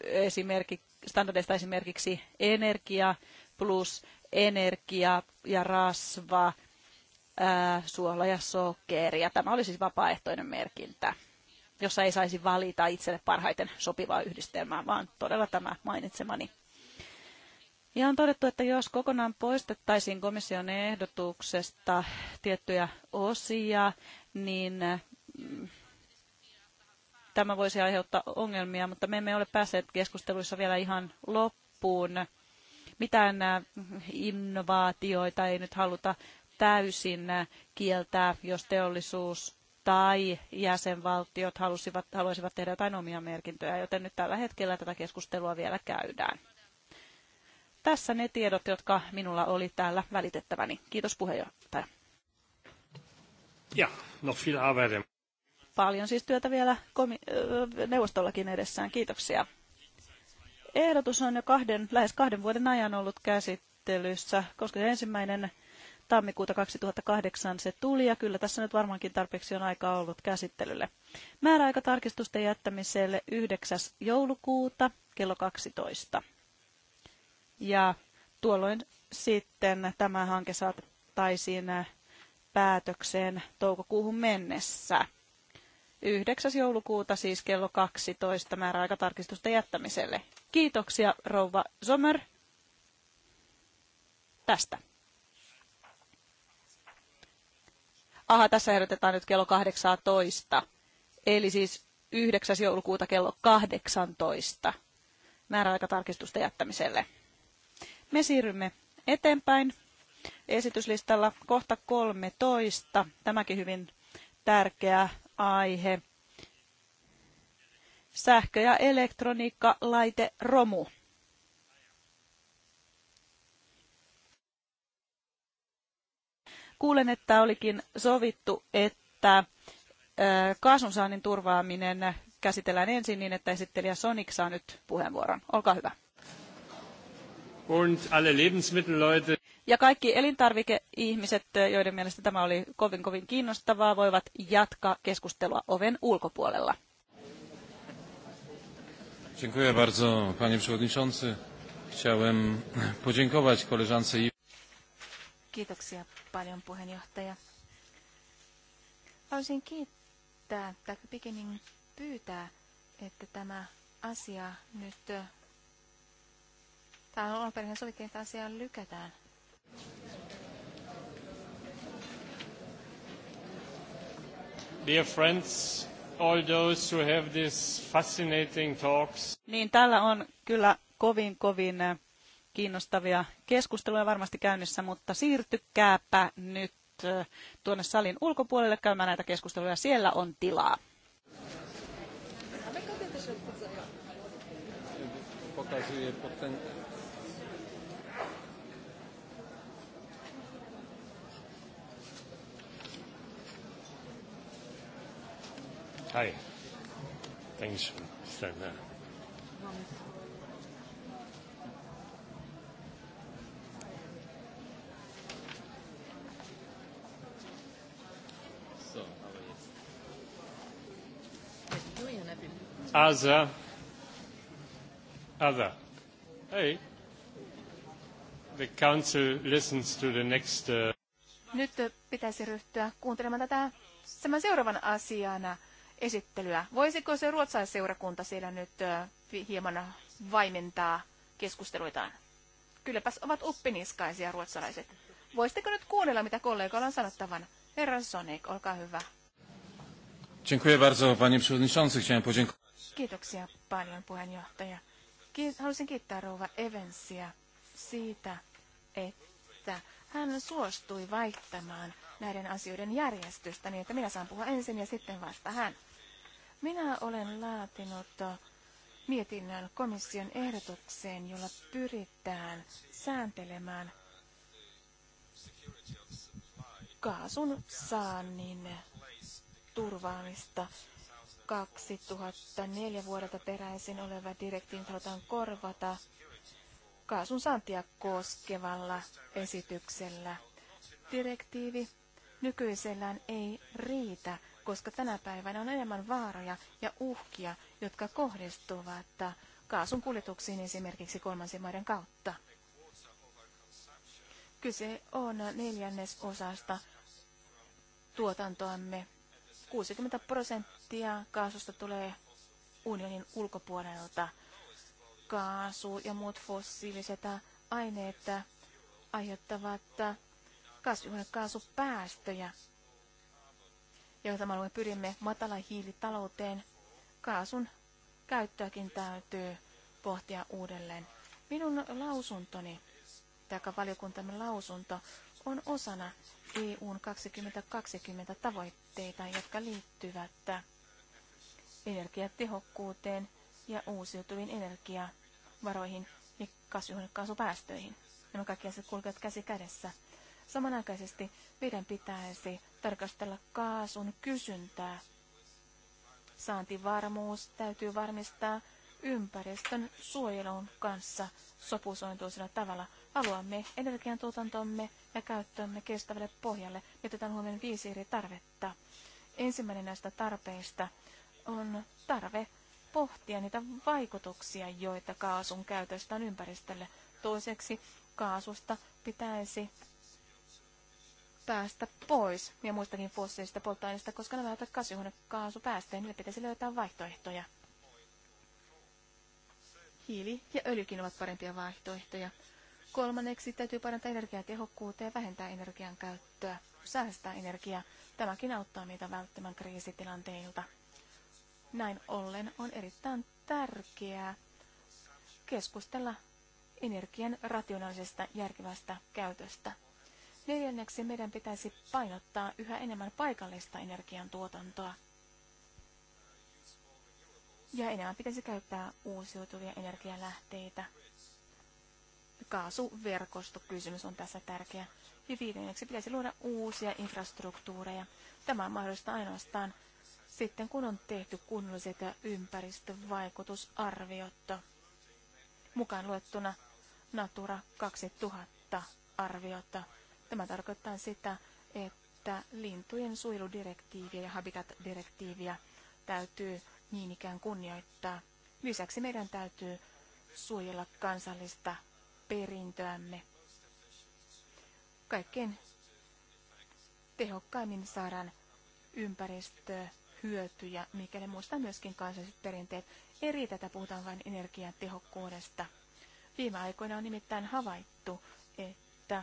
esimerkki, standardeista esimerkiksi energia plus energia ja rasva suola ja sokeria. Tämä oli siis vapaaehtoinen merkintä, jossa ei saisi valita itselle parhaiten sopivaa yhdistelmää, vaan todella tämä mainitsemani. Ja on todettu, että jos kokonaan poistettaisiin komission ehdotuksesta tiettyjä osia, niin mm, tämä voisi aiheuttaa ongelmia, mutta me emme ole päässeet keskusteluissa vielä ihan loppuun. Mitään innovaatioita ei nyt haluta täysin kieltää, jos teollisuus tai jäsenvaltiot halusivat, haluaisivat tehdä jotain omia merkintöjä, joten nyt tällä hetkellä tätä keskustelua vielä käydään. Tässä ne tiedot, jotka minulla oli täällä välitettäväni. Kiitos puheenjohtaja. Ja, no Paljon siis työtä vielä neuvostollakin edessään. Kiitoksia. Ehdotus on jo kahden, lähes kahden vuoden ajan ollut käsittelyssä, koska ensimmäinen tammikuuta 2008 se tuli ja kyllä tässä nyt varmaankin tarpeeksi on aikaa ollut käsittelylle. Määräaika tarkistusten jättämiselle 9. joulukuuta kello 12. Ja tuolloin sitten tämä hanke saataisiin päätökseen toukokuuhun mennessä. 9. joulukuuta siis kello 12 määräaikatarkistusten jättämiselle. Kiitoksia rouva Sommer tästä. aha, tässä ehdotetaan nyt kello 18. Eli siis 9. joulukuuta kello 18 määräaikatarkistusten jättämiselle. Me siirrymme eteenpäin esityslistalla kohta 13. Tämäkin hyvin tärkeä aihe. Sähkö- ja elektroniikka, laite, romu. Kuulen, että olikin sovittu, että saannin turvaaminen käsitellään ensin niin, että esittelijä Sonik saa nyt puheenvuoron. Olkaa hyvä. Ja kaikki elintarvikeihmiset, joiden mielestä tämä oli kovin kovin kiinnostavaa, voivat jatkaa keskustelua oven ulkopuolella. Dziękuję bardzo, panie przewodniczący. Chciałem podziękować koleżance Kiitoksia paljon puheenjohtaja. Haluaisin kiittää tai pikemmin pyytää, että tämä asia nyt, tämä on perheen sovittu, että asia lykätään. Dear friends, all those who have these fascinating talks. Niin tällä on kyllä kovin kovin kiinnostavia keskusteluja varmasti käynnissä, mutta siirtykääpä nyt äh, tuonne salin ulkopuolelle käymään näitä keskusteluja. Siellä on tilaa. Hi. Thanks for there. Other. Other. Hey. The council listens to the next... Uh... Nyt pitäisi ryhtyä kuuntelemaan tätä tämän seuraavan asian esittelyä. Voisiko se ruotsalaisseurakunta siellä nyt hieman vaimentaa keskusteluitaan? Kylläpäs ovat uppiniskaisia ruotsalaiset. Voisitteko nyt kuunnella, mitä kollegoilla on sanottavan? Herran Sonic, olkaa hyvä. Dziękuję bardzo, panie przewodniczący. Chciałem podziękować. Kiitoksia paljon puheenjohtaja. Haluaisin kiittää rouva Evansia siitä, että hän suostui vaihtamaan näiden asioiden järjestystä niin, että minä saan puhua ensin ja sitten vasta hän. Minä olen laatinut mietinnön komission ehdotukseen, jolla pyritään sääntelemään kaasun saannin turvaamista 2004 vuodelta peräisin oleva direktiin halutaan korvata kaasun saantia koskevalla esityksellä. Direktiivi nykyisellään ei riitä, koska tänä päivänä on enemmän vaaroja ja uhkia, jotka kohdistuvat kaasun kuljetuksiin esimerkiksi kolmansien maiden kautta. Kyse on neljännesosasta tuotantoamme 60 prosenttia kaasusta tulee unionin ulkopuolelta. Kaasu ja muut fossiiliset aineet aiheuttavat kasvihuonekaasupäästöjä. Ja samalla me pyrimme matala hiilitalouteen, kaasun käyttöäkin täytyy pohtia uudelleen. Minun lausuntoni, tai valiokuntamme lausunto, on osana EUn 2020 tavoitteita, jotka liittyvät energiatehokkuuteen ja uusiutuviin energiavaroihin ja kasvihuonekaasupäästöihin. Nämä kaikki asiat kulkevat käsi kädessä. Samanaikaisesti meidän pitäisi tarkastella kaasun kysyntää. Saantivarmuus täytyy varmistaa ympäristön suojelun kanssa sopusointuisella tavalla. Haluamme energiantuotantomme ja käyttöömme kestävälle pohjalle. Jätetään huomioon viisi eri tarvetta. Ensimmäinen näistä tarpeista on tarve pohtia niitä vaikutuksia, joita kaasun käytöstä on ympäristölle. Toiseksi kaasusta pitäisi päästä pois ja muistakin fossiilisista polttoaineista, koska ne ovat kasvihuonekaasupäästöjä, niille pitäisi löytää vaihtoehtoja. Hiili ja öljykin ovat parempia vaihtoehtoja. Kolmanneksi täytyy parantaa energiatehokkuutta ja vähentää energian käyttöä, säästää energiaa. Tämäkin auttaa meitä välttämään kriisitilanteilta. Näin ollen on erittäin tärkeää keskustella energian rationaalisesta järkevästä käytöstä. Neljänneksi meidän pitäisi painottaa yhä enemmän paikallista energiantuotantoa. Ja enemmän pitäisi käyttää uusiutuvia energialähteitä kaasuverkostokysymys on tässä tärkeä. Ja viidenneksi pitäisi luoda uusia infrastruktuureja. Tämä on mahdollista ainoastaan sitten, kun on tehty kunnolliset ympäristövaikutusarviot, mukaan luettuna Natura 2000 arviota. Tämä tarkoittaa sitä, että lintujen suojeludirektiiviä ja habitat-direktiiviä täytyy niin ikään kunnioittaa. Lisäksi meidän täytyy suojella kansallista perintöämme. Kaikkein tehokkaimmin saadaan ympäristöhyötyjä, mikäli muistaa myöskin kansalliset perinteet. Eri tätä puhutaan vain tehokkuudesta. Viime aikoina on nimittäin havaittu, että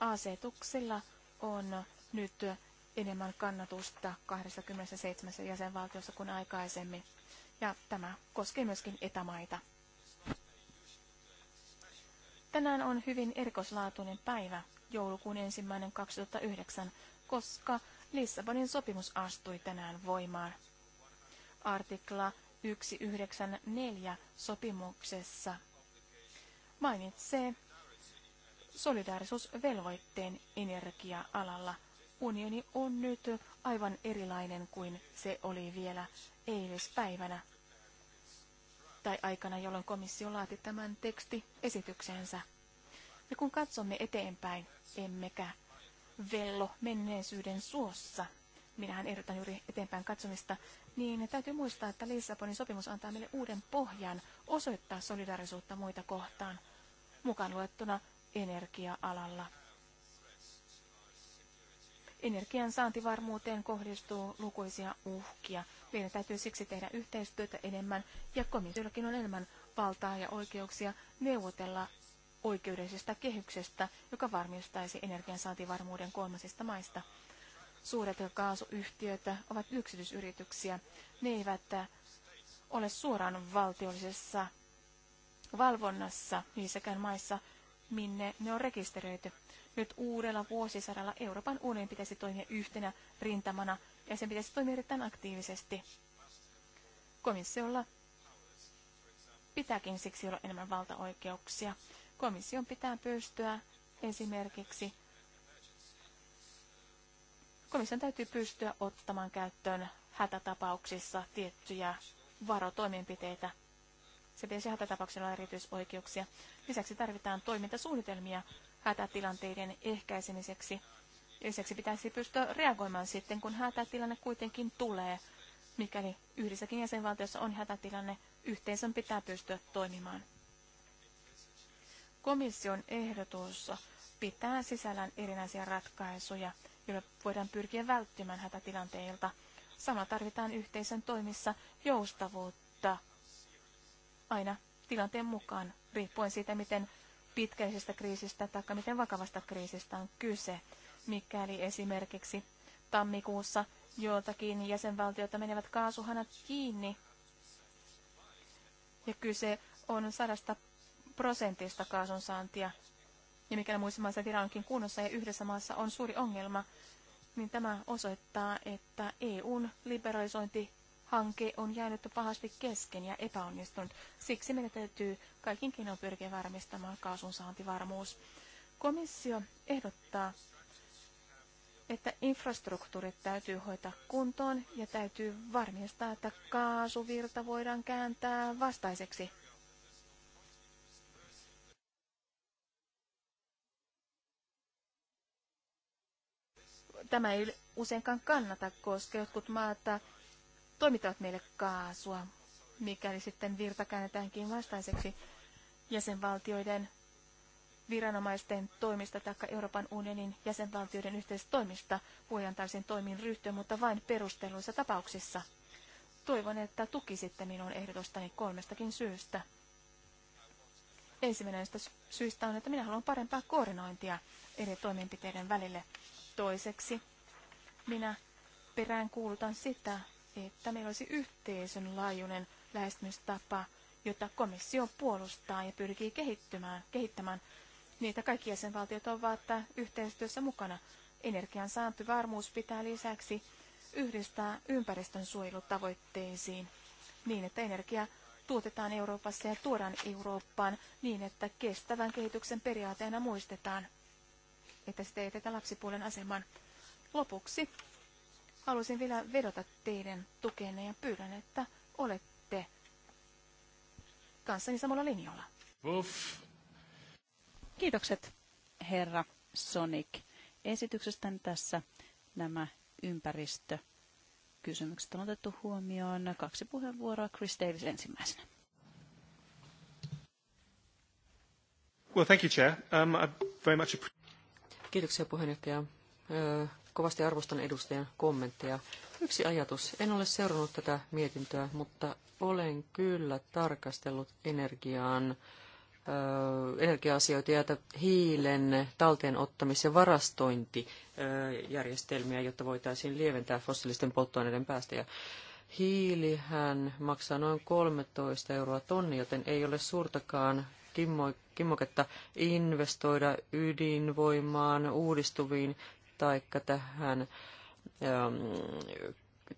asetuksilla on nyt enemmän kannatusta 27 jäsenvaltiossa kuin aikaisemmin. Ja tämä koskee myöskin etämaita. Tänään on hyvin erikoislaatuinen päivä, joulukuun ensimmäinen 2009, koska Lissabonin sopimus astui tänään voimaan. Artikla 194 sopimuksessa mainitsee solidaarisuusvelvoitteen energia-alalla. Unioni on nyt aivan erilainen kuin se oli vielä eilispäivänä tai aikana, jolloin komissio laati tämän teksti esitykseensä. Ja kun katsomme eteenpäin, emmekä vello menneisyyden suossa, minähän ehdotan juuri eteenpäin katsomista, niin täytyy muistaa, että Lissabonin sopimus antaa meille uuden pohjan osoittaa solidarisuutta muita kohtaan, mukaan luettuna energia-alalla. Energian saantivarmuuteen kohdistuu lukuisia uhkia, meidän täytyy siksi tehdä yhteistyötä enemmän ja komissiollakin on enemmän valtaa ja oikeuksia neuvotella oikeudellisesta kehyksestä, joka varmistaisi energiansaantivarmuuden kolmasista maista. Suuret kaasuyhtiöt ovat yksityisyrityksiä. Ne eivät ole suoraan valtiollisessa valvonnassa niissäkään maissa, minne ne on rekisteröity. Nyt uudella vuosisadalla Euroopan unionin pitäisi toimia yhtenä rintamana ja sen pitäisi toimia erittäin aktiivisesti. Komissiolla pitääkin siksi olla enemmän valtaoikeuksia. Komission pitää pystyä esimerkiksi Komission täytyy pystyä ottamaan käyttöön hätätapauksissa tiettyjä varotoimenpiteitä. Se pitäisi hätätapauksella erityisoikeuksia. Lisäksi tarvitaan toimintasuunnitelmia hätätilanteiden ehkäisemiseksi Lisäksi pitäisi pystyä reagoimaan sitten, kun hätätilanne kuitenkin tulee. Mikäli yhdessäkin jäsenvaltiossa on hätätilanne, yhteisön pitää pystyä toimimaan. Komission ehdotus pitää sisällään erinäisiä ratkaisuja, joilla voidaan pyrkiä välttymään hätätilanteilta. Samalla tarvitaan yhteisön toimissa joustavuutta aina tilanteen mukaan, riippuen siitä, miten pitkäisestä kriisistä tai miten vakavasta kriisistä on kyse mikäli esimerkiksi tammikuussa joiltakin jäsenvaltiota menevät kaasuhanat kiinni. Ja kyse on sadasta prosentista kaasun saantia. Ja mikäli muissa maissa tila onkin kunnossa ja yhdessä maassa on suuri ongelma, niin tämä osoittaa, että EUn liberalisointi hanke on jäänyt pahasti kesken ja epäonnistunut. Siksi meidän täytyy kaikinkin on pyrkiä varmistamaan kaasun saantivarmuus. Komissio ehdottaa että infrastruktuurit täytyy hoitaa kuntoon ja täytyy varmistaa, että kaasuvirta voidaan kääntää vastaiseksi. Tämä ei useinkaan kannata, koska jotkut maat toimittavat meille kaasua, mikäli sitten virta käännetäänkin vastaiseksi jäsenvaltioiden viranomaisten toimista tai Euroopan unionin jäsenvaltioiden yhteistoimista huojantaisiin toimiin ryhtyä, mutta vain perusteluissa tapauksissa. Toivon, että tukisitte minun ehdotustani kolmestakin syystä. Ensimmäinen näistä syistä on, että minä haluan parempaa koordinointia eri toimenpiteiden välille. Toiseksi minä peräänkuulutan sitä, että meillä olisi yhteisön laajuinen lähestymistapa, jota komissio puolustaa ja pyrkii kehittymään, kehittämään. Niitä kaikki jäsenvaltiot ovat yhteistyössä mukana. Energian saantivarmuus pitää lisäksi yhdistää ympäristön suojelutavoitteisiin niin, että energia tuotetaan Euroopassa ja tuodaan Eurooppaan niin, että kestävän kehityksen periaateena muistetaan, että sitä ei tätä lapsipuolen aseman. Lopuksi haluaisin vielä vedota teidän tukenne ja pyydän, että olette kanssani samalla linjalla. Uff. Kiitokset herra Sonic esityksestä tässä nämä ympäristö kysymykset on otettu huomioon. Kaksi puheenvuoroa, Chris Davis ensimmäisenä. Well, thank you, Chair. Um, I very much... Kiitoksia puheenjohtaja. Kovasti arvostan edustajan kommentteja. Yksi ajatus. En ole seurannut tätä mietintöä, mutta olen kyllä tarkastellut energiaan äh, energia-asioita ja hiilen talteenottamis- ja varastointijärjestelmiä, jotta voitaisiin lieventää fossiilisten polttoaineiden päästöjä. Hiilihän maksaa noin 13 euroa tonni, joten ei ole suurtakaan kimmo, kimmoketta investoida ydinvoimaan, uudistuviin tai tähän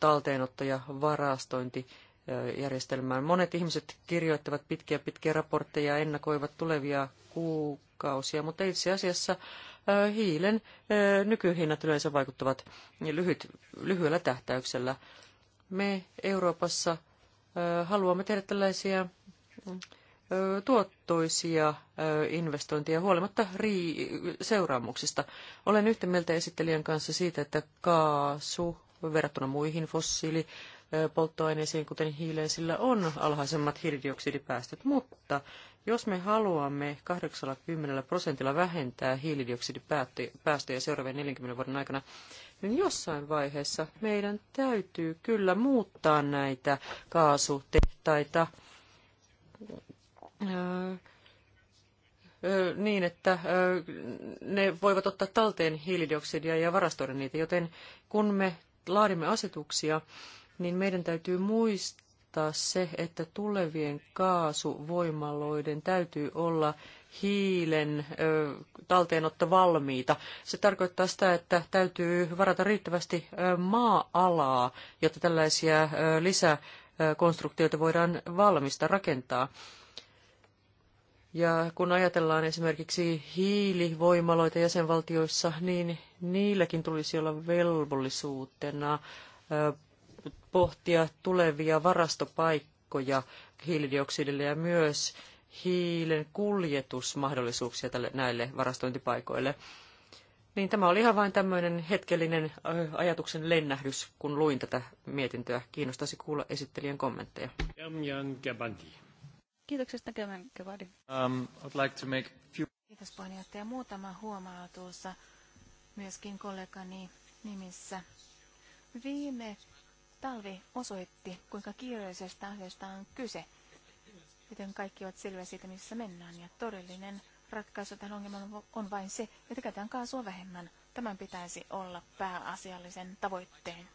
talteenotto- ja varastointi järjestelmään. Monet ihmiset kirjoittavat pitkiä pitkiä raportteja ja ennakoivat tulevia kuukausia, mutta itse asiassa hiilen nykyhinnat yleensä vaikuttavat lyhyt, lyhyellä tähtäyksellä. Me Euroopassa haluamme tehdä tällaisia tuottoisia investointeja huolimatta rii- seuraamuksista. Olen yhtä mieltä esittelijän kanssa siitä, että kaasu verrattuna muihin fossiili polttoaineisiin, kuten hiileen, sillä on alhaisemmat hiilidioksidipäästöt. Mutta jos me haluamme 80 prosentilla vähentää hiilidioksidipäästöjä seuraavien 40 vuoden aikana, niin jossain vaiheessa meidän täytyy kyllä muuttaa näitä kaasutehtaita niin, että ne voivat ottaa talteen hiilidioksidia ja varastoida niitä, joten kun me laadimme asetuksia, niin meidän täytyy muistaa se, että tulevien kaasuvoimaloiden täytyy olla hiilen ö, talteenotto valmiita. Se tarkoittaa sitä, että täytyy varata riittävästi ö, maa-alaa, jotta tällaisia ö, lisäkonstruktioita voidaan valmistaa, rakentaa. Ja kun ajatellaan esimerkiksi hiilivoimaloita jäsenvaltioissa, niin niilläkin tulisi olla velvollisuutena pohtia tulevia varastopaikkoja hiilidioksidille ja myös hiilen kuljetusmahdollisuuksia tälle, näille varastointipaikoille. Niin tämä oli ihan vain tämmöinen hetkellinen äh, ajatuksen lennähdys, kun luin tätä mietintöä. Kiinnostaisi kuulla esittelijän kommentteja. Kiitoksia Kevin Kevadi. Um, Kiitos puheenjohtaja. Muutama huomautus myöskin kollegani nimissä. Viime Talvi osoitti, kuinka kiireellisestä asiasta on kyse, joten kaikki ovat selvä siitä, missä mennään. Ja todellinen ratkaisu tähän ongelmaan on vain se, että käytetään kaasua vähemmän. Tämän pitäisi olla pääasiallisen tavoitteen.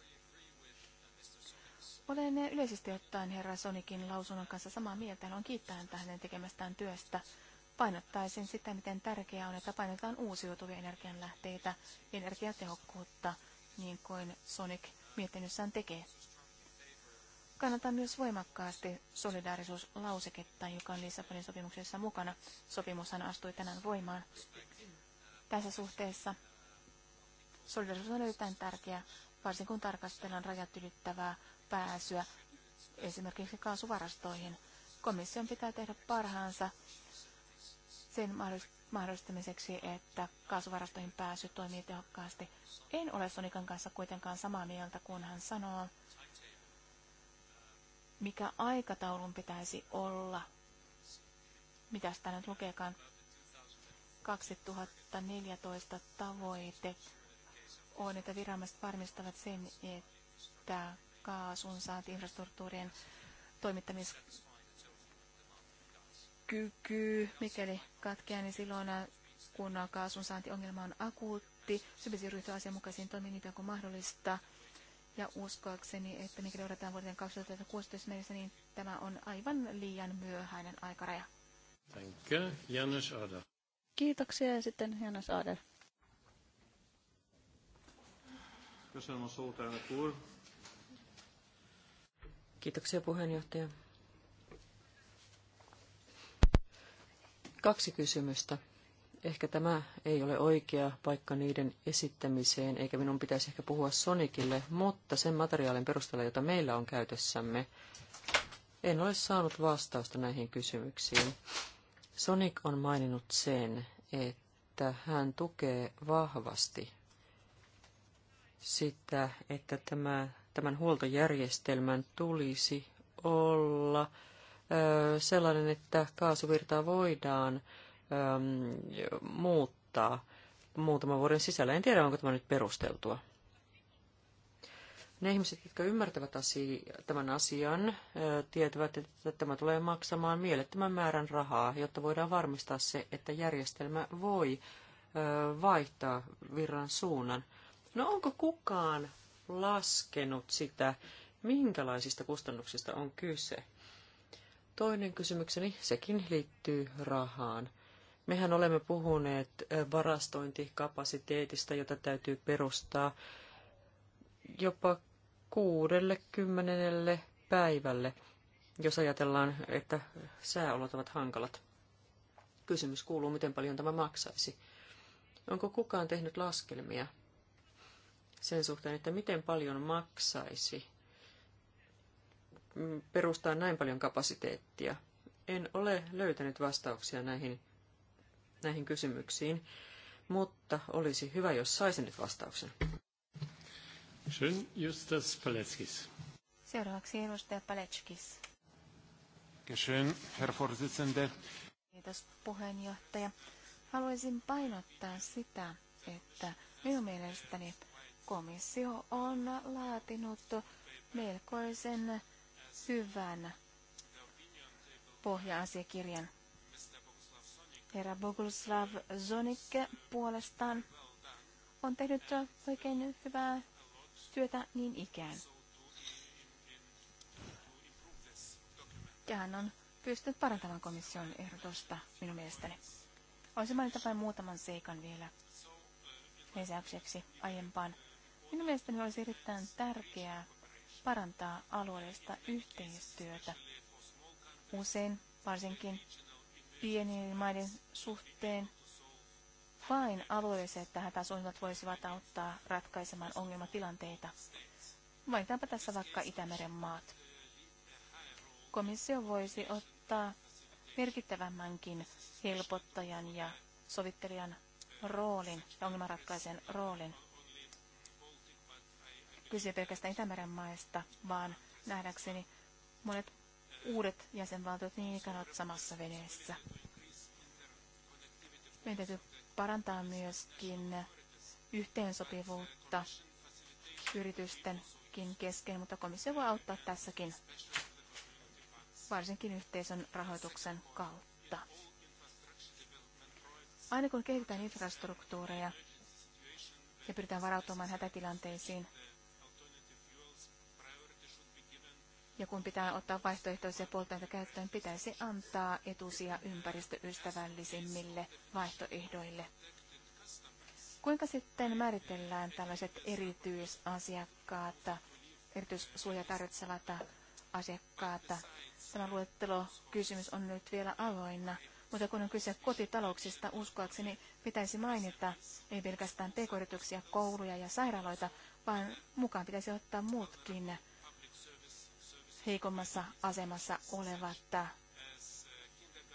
Olen yleisesti ottaen herra Sonikin lausunnon kanssa samaa mieltä. Haluan kiittää häntä hänen tekemästään työstä. Painottaisin sitä, miten tärkeää on, että painetaan uusiutuvia energianlähteitä, energiatehokkuutta, niin kuin Sonic mietinnössään tekee. Kannatan myös voimakkaasti solidaarisuuslauseketta, joka on Lissabonin sopimuksessa mukana. Sopimushan astui tänään voimaan. Tässä suhteessa solidaarisuus on erittäin tärkeä, varsinkin kun tarkastellaan rajat ylittävää pääsyä esimerkiksi kaasuvarastoihin. Komission pitää tehdä parhaansa sen mahdollisuuden mahdollistamiseksi, että kaasuvarastoihin pääsy toimii tehokkaasti. En ole Sonikan kanssa kuitenkaan samaa mieltä, kun hän sanoo, mikä aikataulun pitäisi olla. Mitä sitä nyt lukeekaan? 2014 tavoite on, että viranomaiset varmistavat sen, että kaasun saanti infrastruktuurien toimittamis kyky, mikäli katkeaa, niin silloin äh, kun kaasun saantiongelma on akuutti, se pitäisi ryhtyä asianmukaisiin toimiin niin kuin mahdollista. Ja uskoakseni, että mikäli odotetaan vuoteen 2016 mennessä, niin tämä on aivan liian myöhäinen aikaraja. Thank you. Janus Ader. Kiitoksia ja sitten Janus Ader. Köszönöm on szót, Kiitoksia puheenjohtaja. Kaksi kysymystä. Ehkä tämä ei ole oikea paikka niiden esittämiseen, eikä minun pitäisi ehkä puhua Sonicille, mutta sen materiaalin perusteella, jota meillä on käytössämme, en ole saanut vastausta näihin kysymyksiin. Sonic on maininnut sen, että hän tukee vahvasti sitä, että tämä, tämän huoltojärjestelmän tulisi olla sellainen, että kaasuvirtaa voidaan muuttaa muutaman vuoden sisällä. En tiedä, onko tämä nyt perusteltua. Ne ihmiset, jotka ymmärtävät asia, tämän asian, tietävät, että tämä tulee maksamaan mielettömän määrän rahaa, jotta voidaan varmistaa se, että järjestelmä voi vaihtaa virran suunnan. No onko kukaan laskenut sitä, minkälaisista kustannuksista on kyse? Toinen kysymykseni, sekin liittyy rahaan. Mehän olemme puhuneet varastointikapasiteetista, jota täytyy perustaa jopa 60 päivälle, jos ajatellaan, että sääolot ovat hankalat. Kysymys kuuluu, miten paljon tämä maksaisi. Onko kukaan tehnyt laskelmia sen suhteen, että miten paljon maksaisi perustaa näin paljon kapasiteettia? En ole löytänyt vastauksia näihin, näihin kysymyksiin, mutta olisi hyvä, jos saisin nyt vastauksen. Schön, Justus Paleckis. Seuraavaksi edustaja Paletskis. Schön, Herr Vorsitzende. Kiitos puheenjohtaja. Haluaisin painottaa sitä, että minun mielestäni komissio on laatinut melkoisen syvän pohja-asiakirjan. Herra Boguslav Zonikke puolestaan on tehnyt oikein hyvää työtä niin ikään. Ja hän on pystynyt parantamaan komission ehdotusta minun mielestäni. Olisin mainita vain muutaman seikan vielä lisäykseksi aiempaan. Minun mielestäni olisi erittäin tärkeää, parantaa alueellista yhteistyötä. Usein, varsinkin pienien maiden suhteen, vain alueelliset tähän voisivat auttaa ratkaisemaan ongelmatilanteita. Vaihtaanpa tässä vaikka Itämeren maat. Komissio voisi ottaa merkittävämmänkin helpottajan ja sovittelijan roolin ja ongelmanratkaisen roolin kyse pelkästään Itämeren maista, vaan nähdäkseni monet uudet jäsenvaltiot niin ikään ovat samassa veneessä. Meidän täytyy parantaa myöskin yhteensopivuutta yritystenkin kesken, mutta komissio voi auttaa tässäkin, varsinkin yhteisön rahoituksen kautta. Aina kun kehitetään infrastruktuureja ja pyritään varautumaan hätätilanteisiin, Ja kun pitää ottaa vaihtoehtoisia polttoaineita käyttöön, pitäisi antaa etusia ympäristöystävällisimmille vaihtoehdoille. Kuinka sitten määritellään tällaiset erityisasiakkaat, erityissuoja tarvitsevat asiakkaat? Tämä luettelokysymys on nyt vielä avoinna, mutta kun on kyse kotitalouksista, uskoakseni pitäisi mainita ei pelkästään pk kouluja ja sairaaloita, vaan mukaan pitäisi ottaa muutkin heikommassa asemassa olevat,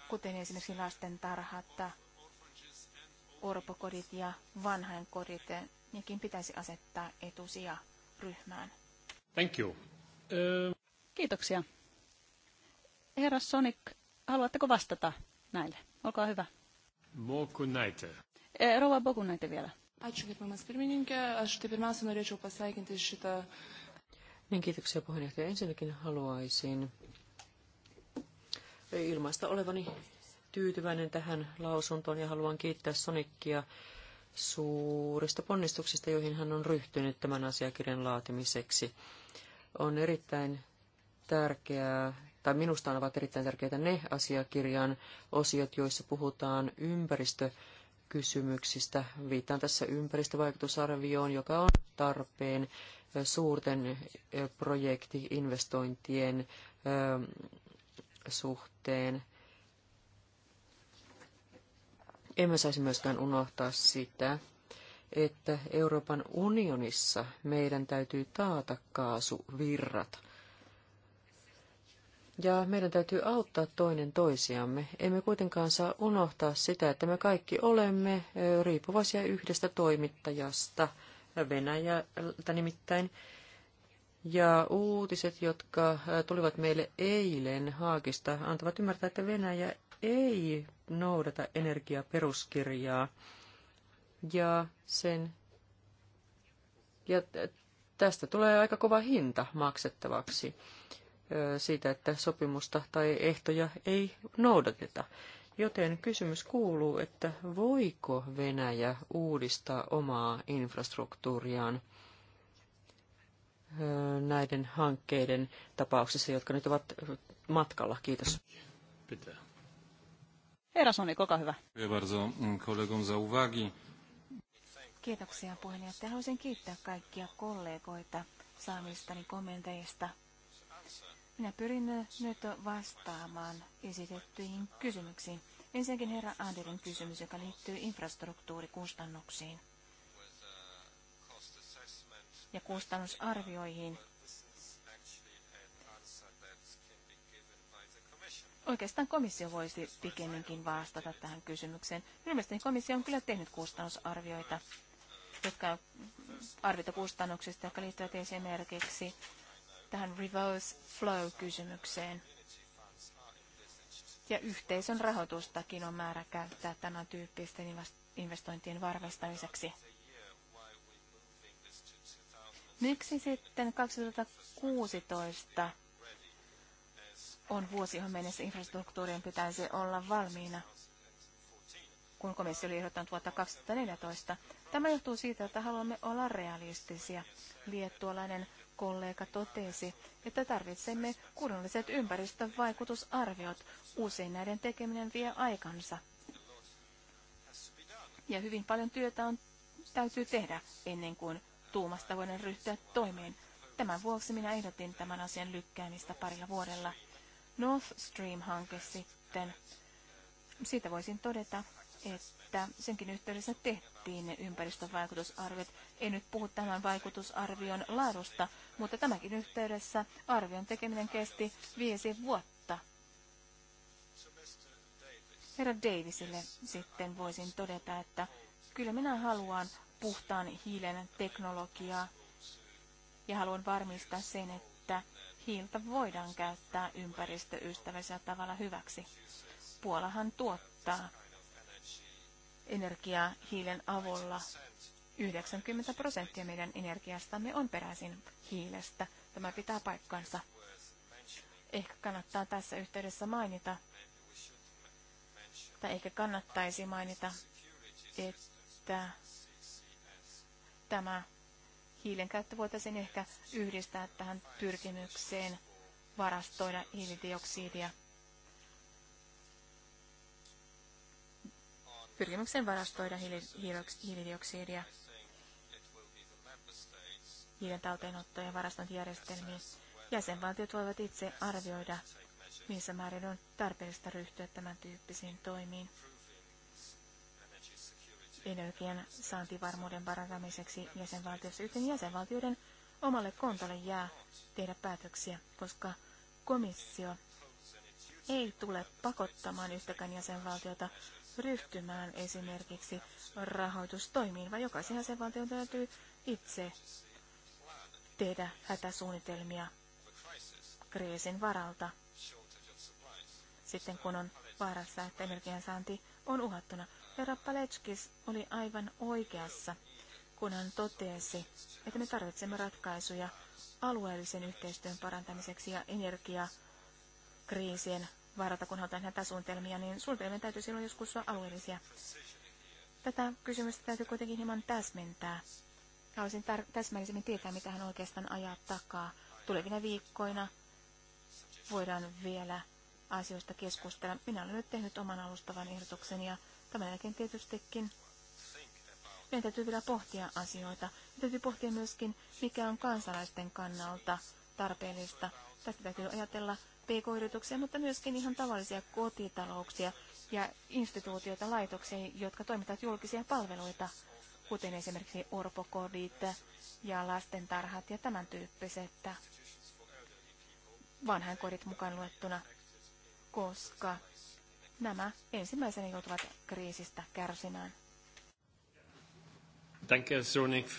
kuten esimerkiksi lasten tarhat, orpokodit ja vanhainkodit, nekin pitäisi asettaa etusia ryhmään. Thank you. Uh... Kiitoksia. Herra Sonic, haluatteko vastata näille? Olkaa hyvä. Mokunaita. E, Rova Bokunaitė vielä. Ačiū, gerbiamas pirmininkė. Aš tai pirmiausia norėčiau pasveikinti šitą niin, kiitoksia puheenjohtaja. Ensinnäkin haluaisin ilmaista olevani tyytyväinen tähän lausuntoon ja haluan kiittää Sonikkia suurista ponnistuksista, joihin hän on ryhtynyt tämän asiakirjan laatimiseksi. On erittäin tärkeää, tai minusta ovat erittäin tärkeitä ne asiakirjan osiot, joissa puhutaan ympäristökysymyksistä. Viittaan tässä ympäristövaikutusarvioon, joka on tarpeen suurten projekti-investointien suhteen. Emme saisi myöskään unohtaa sitä, että Euroopan unionissa meidän täytyy taata kaasuvirrat. Ja meidän täytyy auttaa toinen toisiamme. Emme kuitenkaan saa unohtaa sitä, että me kaikki olemme riippuvaisia yhdestä toimittajasta – Venäjältä nimittäin. Ja uutiset, jotka tulivat meille eilen Haakista, antavat ymmärtää, että Venäjä ei noudata energiaperuskirjaa. Ja sen ja tästä tulee aika kova hinta maksettavaksi siitä, että sopimusta tai ehtoja ei noudateta. Joten kysymys kuuluu, että voiko Venäjä uudistaa omaa infrastruktuuriaan näiden hankkeiden tapauksissa, jotka nyt ovat matkalla. Kiitos. Pitää. Herra Sonik, koko hyvä. Mm, Kiitoksia puheenjohtaja. Haluaisin kiittää kaikkia kollegoita saamistani kommenteista minä pyrin nyt vastaamaan esitettyihin kysymyksiin. Ensinnäkin herra Anderin kysymys, joka liittyy infrastruktuurikustannuksiin ja kustannusarvioihin. Oikeastaan komissio voisi pikemminkin vastata tähän kysymykseen. Mielestäni komissio on kyllä tehnyt kustannusarvioita, jotka arvioita kustannuksista, jotka liittyvät esimerkiksi tähän reverse flow-kysymykseen. Ja yhteisön rahoitustakin on määrä käyttää tämän tyyppisten investointien varmistamiseksi. Miksi sitten 2016 on vuosi, johon mennessä infrastruktuurien pitäisi olla valmiina, kun komissio oli ehdottanut vuotta 2014? Tämä johtuu siitä, että haluamme olla realistisia. Liettualainen kollega totesi, että tarvitsemme kunnolliset ympäristövaikutusarviot. Usein näiden tekeminen vie aikansa. Ja hyvin paljon työtä on, täytyy tehdä ennen kuin tuumasta voidaan ryhtyä toimeen. Tämän vuoksi minä ehdotin tämän asian lykkäämistä parilla vuodella. North Stream-hanke sitten. Siitä voisin todeta, että senkin yhteydessä tehtiin ne ympäristövaikutusarviot. Ei nyt puhu tämän vaikutusarvion laadusta, mutta tämäkin yhteydessä arvion tekeminen kesti viisi vuotta. Herra Davisille sitten voisin todeta, että kyllä minä haluan puhtaan hiilen teknologiaa ja haluan varmistaa sen, että hiiltä voidaan käyttää ympäristöystävällisellä tavalla hyväksi. Puolahan tuottaa energiaa hiilen avulla. 90 prosenttia meidän energiastamme on peräisin hiilestä. Tämä pitää paikkansa. Ehkä kannattaa tässä yhteydessä mainita, tai ehkä kannattaisi mainita, että tämä hiilen käyttö voitaisiin ehkä yhdistää tähän pyrkimykseen varastoida hiilidioksidia pyrkimyksen varastoida hiilidioksidia hiilen talteenotto- ja varastointijärjestelmiin. Jäsenvaltiot voivat itse arvioida, missä määrin on tarpeellista ryhtyä tämän tyyppisiin toimiin. Energian saantivarmuuden parantamiseksi jäsenvaltiossa yhten jäsenvaltioiden omalle kontolle jää tehdä päätöksiä, koska komissio ei tule pakottamaan yhtäkään jäsenvaltiota ryhtymään esimerkiksi rahoitustoimiin, vaan jokaisen jäsenvaltion täytyy itse tehdä hätäsuunnitelmia kriisin varalta. Sitten kun on vaarassa, että energiansaanti on uhattuna, herra Paletskis oli aivan oikeassa, kun hän totesi, että me tarvitsemme ratkaisuja alueellisen yhteistyön parantamiseksi ja energiakriisien varata, kun halutaan näitä suunnitelmia, niin suunnitelmien täytyy silloin joskus olla alueellisia. Tätä kysymystä täytyy kuitenkin hieman täsmentää. Haluaisin tar- täsmällisemmin tietää, mitä hän oikeastaan ajaa takaa. Tulevina viikkoina voidaan vielä asioista keskustella. Minä olen nyt tehnyt oman alustavan ehdotuksen ja tämän jälkeen tietystikin meidän täytyy vielä pohtia asioita. Meidän täytyy pohtia myöskin, mikä on kansalaisten kannalta tarpeellista. Tästä täytyy ajatella pk-yrityksiä, mutta myöskin ihan tavallisia kotitalouksia ja instituutioita, laitoksia, jotka toimittavat julkisia palveluita, kuten esimerkiksi orpokodit ja lastentarhat ja tämän tyyppiset vanhainkodit mukaan luettuna, koska nämä ensimmäisenä joutuvat kriisistä kärsimään. Sonic.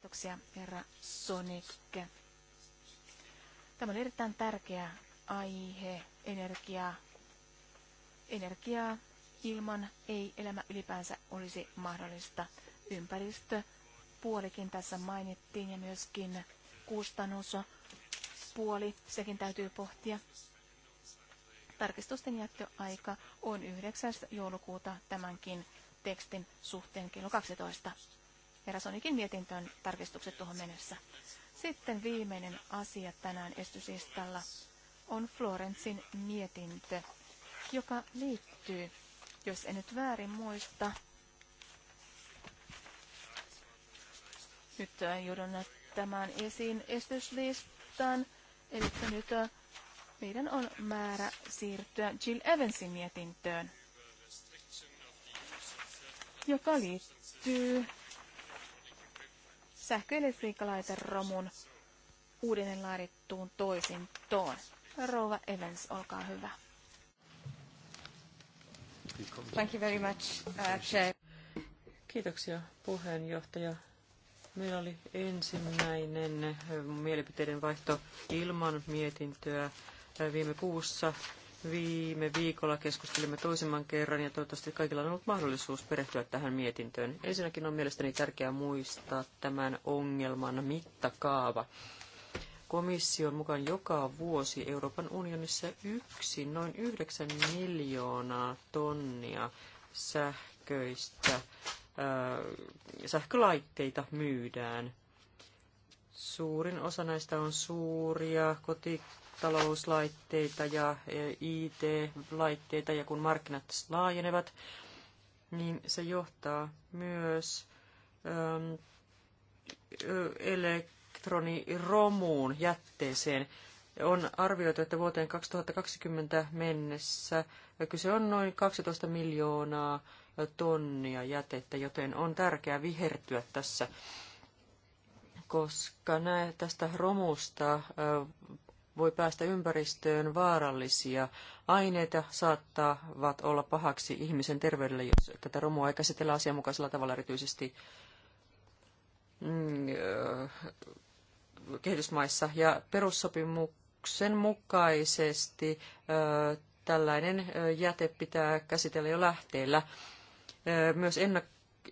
Kiitoksia, herra Sonic. Tämä on erittäin tärkeä aihe, energiaa. Energiaa ilman ei elämä ylipäänsä olisi mahdollista. Ympäristö puolikin tässä mainittiin ja myöskin puoli sekin täytyy pohtia. Tarkistusten jättöaika on 9. joulukuuta tämänkin tekstin suhteen kello 12. Erasonikin mietintöön tarkistukset tuohon mennessä. Sitten viimeinen asia tänään estysistalla on Florensin mietintö, joka liittyy, jos en nyt väärin muista, nyt äh, joudun tämän esiin esityslistan, eli nyt äh, meidän on määrä siirtyä Jill Evansin mietintöön, joka liittyy sähköelektriikkalaiten romun uudelleen laadittuun toisintoon. Rova Evans, olkaa hyvä. Thank you very much, uh, Chair. Kiitoksia puheenjohtaja. Meillä oli ensimmäinen äh, mielipiteiden vaihto ilman mietintöä äh, viime kuussa. Viime viikolla keskustelimme toisemman kerran ja toivottavasti kaikilla on ollut mahdollisuus perehtyä tähän mietintöön. Ensinnäkin on mielestäni tärkeää muistaa tämän ongelman mittakaava komission mukaan joka vuosi Euroopan unionissa yksi noin 9 miljoonaa tonnia sähköistä, ää, äh, sähkölaitteita myydään. Suurin osa näistä on suuria kotitalouslaitteita ja IT-laitteita, ja kun markkinat laajenevat, niin se johtaa myös ähm, elektroniromuun jätteeseen. On arvioitu, että vuoteen 2020 mennessä kyse on noin 12 miljoonaa tonnia jätettä, joten on tärkeää vihertyä tässä, koska nä, tästä romusta voi päästä ympäristöön vaarallisia aineita, saattavat olla pahaksi ihmisen terveydelle, jos tätä romua ei käsitellä asianmukaisella tavalla erityisesti mm, kehitysmaissa ja perussopimuksen mukaisesti tällainen jäte pitää käsitellä jo lähteellä. Myös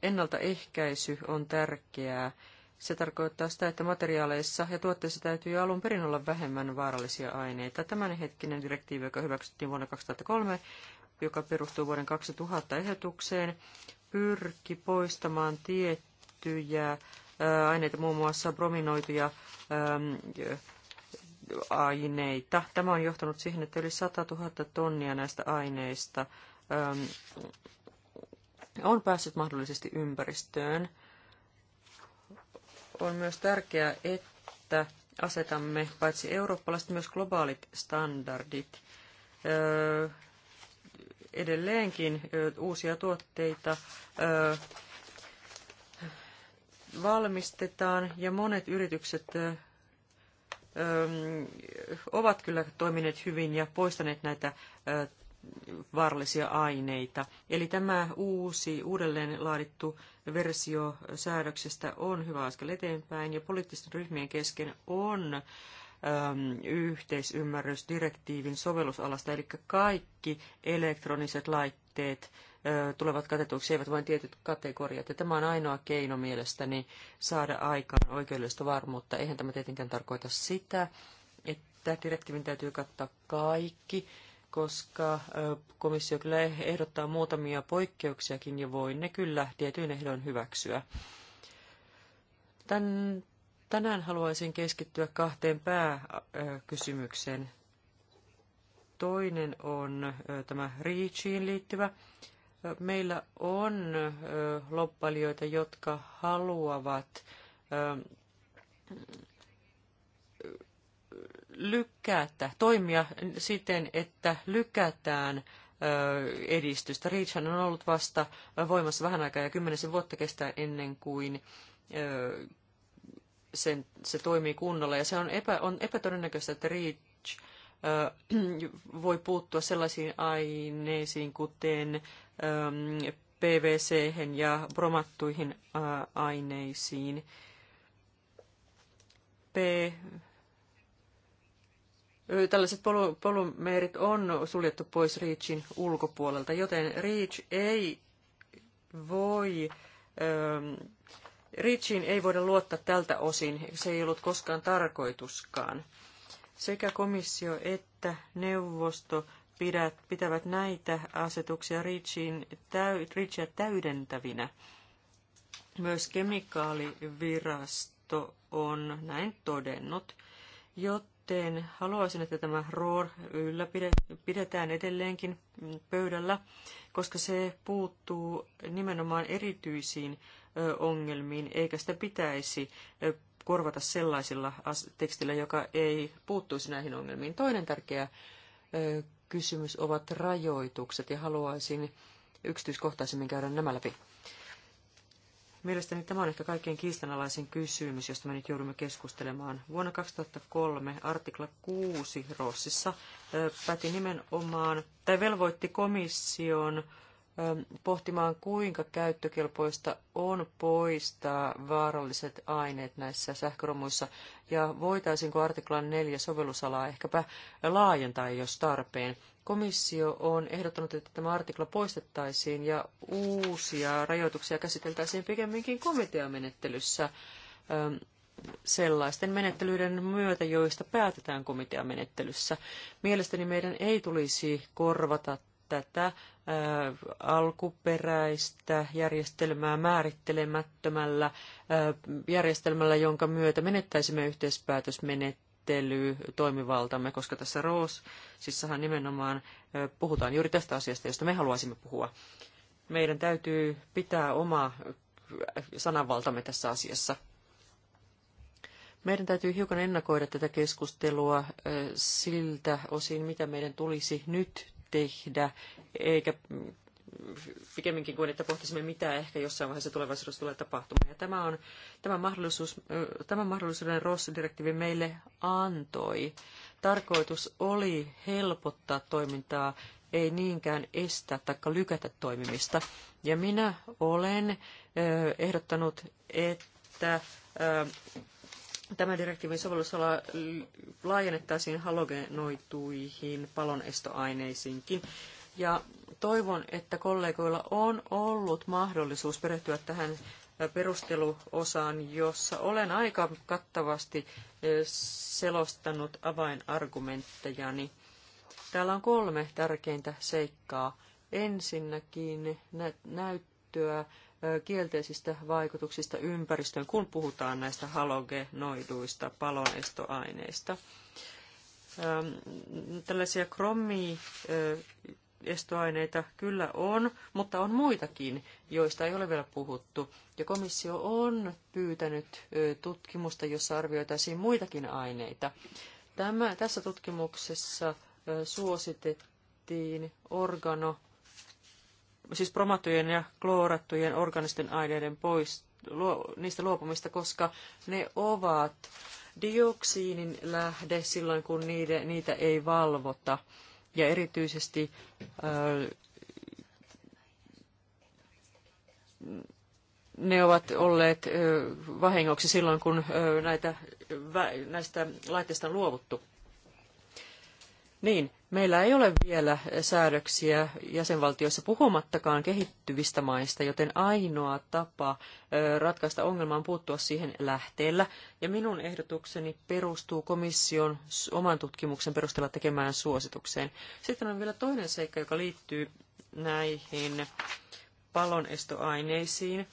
ennaltaehkäisy on tärkeää. Se tarkoittaa sitä, että materiaaleissa ja tuotteissa täytyy alun perin olla vähemmän vaarallisia aineita. Tämänhetkinen direktiivi, joka hyväksyttiin vuonna 2003, joka perustuu vuoden 2000 ehdotukseen, pyrki poistamaan tiettyjä aineita, muun muassa brominoituja aineita. Tämä on johtanut siihen, että yli 100 000 tonnia näistä aineista on päässyt mahdollisesti ympäristöön. On myös tärkeää, että asetamme paitsi eurooppalaiset myös globaalit standardit. Edelleenkin uusia tuotteita valmistetaan ja monet yritykset ovat kyllä toimineet hyvin ja poistaneet näitä vaarallisia aineita. Eli tämä uusi, uudelleen laadittu versio säädöksestä on hyvä askel eteenpäin ja poliittisten ryhmien kesken on yhteisymmärrys direktiivin sovellusalasta, eli kaikki elektroniset laitteet tulevat katetuiksi, eivät vain tietyt kategoriat. Ja tämä on ainoa keino mielestäni saada aikaan oikeudellista varmuutta. Eihän tämä tietenkään tarkoita sitä, että direktiivin täytyy kattaa kaikki, koska komissio kyllä ehdottaa muutamia poikkeuksiakin ja voi ne kyllä tietyin ehdoin hyväksyä. Tän, tänään haluaisin keskittyä kahteen pääkysymykseen. Toinen on tämä REACHiin liittyvä meillä on loppailijoita, jotka haluavat lykätä, toimia siten, että lykätään edistystä. Reachhan on ollut vasta voimassa vähän aikaa ja kymmenisen vuotta kestää ennen kuin sen, se toimii kunnolla. Ja se on, epä, on epätodennäköistä, että REACH voi puuttua sellaisiin aineisiin, kuten Ähm, pvc ja bromattuihin äh, aineisiin. P Tällaiset polu- polumeerit on suljettu pois REACHin ulkopuolelta, joten REACH ei voi, ähm, REACHin ei voida luottaa tältä osin, se ei ollut koskaan tarkoituskaan. Sekä komissio että neuvosto pidät, pitävät näitä asetuksia REACHin, REACHia täydentävinä. Myös kemikaalivirasto on näin todennut, joten haluaisin, että tämä ROR pidetään edelleenkin pöydällä, koska se puuttuu nimenomaan erityisiin ongelmiin, eikä sitä pitäisi korvata sellaisilla tekstillä, joka ei puuttuisi näihin ongelmiin. Toinen tärkeä kysymys ovat rajoitukset ja haluaisin yksityiskohtaisemmin käydä nämä läpi. Mielestäni tämä on ehkä kaikkein kiistanalaisin kysymys, josta me nyt joudumme keskustelemaan. Vuonna 2003 artikla 6 Rossissa päti nimenomaan, tai velvoitti komission pohtimaan, kuinka käyttökelpoista on poistaa vaaralliset aineet näissä sähköromuissa ja voitaisiinko artiklan 4 sovellusalaa ehkäpä laajentaa, jos tarpeen. Komissio on ehdottanut, että tämä artikla poistettaisiin ja uusia rajoituksia käsiteltäisiin pikemminkin komiteamenettelyssä sellaisten menettelyiden myötä, joista päätetään komiteamenettelyssä. Mielestäni meidän ei tulisi korvata tätä alkuperäistä järjestelmää määrittelemättömällä järjestelmällä, jonka myötä menettäisimme yhteispäätösmenettely toimivaltamme, koska tässä roosissahan sissahan nimenomaan puhutaan juuri tästä asiasta, josta me haluaisimme puhua. Meidän täytyy pitää oma sananvaltamme tässä asiassa. Meidän täytyy hiukan ennakoida tätä keskustelua siltä osin, mitä meidän tulisi nyt tehdä, eikä pikemminkin kuin, että pohtisimme, mitä ehkä jossain vaiheessa tulevaisuudessa tulee tapahtumaan. Ja tämä on, tämä mahdollisuus, tämän mahdollisuuden ROS-direktiivi meille antoi. Tarkoitus oli helpottaa toimintaa, ei niinkään estää tai lykätä toimimista. Ja minä olen ehdottanut, että Tämän direktiivin sovellusala laajennettaisiin halogenoituihin palonestoaineisiinkin. Ja toivon, että kollegoilla on ollut mahdollisuus perehtyä tähän perusteluosaan, jossa olen aika kattavasti eh, selostanut avainargumenttejani. Täällä on kolme tärkeintä seikkaa. Ensinnäkin näyttöä kielteisistä vaikutuksista ympäristöön, kun puhutaan näistä halogenoiduista palonestoaineista. Tällaisia kromiestoaineita kyllä on, mutta on muitakin, joista ei ole vielä puhuttu. Ja komissio on pyytänyt tutkimusta, jossa arvioitaisiin muitakin aineita. Tämä, tässä tutkimuksessa suositettiin organo siis promattujen ja kloorattujen organisten aineiden pois, luo, niistä luopumista, koska ne ovat dioksiinin lähde silloin, kun niiden, niitä ei valvota. Ja erityisesti ää, ne ovat olleet ää, vahingoksi silloin, kun ää, näitä, vä, näistä laitteista on luovuttu. Niin, Meillä ei ole vielä säädöksiä jäsenvaltioissa puhumattakaan kehittyvistä maista, joten ainoa tapa ratkaista ongelma on puuttua siihen lähteellä. Ja minun ehdotukseni perustuu komission oman tutkimuksen perusteella tekemään suositukseen. Sitten on vielä toinen seikka, joka liittyy näihin palonestoaineisiin.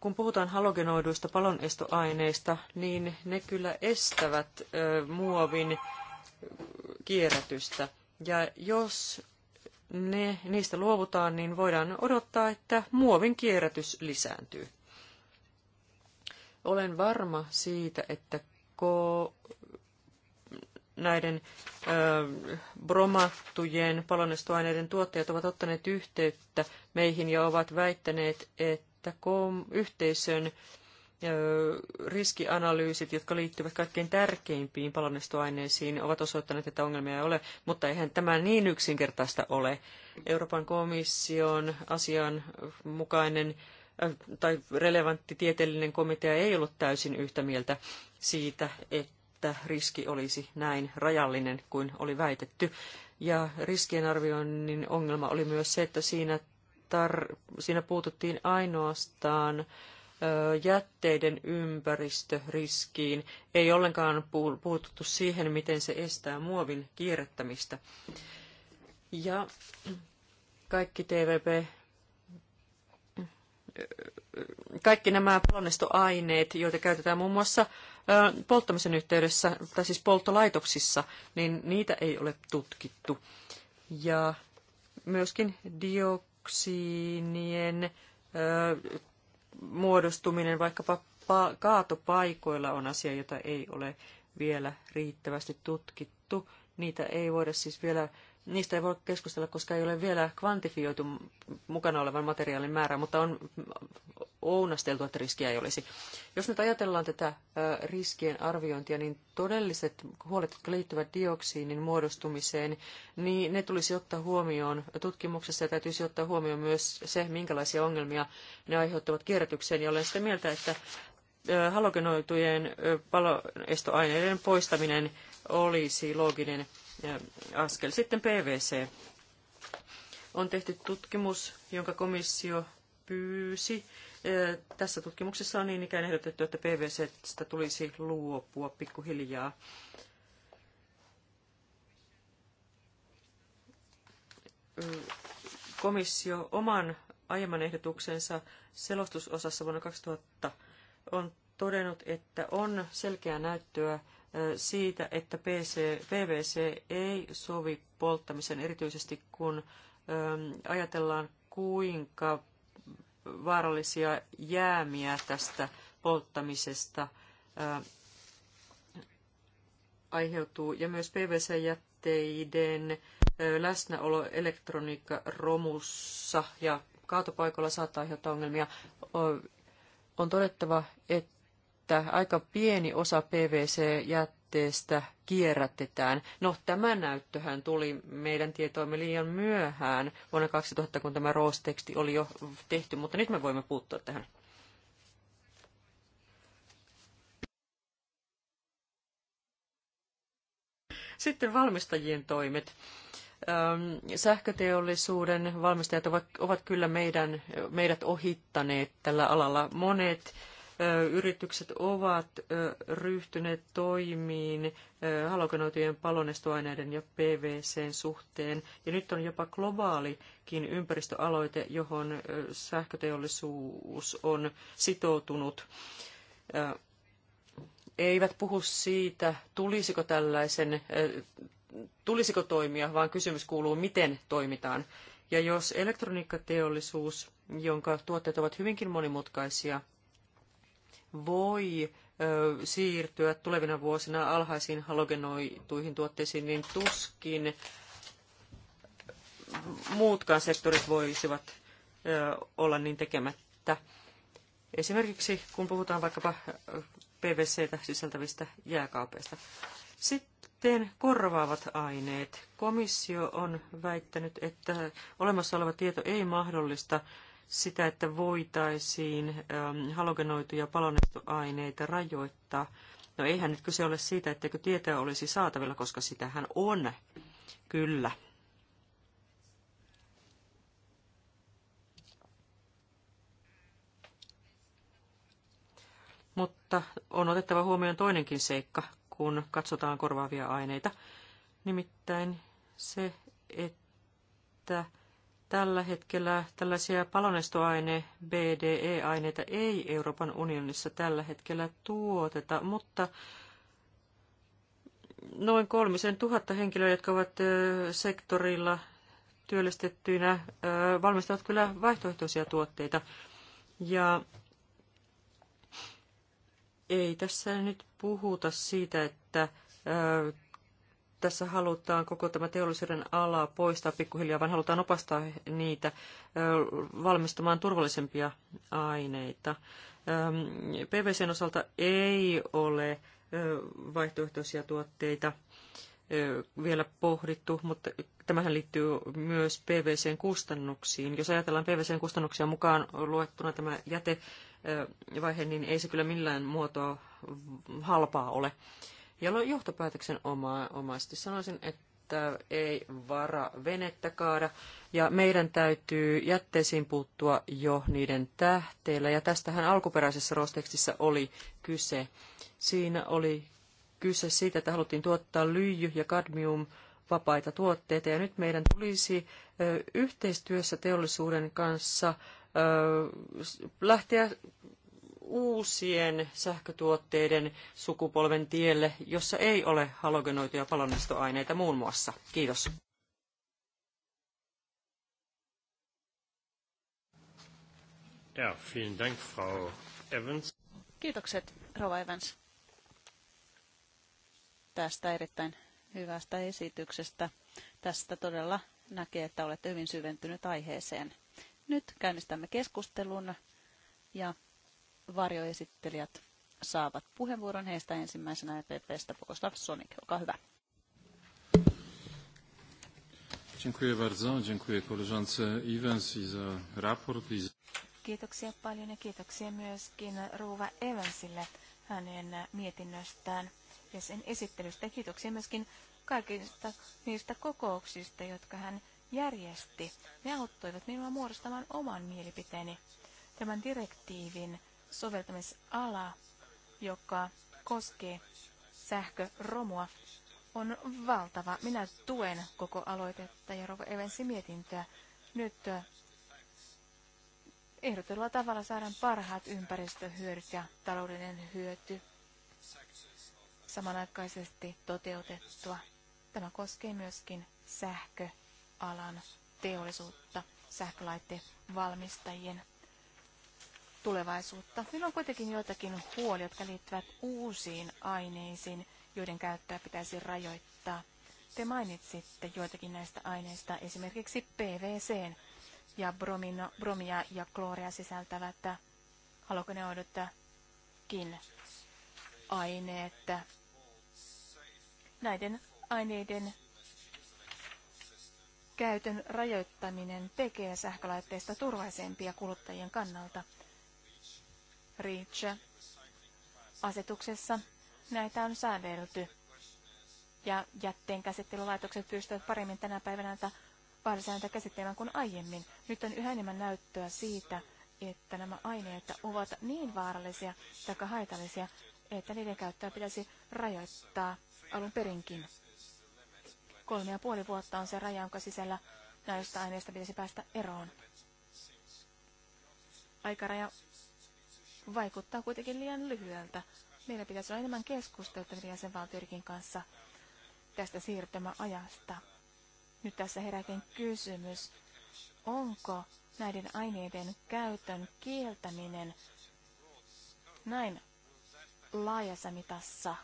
Kun puhutaan halogenoiduista palonestoaineista, niin ne kyllä estävät muovin kierrätystä. Ja jos ne, niistä luovutaan, niin voidaan odottaa, että muovin kierrätys lisääntyy. Olen varma siitä, että ko, näiden ö, bromattujen palonestoaineiden tuottajat ovat ottaneet yhteyttä meihin ja ovat väittäneet, että kom, yhteisön riskianalyysit, jotka liittyvät kaikkein tärkeimpiin palonestoaineisiin, ovat osoittaneet, että ongelmia ei ole, mutta eihän tämä niin yksinkertaista ole. Euroopan komission asian mukainen tai relevantti tieteellinen komitea ei ollut täysin yhtä mieltä siitä, että riski olisi näin rajallinen kuin oli väitetty. Ja riskien arvioinnin ongelma oli myös se, että siinä, siinä puututtiin ainoastaan jätteiden ympäristöriskiin. Ei ollenkaan puututtu siihen, miten se estää muovin kierrättämistä. Ja kaikki TVP kaikki nämä palonestoaineet, joita käytetään muun muassa polttamisen yhteydessä, tai siis polttolaitoksissa, niin niitä ei ole tutkittu. Ja myöskin dioksiinien muodostuminen vaikkapa kaatopaikoilla on asia, jota ei ole vielä riittävästi tutkittu. Niitä ei voida siis vielä, niistä ei voi keskustella, koska ei ole vielä kvantifioitu mukana olevan materiaalin määrää, mutta on ounasteltu, että riskiä ei olisi. Jos nyt ajatellaan tätä riskien arviointia, niin todelliset huolet, jotka liittyvät dioksiinin muodostumiseen, niin ne tulisi ottaa huomioon tutkimuksessa ja täytyisi ottaa huomioon myös se, minkälaisia ongelmia ne aiheuttavat kierrätykseen. Ja olen sitä mieltä, että halogenoitujen paloestoaineiden poistaminen olisi looginen askel. Sitten PVC. On tehty tutkimus, jonka komissio pyysi tässä tutkimuksessa on niin ikään ehdotettu, että PVCstä tulisi luopua pikkuhiljaa. Komissio oman aiemman ehdotuksensa selostusosassa vuonna 2000 on todennut, että on selkeää näyttöä siitä, että PC, PVC ei sovi polttamisen erityisesti kun ajatellaan, kuinka vaarallisia jäämiä tästä polttamisesta aiheutuu ja myös PVC-jätteiden läsnäolo elektroniikkaromussa ja kaatopaikoilla saattaa aiheuttaa ongelmia. On todettava, että että aika pieni osa PVC-jätteestä kierrätetään. No, tämä näyttöhän tuli meidän tietoimme liian myöhään vuonna 2000, kun tämä roosteksti oli jo tehty, mutta nyt me voimme puuttua tähän. Sitten valmistajien toimet. Sähköteollisuuden valmistajat ovat, ovat kyllä meidän, meidät ohittaneet tällä alalla. Monet yritykset ovat ryhtyneet toimiin halogenoitujen palonestoaineiden ja PVCn suhteen. Ja nyt on jopa globaalikin ympäristöaloite, johon sähköteollisuus on sitoutunut. Eivät puhu siitä, tulisiko tällaisen, tulisiko toimia, vaan kysymys kuuluu, miten toimitaan. Ja jos elektroniikkateollisuus, jonka tuotteet ovat hyvinkin monimutkaisia, voi siirtyä tulevina vuosina alhaisiin halogenoituihin tuotteisiin, niin tuskin muutkaan sektorit voisivat olla niin tekemättä. Esimerkiksi kun puhutaan vaikkapa PVCtä sisältävistä jääkaapeista. Sitten korvaavat aineet. Komissio on väittänyt, että olemassa oleva tieto ei mahdollista sitä, että voitaisiin ähm, halogenoituja palonestoaineita rajoittaa. No eihän nyt kyse ole siitä, etteikö tietoa olisi saatavilla, koska sitähän on. Kyllä. Mutta on otettava huomioon toinenkin seikka, kun katsotaan korvaavia aineita. Nimittäin se, että Tällä hetkellä tällaisia palonestoaine BDE-aineita ei Euroopan unionissa tällä hetkellä tuoteta, mutta noin kolmisen tuhatta henkilöä, jotka ovat sektorilla työllistettyinä, valmistavat kyllä vaihtoehtoisia tuotteita. Ja ei tässä nyt puhuta siitä, että tässä halutaan koko tämä teollisuuden ala poistaa pikkuhiljaa, vaan halutaan opastaa niitä valmistamaan turvallisempia aineita. PVCn osalta ei ole vaihtoehtoisia tuotteita vielä pohdittu, mutta tämähän liittyy myös PVCn kustannuksiin. Jos ajatellaan PVCn kustannuksia mukaan luettuna tämä jätevaihe, niin ei se kyllä millään muotoa halpaa ole. Jolloin johtopäätöksen oma, omaisesti sanoisin, että ei vara venettä kaada ja meidän täytyy jätteisiin puuttua jo niiden tähteillä. Ja tästähän alkuperäisessä rostekstissä oli kyse. Siinä oli kyse siitä, että haluttiin tuottaa lyijy- ja kadmium vapaita tuotteita ja nyt meidän tulisi yhteistyössä teollisuuden kanssa lähteä uusien sähkötuotteiden sukupolven tielle, jossa ei ole halogenoituja palonestoaineita muun muassa. Kiitos. Ja, vielen Dank, Frau Evans. Kiitokset, Rova Evans, tästä erittäin hyvästä esityksestä. Tästä todella näkee, että olette hyvin syventynyt aiheeseen. Nyt käynnistämme keskustelun ja varjoesittelijät saavat puheenvuoron. Heistä ensimmäisenä EPPstä Pokoslav Sonik. Olkaa hyvä. Dziękuję bardzo. Dziękuję koleżance Evans i za raport. I... Kiitoksia paljon ja kiitoksia myöskin Ruuva Evansille hänen mietinnöstään ja sen esittelystä. Kiitoksia myöskin kaikista niistä kokouksista, jotka hän järjesti. Ne auttoivat minua muodostamaan oman mielipiteeni tämän direktiivin soveltamisala, joka koskee sähköromua, on valtava. Minä tuen koko aloitetta ja Rova Evensi mietintöä. Nyt ehdotella tavalla saadaan parhaat ympäristöhyödyt ja taloudellinen hyöty samanaikaisesti toteutettua. Tämä koskee myöskin sähköalan teollisuutta, sähkölaittevalmistajien tulevaisuutta. Minulla on kuitenkin joitakin huolia, jotka liittyvät uusiin aineisiin, joiden käyttöä pitäisi rajoittaa. Te mainitsitte joitakin näistä aineista, esimerkiksi PVC ja bromino, bromia ja klooria sisältävät halogeneodotkin aineet. Näiden aineiden käytön rajoittaminen tekee sähkölaitteista turvallisempia kuluttajien kannalta. REACH-asetuksessa näitä on säädelty. Ja jätteen käsittelylaitokset pystyvät paremmin tänä päivänä näitä varsinaista käsittelemään kuin aiemmin. Nyt on yhä enemmän näyttöä siitä, että nämä aineet ovat niin vaarallisia tai haitallisia, että niiden käyttöä pitäisi rajoittaa alun perinkin. Kolme ja puoli vuotta on se raja, jonka sisällä näistä aineista pitäisi päästä eroon. Aikaraja vaikuttaa kuitenkin liian lyhyeltä. Meillä pitäisi olla enemmän keskusteltavia jäsenvaltioidenkin kanssa tästä siirtymäajasta. Nyt tässä herääkin kysymys, onko näiden aineiden käytön kieltäminen näin laajassa mitassa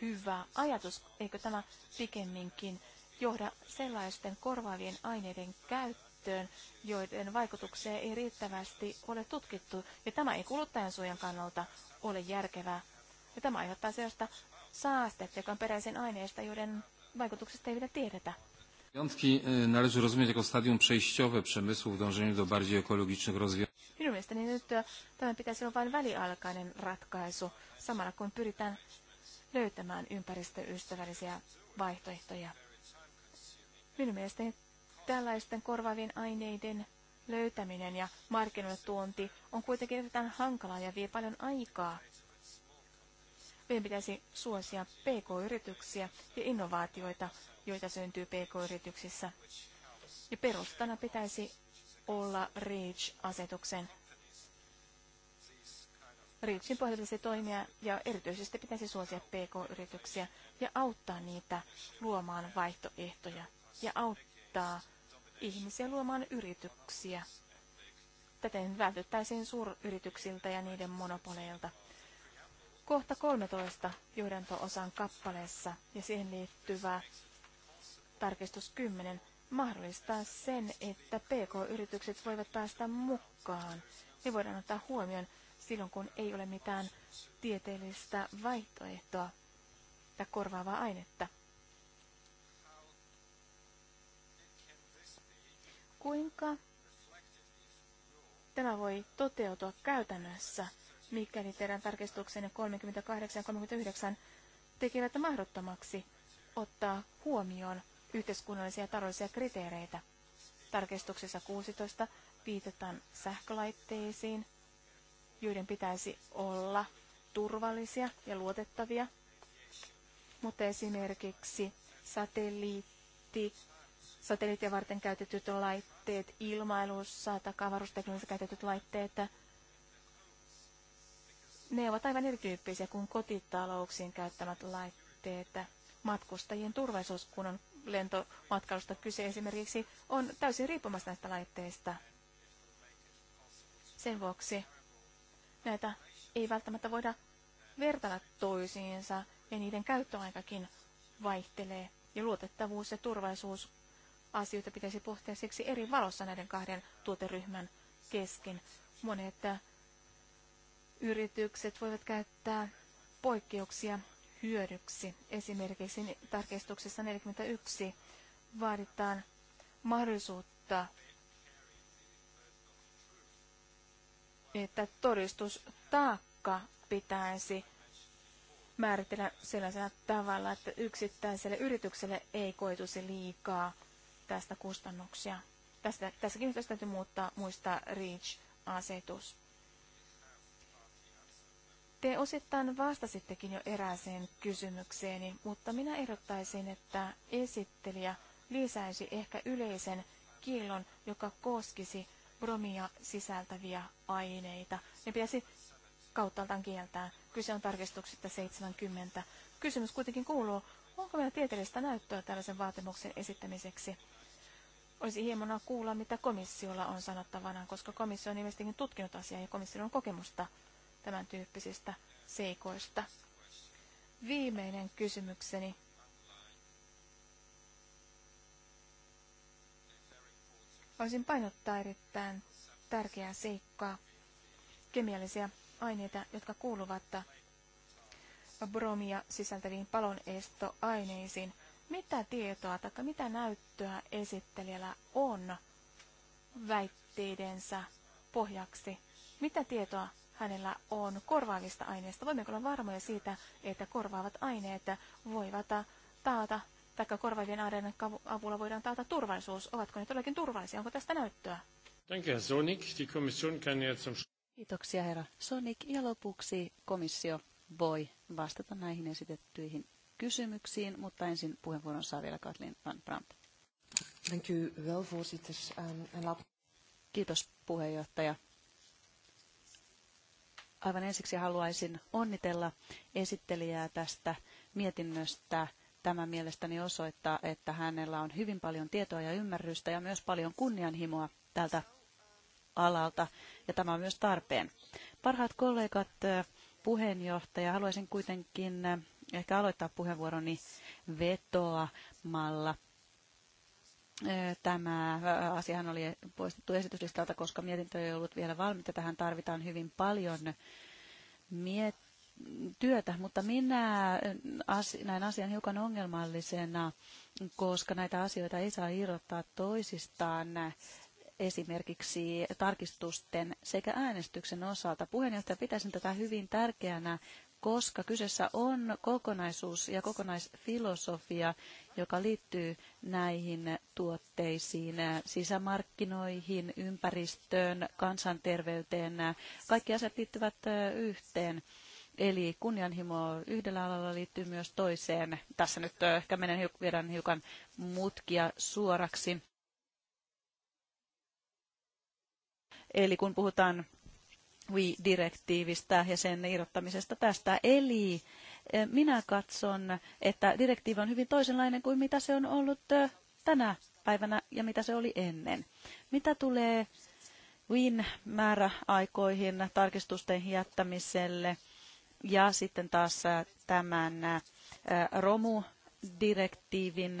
hyvä ajatus? Eikö tämä pikemminkin johda sellaisten korvaavien aineiden käyttöön? käyttöön, joiden vaikutuksia ei riittävästi ole tutkittu, ja tämä ei kuluttajansuojan kannalta ole järkevää. Ja tämä aiheuttaa sellaista saastetta, joka on peräisin aineista, joiden vaikutuksista ei vielä tiedetä. Piątki e, należy rozumieć jako stadium przejściowe przemysłu w dążeniu do bardziej ekologicznych rozwiązań. Minun mielestäni nyt e, tämä pitäisi olla vain väliaikainen ratkaisu, samalla kun pyritään löytämään ympäristöystävällisiä vaihtoehtoja. Minun mielestäni Tällaisten korvaavien aineiden löytäminen ja markkinoille tuonti on kuitenkin erittäin hankalaa ja vie paljon aikaa. Meidän pitäisi suosia pk-yrityksiä ja innovaatioita, joita syntyy pk-yrityksissä. Ja perustana pitäisi olla REACH-asetuksen. REACHin pohjalta se toimia ja erityisesti pitäisi suosia pk-yrityksiä ja auttaa niitä luomaan vaihtoehtoja ja auttaa ihmisiä luomaan yrityksiä. Täten vältyttäisiin suuryrityksiltä ja niiden monopoleilta. Kohta 13 johdanto-osan kappaleessa ja siihen liittyvä tarkistus 10 mahdollistaa sen, että PK-yritykset voivat päästä mukaan. Ne voidaan ottaa huomioon silloin, kun ei ole mitään tieteellistä vaihtoehtoa tai korvaavaa ainetta kuinka tämä voi toteutua käytännössä, mikäli teidän tarkistuksenne 38 ja 39 tekevät mahdottomaksi ottaa huomioon yhteiskunnallisia ja taloudellisia kriteereitä. Tarkistuksessa 16 viitataan sähkölaitteisiin, joiden pitäisi olla turvallisia ja luotettavia, mutta esimerkiksi satelliitti, satelliittia varten käytetyt laitteet ilmailussa tai avaruusteknologiassa käytetyt laitteet, ne ovat aivan erityyppisiä kuin kotitalouksiin käyttämät laitteet. Matkustajien turvallisuus, kun on lentomatkailusta kyse esimerkiksi, on täysin riippumassa näistä laitteista. Sen vuoksi näitä ei välttämättä voida vertailla toisiinsa ja niiden käyttöaikakin vaihtelee ja luotettavuus ja turvallisuus asioita pitäisi pohtia siksi eri valossa näiden kahden tuoteryhmän kesken. Monet äh, yritykset voivat käyttää poikkeuksia hyödyksi. Esimerkiksi tarkistuksessa 41 vaaditaan mahdollisuutta, että todistustaakka pitäisi määritellä sellaisella tavalla, että yksittäiselle yritykselle ei koituisi liikaa tästä kustannuksia. Tästä, tässäkin yhteydessä täytyy muuttaa, muistaa REACH-asetus. Te osittain vastasittekin jo erääseen kysymykseeni, mutta minä ehdottaisin, että esittelijä lisäisi ehkä yleisen kiillon, joka koskisi bromia sisältäviä aineita. Ne pitäisi kauttaaltaan kieltää. Kyse on tarkistuksesta 70. Kysymys kuitenkin kuuluu, onko meillä tieteellistä näyttöä tällaisen vaatimuksen esittämiseksi? Olisi hienoa kuulla, mitä komissiolla on sanottavana, koska komissio on ilmeisestikin tutkinut asiaa ja komissiolla on kokemusta tämän tyyppisistä seikoista. Viimeinen kysymykseni. Voisin painottaa erittäin tärkeää seikkaa, kemiallisia aineita, jotka kuuluvat bromia sisältäviin palonestoaineisiin. Mitä tietoa tai mitä näyttöä esittelijällä on väitteidensä pohjaksi? Mitä tietoa hänellä on korvaavista aineista? Voimmeko olla varmoja siitä, että korvaavat aineet voivat taata, tai korvaavien aineiden avulla voidaan taata turvallisuus? Ovatko ne todellakin turvallisia? Onko tästä näyttöä? Kiitoksia, herra Sonic. Ja lopuksi komissio voi vastata näihin esitettyihin kysymyksiin, mutta ensin puheenvuoron saa vielä Katlin van Brandt. Thank you well, voorzitter. Ehm, Kiitos puheenjohtaja. Aivan ensiksi haluaisin onnitella esittelijää tästä mietinnöstä. Tämä mielestäni osoittaa, että hänellä on hyvin paljon tietoa ja ymmärrystä ja myös paljon kunnianhimoa tältä alalta, ja tämä on myös tarpeen. Parhaat kollegat, eh, puheenjohtaja, haluaisin kuitenkin eh, ehkä aloittaa puheenvuoroni vetoamalla. Tämä asiahan oli poistettu esityslistalta, koska mietintö ei ollut vielä valmiita. Tähän tarvitaan hyvin paljon miet- työtä, mutta minä näen asian hiukan ongelmallisena, koska näitä asioita ei saa irrottaa toisistaan esimerkiksi tarkistusten sekä äänestyksen osalta. Puheenjohtaja pitäisin tätä hyvin tärkeänä koska kyseessä on kokonaisuus ja kokonaisfilosofia, joka liittyy näihin tuotteisiin, sisämarkkinoihin, ympäristöön, kansanterveyteen. Kaikki asiat liittyvät yhteen. Eli kunnianhimo yhdellä alalla liittyy myös toiseen. Tässä nyt ehkä menen viedään hiukan mutkia suoraksi. Eli kun puhutaan WE-direktiivistä ja sen irrottamisesta tästä. Eli eh, minä katson, että direktiivi on hyvin toisenlainen kuin mitä se on ollut eh, tänä päivänä ja mitä se oli ennen. Mitä tulee WIN määräaikoihin tarkistusten jättämiselle ja sitten taas eh, tämän romudirektiivin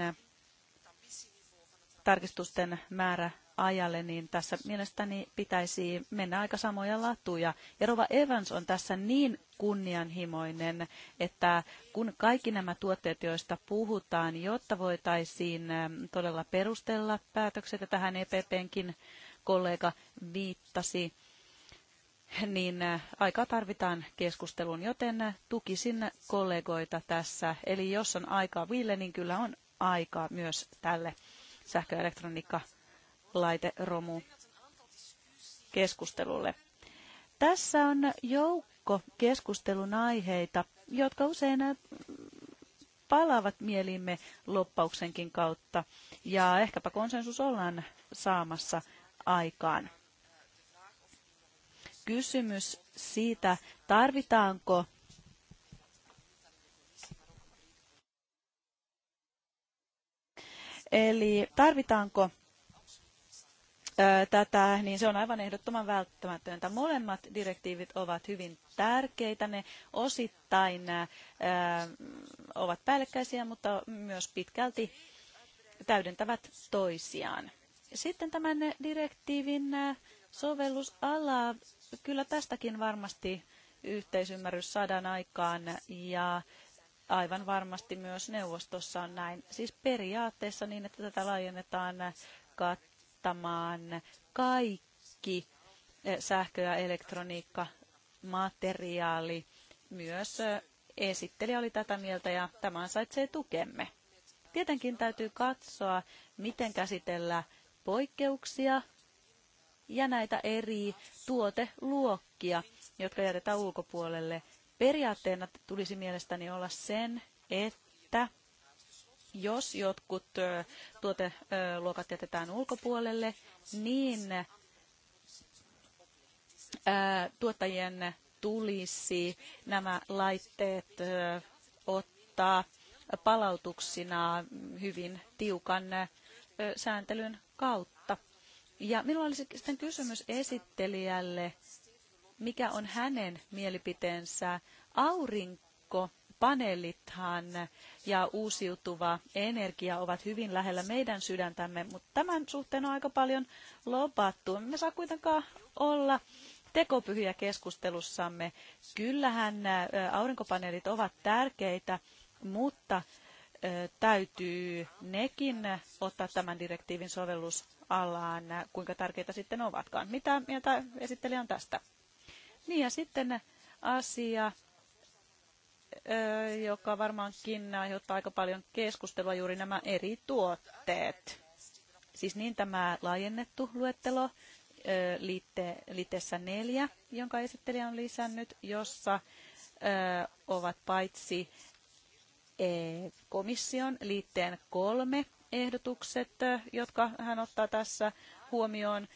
tarkistusten määrä ajalle, niin tässä mielestäni pitäisi mennä aika samoja latuja. Ja Rova Evans on tässä niin kunnianhimoinen, että kun kaikki nämä tuotteet, joista puhutaan, jotta voitaisiin ähm, todella perustella päätökset, ja tähän EPPnkin kollega viittasi, niin äh, aikaa tarvitaan keskusteluun, joten äh, tukisin kollegoita tässä. Eli jos on aikaa Ville, niin kyllä on aikaa myös tälle sähköelektroniikka laiteromu keskustelulle. Tässä on joukko keskustelun aiheita, jotka usein äh, palaavat mieliimme loppauksenkin kautta ja ehkäpä konsensus ollaan saamassa aikaan. Kysymys siitä, tarvitaanko Eli tarvitaanko tätä, niin se on aivan ehdottoman välttämätöntä. Molemmat direktiivit ovat hyvin tärkeitä. Ne osittain ovat päällekkäisiä, mutta myös pitkälti täydentävät toisiaan. Sitten tämän direktiivin sovellusala, kyllä tästäkin varmasti yhteisymmärrys saadaan aikaan ja aivan varmasti myös neuvostossa on näin. Siis periaatteessa niin, että tätä laajennetaan kat kattamaan kaikki eh, sähkö- ja elektroniikkamateriaali. Myös eh, esittelijä oli tätä mieltä ja tämä ansaitsee tukemme. Tietenkin täytyy katsoa, miten käsitellä poikkeuksia ja näitä eri tuoteluokkia, jotka jätetään ulkopuolelle. Periaatteena tulisi mielestäni olla sen, että jos jotkut tuoteluokat jätetään ulkopuolelle, niin tuottajien tulisi nämä laitteet ottaa palautuksina hyvin tiukan sääntelyn kautta. Ja minulla olisi sitten kysymys esittelijälle, mikä on hänen mielipiteensä aurinko paneelithan ja uusiutuva energia ovat hyvin lähellä meidän sydäntämme, mutta tämän suhteen on aika paljon lopattu. Me saa kuitenkaan olla tekopyhiä keskustelussamme. Kyllähän aurinkopaneelit ovat tärkeitä, mutta täytyy nekin ottaa tämän direktiivin sovellusalaan, kuinka tärkeitä sitten ovatkaan. Mitä mieltä esittelijä on tästä? Niin ja sitten asia, joka varmaankin aiheuttaa aika paljon keskustelua, juuri nämä eri tuotteet. Siis niin tämä laajennettu luettelo liitte, liitteessä neljä, jonka esittelijä on lisännyt, jossa ovat paitsi e, komission liitteen kolme ehdotukset, jotka hän ottaa tässä huomioon,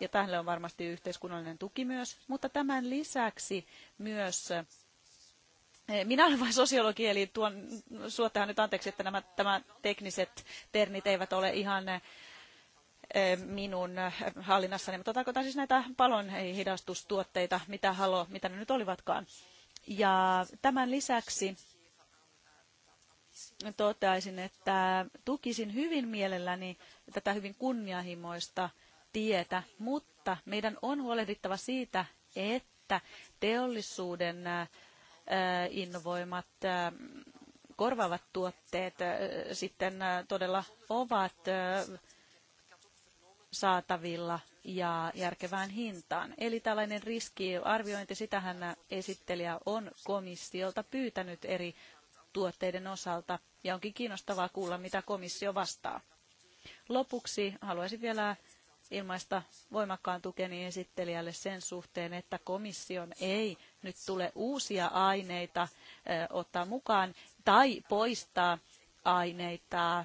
ja tähän on varmasti yhteiskunnallinen tuki myös, mutta tämän lisäksi myös Eh, minä olen vain sosiologi, eli tuon, suottehan nyt anteeksi, että nämä tämä tekniset ternit eivät ole ihan eh, minun eh, hallinnassani, mutta tarkoitan siis näitä palon hidastustuotteita, mitä halo, mitä ne nyt olivatkaan. Ja tämän lisäksi toteaisin, että tukisin hyvin mielelläni tätä hyvin kunnianhimoista tietä, mutta meidän on huolehdittava siitä, että teollisuuden Äh, innovoimat äh, korvaavat tuotteet äh, sitten todella ovat saatavilla ja järkevään hintaan. Eli tällainen riskiarviointi, sitähän esittelijä on komissiolta pyytänyt eri tuotteiden osalta ja onkin kiinnostavaa kuulla, mitä komissio vastaa. Lopuksi haluaisin vielä ilmaista voimakkaan tukeni esittelijälle sen suhteen, että komission ei nyt tule uusia aineita ottaa mukaan tai poistaa aineita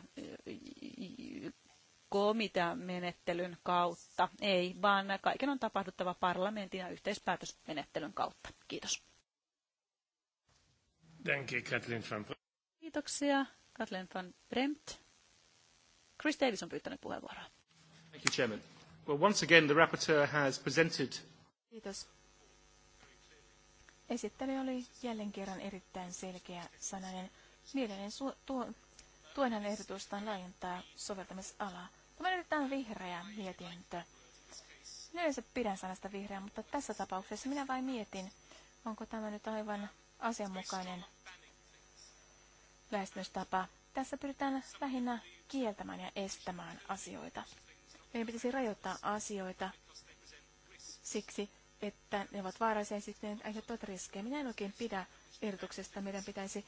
komiteamenettelyn kautta. Ei, vaan kaiken on tapahduttava parlamentin ja yhteispäätösmenettelyn kautta. Kiitos. Kiitoksia, Kathleen van Bremt. Chris Davis on pyytänyt puheenvuoroa. Thank you, Chairman. Well, once again, the rapporteur has presented... Kiitos. Esittely oli jälleen kerran erittäin selkeä sananen. Mielelläni su- tuo, tuen hänen ehdotustaan laajentaa soveltamisalaa. Tämä on erittäin vihreä mietintö. Yleensä pidän sanasta vihreä, mutta tässä tapauksessa minä vain mietin, onko tämä nyt aivan asianmukainen lähestymistapa. Tässä pyritään lähinnä kieltämään ja estämään asioita. Meidän pitäisi rajoittaa asioita siksi, että ne ovat vaarallisia ja sitten aiheuttavat riskejä. Minä en oikein pidä ehdotuksesta. Meidän pitäisi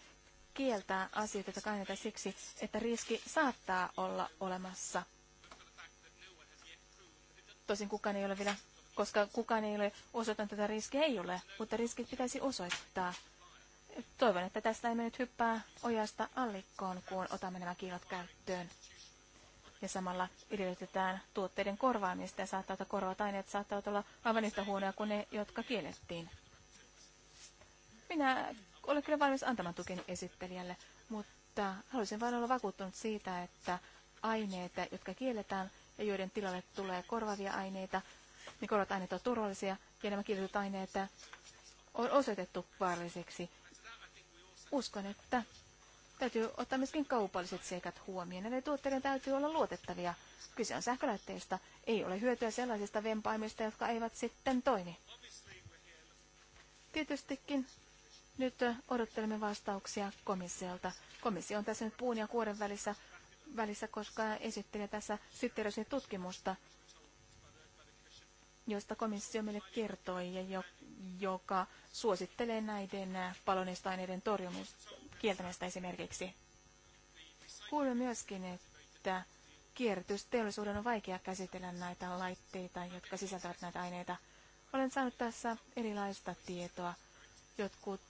kieltää asioita, jotka kannata siksi, että riski saattaa olla olemassa. Tosin kukaan ei ole vielä, koska kukaan ei ole osoittanut tätä riskiä, ei ole, mutta riskit pitäisi osoittaa. Toivon, että tästä ei nyt hyppää ojasta allikkoon, kun otamme nämä kiilot käyttöön ja samalla edellytetään tuotteiden korvaamista ja saattaa olla korvat aineet saattavat olla aivan yhtä huonoja kuin ne, jotka kiellettiin. Minä olen kyllä valmis antamaan tukeni esittelijälle, mutta haluaisin vain olla vakuuttunut siitä, että aineita, jotka kielletään ja joiden tilalle tulee korvaavia aineita, niin korvat aineet ovat turvallisia ja nämä kielletyt aineet on osoitettu vaaralliseksi. Uskon, että Täytyy ottaa myöskin kaupalliset seikat huomioon. Näiden tuotteiden täytyy olla luotettavia. Kyse on sähkölaitteista. Ei ole hyötyä sellaisista vempaimista, jotka eivät sitten toimi. Tietystikin nyt odottelemme vastauksia komissiolta. Komissio on tässä nyt puun ja kuoren välissä, välissä koska esittelee tässä sytteräisen tutkimusta, josta komissio meille kertoi ja jo, joka suosittelee näiden palonestaineiden torjumista, kieltämistä esimerkiksi. Kuulin myöskin, että kierrätysteollisuuden on vaikea käsitellä näitä laitteita, jotka sisältävät näitä aineita. Olen saanut tässä erilaista tietoa. Jotkut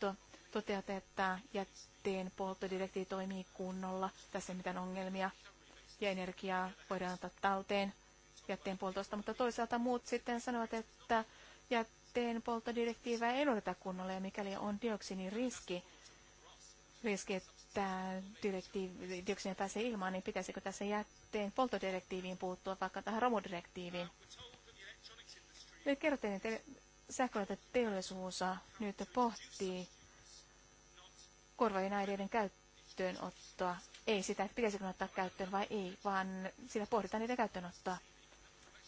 toteavat, että jätteen polttodirektiivi toimii kunnolla, tässä ei mitään ongelmia, ja energiaa voidaan ottaa talteen jätteen poltosta, mutta toisaalta muut sitten sanovat, että jätteen polttodirektiivää ei noudata kunnolla, ja mikäli on dioksiniriski. riski, riski, että dioksinia pääsee ilmaan, niin pitäisikö tässä jätteen polttodirektiiviin puuttua, vaikka tähän romudirektiiviin? Me kerrottiin, että sähkölaiteteollisuus nyt pohtii korvaavien aineiden käyttöönottoa. Ei sitä, että pitäisikö ottaa käyttöön vai ei, vaan sillä pohditaan niitä käyttöönottoa.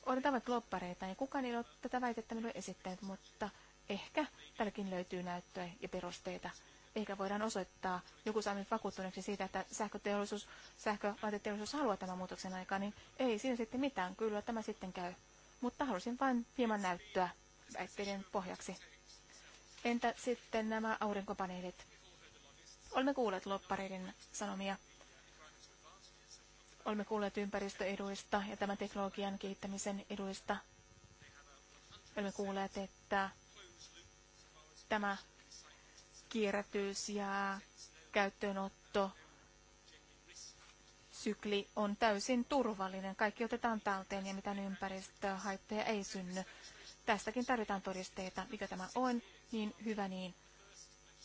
Olen tavannut loppareita, niin kukaan ei ole tätä väitettä minulle esittänyt, mutta ehkä tälläkin löytyy näyttöä ja perusteita Ehkä voidaan osoittaa joku saamme vakuuttuneeksi siitä, että sähköteollisuus, sähkölaiteteollisuus haluaa tämän muutoksen aikaa, niin ei siinä sitten mitään. Kyllä tämä sitten käy. Mutta halusin vain hieman näyttöä väitteiden pohjaksi. Entä sitten nämä aurinkopaneelit? Olemme kuulleet loppareiden sanomia. Olemme kuulleet ympäristöeduista ja tämän teknologian kehittämisen eduista. Olemme kuulleet, että tämä kierrätys ja käyttöönotto sykli on täysin turvallinen. Kaikki otetaan talteen ja mitään ympäristöhaittoja ei synny. Tästäkin tarvitaan todisteita, mikä tämä on, niin hyvä niin.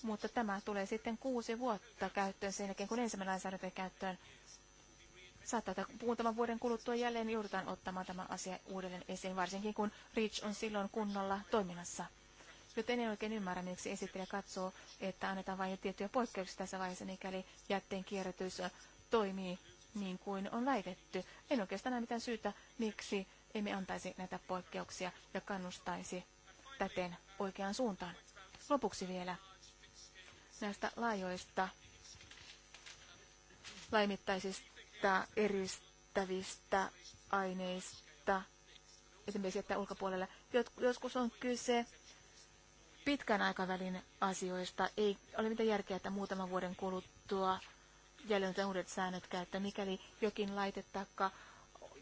Mutta tämä tulee sitten kuusi vuotta käyttöön sen jälkeen, kun ensimmäinen lainsäädäntö käyttöön. Saattaa, että muutaman vuoden kuluttua jälleen joudutaan ottamaan tämä asia uudelleen esiin, varsinkin kun REACH on silloin kunnolla toiminnassa. Joten en oikein ymmärrä, miksi niin esittelijä katsoo, että annetaan vain tiettyjä poikkeuksia tässä vaiheessa, mikäli jätteen kierrätys toimii niin kuin on väitetty. En oikeastaan näe mitään syytä, miksi emme antaisi näitä poikkeuksia ja kannustaisi täten oikeaan suuntaan. Lopuksi vielä näistä laajoista laimittaisista eristävistä aineista, esimerkiksi jättää ulkopuolelle. Joskus on kyse pitkän aikavälin asioista ei ole mitään järkeä, että muutaman vuoden kuluttua on uudet säännöt käyttää, mikäli jokin laite taikka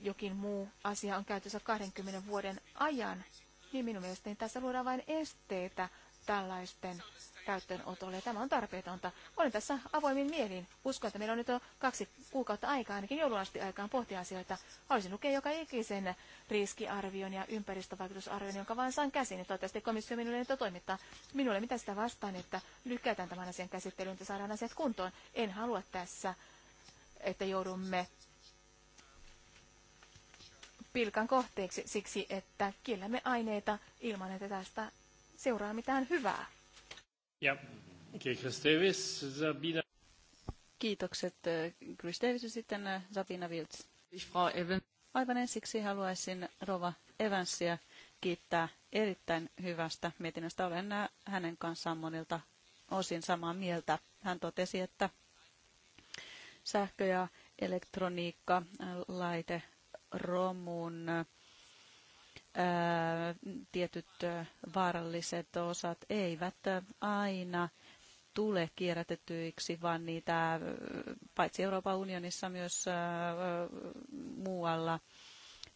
jokin muu asia on käytössä 20 vuoden ajan, niin minun mielestäni tässä luodaan vain esteitä tällaisten käyttöönotolle. Tämä on tarpeetonta. Olen tässä avoimin mielin. Uskon, että meillä on nyt on kaksi kuukautta aikaa, ainakin joulun asti aikaan pohtia asioita. Haluaisin lukea joka ikisen riskiarvion ja ympäristövaikutusarvion, jonka vain saan käsin. toivottavasti komissio minulle nyt toimittaa. Minulle mitä sitä vastaan, että lykätään tämän asian käsittelyyn, että saadaan asiat kuntoon. En halua tässä, että joudumme pilkan kohteeksi siksi, että kiellämme aineita ilman, että tästä seuraa mitään hyvää. Ja, Chris Davis, Sabina. Kiitokset eh, Chris Davis ja sitten Sabina eh, Wiltz. Aivan ensiksi haluaisin Rova Evansia kiittää erittäin hyvästä mietinnöstä. Olen eh, hänen kanssaan monilta osin samaa mieltä. Hän totesi, että sähkö- ja elektroniikka, laite, romun tietyt vaaralliset osat eivät aina tule kierrätetyiksi, vaan niitä paitsi Euroopan unionissa myös muualla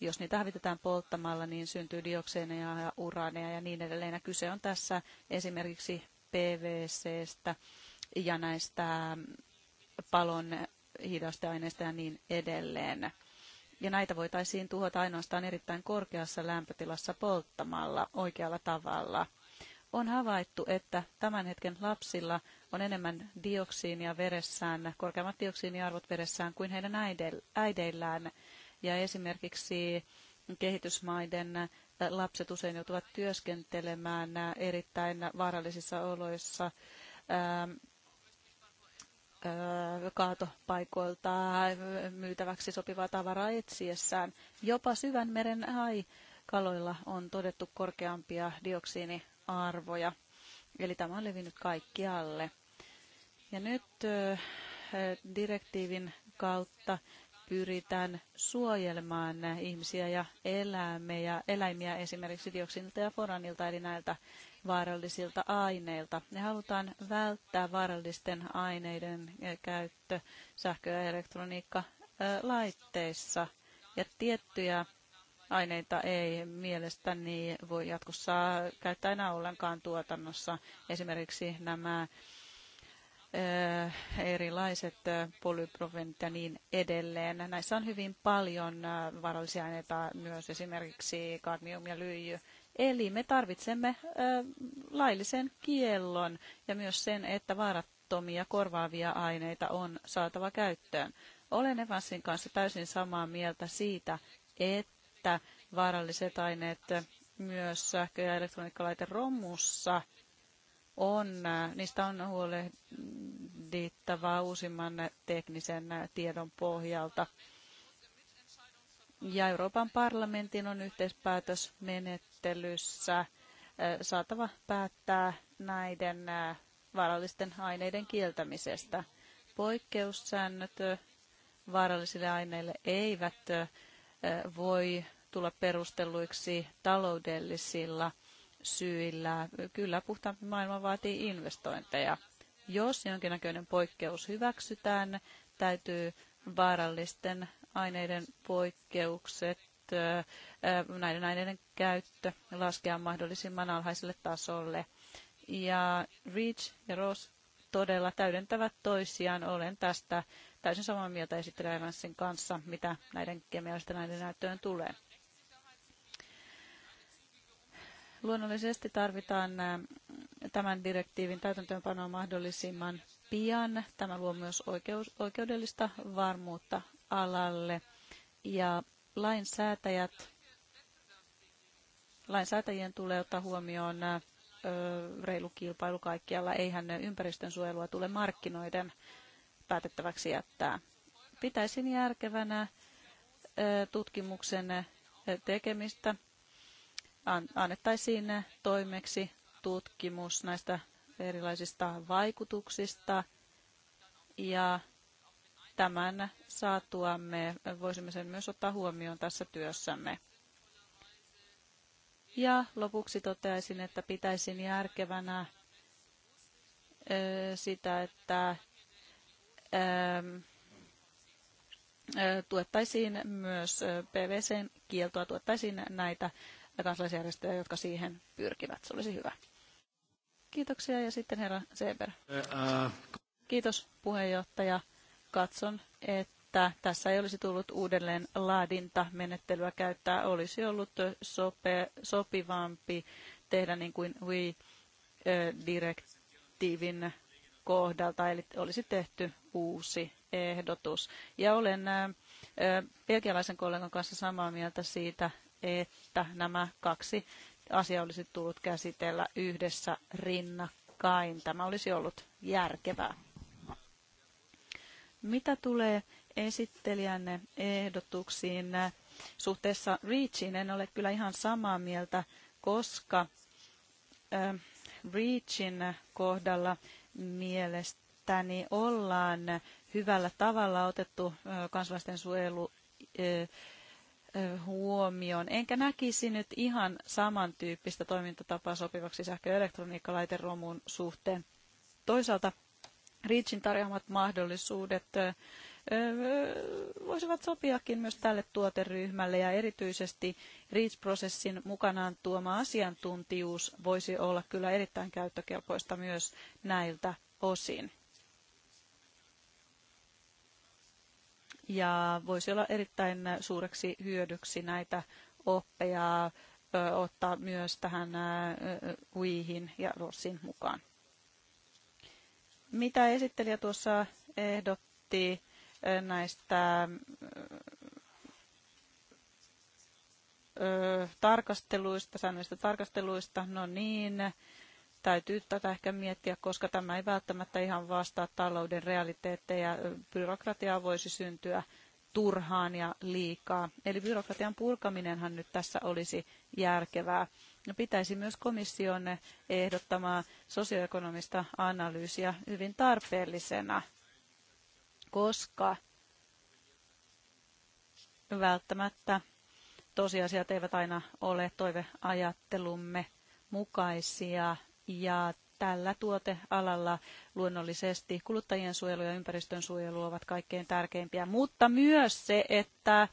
jos niitä hävitetään polttamalla, niin syntyy diokseeneja ja uraaneja ja niin edelleen. Ja kyse on tässä esimerkiksi PVCstä ja näistä palon hidasteaineista ja niin edelleen. Ja näitä voitaisiin tuhota ainoastaan erittäin korkeassa lämpötilassa polttamalla oikealla tavalla. On havaittu, että tämän hetken lapsilla on enemmän dioksiinia veressään, korkeammat dioksiiniarvot veressään kuin heidän äideillään. Ja esimerkiksi kehitysmaiden lapset usein joutuvat työskentelemään erittäin vaarallisissa oloissa kaatopaikoilta myytäväksi sopivaa tavaraa etsiessään. Jopa syvän meren kaloilla on todettu korkeampia dioksiiniarvoja. Eli tämä on levinnyt kaikkialle. Ja nyt direktiivin kautta pyritään suojelemaan ihmisiä ja eläimiä, eläimiä esimerkiksi dioksiinilta ja foranilta, eli näiltä vaarallisilta aineilta. Me halutaan välttää vaarallisten aineiden eh, käyttö sähkö- ja elektroniikkalaitteissa. Ja tiettyjä aineita ei mielestäni voi jatkossa käyttää enää ollenkaan tuotannossa. Esimerkiksi nämä eh, erilaiset eh, polyproventit ja niin edelleen. Näissä on hyvin paljon vaarallisia aineita myös esimerkiksi kadmium ja lyijy Eli me tarvitsemme laillisen kiellon ja myös sen, että vaarattomia korvaavia aineita on saatava käyttöön. Olen Evansin kanssa täysin samaa mieltä siitä, että vaaralliset aineet myös sähkö- ja elektroniikkalaite romussa on, niistä on huolehdittava uusimman teknisen tiedon pohjalta. Ja Euroopan parlamentin on menettänyt käsittelyssä saatava päättää näiden vaarallisten aineiden kieltämisestä. Poikkeussäännöt vaarallisille aineille eivät voi tulla perustelluiksi taloudellisilla syillä. Kyllä puhtaampi maailma vaatii investointeja. Jos jonkinnäköinen poikkeus hyväksytään, täytyy vaarallisten aineiden poikkeukset näiden aineiden käyttö laskea mahdollisimman alhaiselle tasolle. Ja REACH ja Ross todella täydentävät toisiaan. Olen tästä täysin samaa mieltä esittelijä kanssa, mitä näiden kemiallisten aineiden näyttöön tulee. Luonnollisesti tarvitaan tämän direktiivin täytäntöönpanoa mahdollisimman pian. Tämä luo myös oikeus, oikeudellista varmuutta alalle ja lainsäätäjät, lainsäätäjien tulee ottaa huomioon reilu kilpailu kaikkialla. Eihän ympäristönsuojelua tule markkinoiden päätettäväksi jättää. Pitäisin järkevänä tutkimuksen tekemistä. Annettaisiin toimeksi tutkimus näistä erilaisista vaikutuksista ja tämän saatuamme voisimme sen myös ottaa huomioon tässä työssämme. Ja lopuksi toteaisin, että pitäisin järkevänä sitä, että ähm, tuettaisiin myös PVCn kieltoa, tuettaisiin näitä kansalaisjärjestöjä, jotka siihen pyrkivät. Se olisi hyvä. Kiitoksia ja sitten herra Seber. Kiitos puheenjohtaja katson, että tässä ei olisi tullut uudelleen laadinta menettelyä käyttää. Olisi ollut sope, sopivampi tehdä niin kuin WE-direktiivin kohdalta, eli olisi tehty uusi ehdotus. Ja olen belgialaisen kollegan kanssa samaa mieltä siitä, että nämä kaksi asiaa olisi tullut käsitellä yhdessä rinnakkain. Tämä olisi ollut järkevää. Mitä tulee esittelijänne ehdotuksiin suhteessa REACHiin, en ole kyllä ihan samaa mieltä, koska REACHin kohdalla mielestäni ollaan hyvällä tavalla otettu kansalaisten suojelu huomioon. Enkä näkisi nyt ihan samantyyppistä toimintatapaa sopivaksi sähkö- ja elektroniikkalaiteromun suhteen. Toisaalta Riitsin tarjoamat mahdollisuudet voisivat sopiakin myös tälle tuoteryhmälle ja erityisesti REACH-prosessin mukanaan tuoma asiantuntijuus voisi olla kyllä erittäin käyttökelpoista myös näiltä osin. Ja voisi olla erittäin suureksi hyödyksi näitä oppeja ottaa myös tähän UIhin ja Rossin mukaan. Mitä esittelijä tuossa ehdotti näistä tarkasteluista, säännöllisistä tarkasteluista, no niin, täytyy tätä ehkä miettiä, koska tämä ei välttämättä ihan vastaa talouden realiteetteja. Byrokratiaa voisi syntyä turhaan ja liikaa. Eli byrokratian purkaminenhan nyt tässä olisi järkevää. No, pitäisi myös komission ehdottamaa sosioekonomista analyysiä hyvin tarpeellisena, koska välttämättä tosiasiat eivät aina ole toiveajattelumme mukaisia ja tällä tuotealalla luonnollisesti kuluttajien suojelu ja ympäristön suojelu ovat kaikkein tärkeimpiä, mutta myös se, että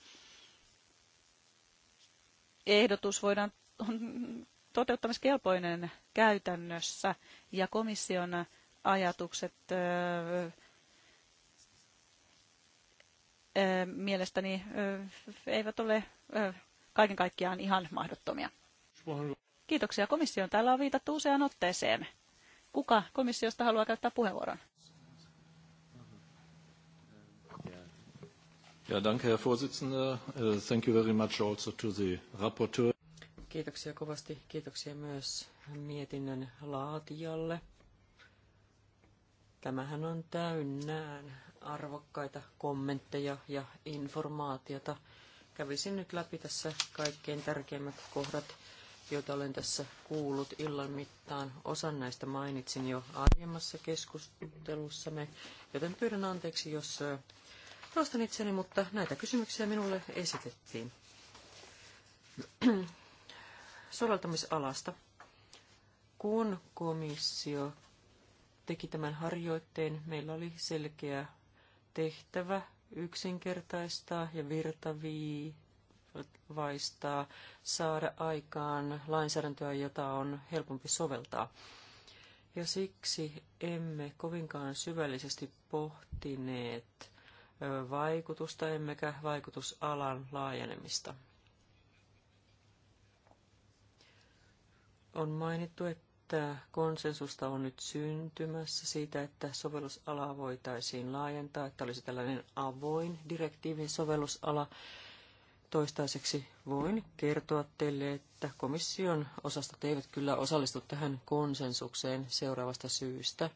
ehdotus voidaan on toteuttamiskelpoinen käytännössä ja komission ajatukset mielestäni eivät ole kaiken kaikkiaan ihan mahdottomia. Kiitoksia komission. Täällä on viitattu useaan otteeseen. Kuka komissiosta haluaa käyttää puheenvuoron? Ja, danke, Herr Vorsitzender. Äh, thank you very much also to the rapporteur. Kiitoksia kovasti. Kiitoksia myös mietinnön laatijalle. Tämähän on täynnään arvokkaita kommentteja ja informaatiota. Kävisin nyt läpi tässä kaikkein tärkeimmät kohdat, joita olen tässä kuullut illan mittaan. Osan näistä mainitsin jo aiemmassa keskustelussamme, joten pyydän anteeksi, jos toistan itseni, mutta näitä kysymyksiä minulle esitettiin soveltamisalasta. Kun komissio teki tämän harjoitteen, meillä oli selkeä tehtävä yksinkertaistaa ja virtaviivaistaa, saada aikaan lainsäädäntöä, jota on helpompi soveltaa. Ja siksi emme kovinkaan syvällisesti pohtineet vaikutusta emmekä vaikutusalan laajenemista. On mainittu, että konsensusta on nyt syntymässä siitä, että sovellusalaa voitaisiin laajentaa, että olisi tällainen avoin direktiivin sovellusala. Toistaiseksi voin kertoa teille, että komission osastot eivät kyllä osallistu tähän konsensukseen seuraavasta syystä.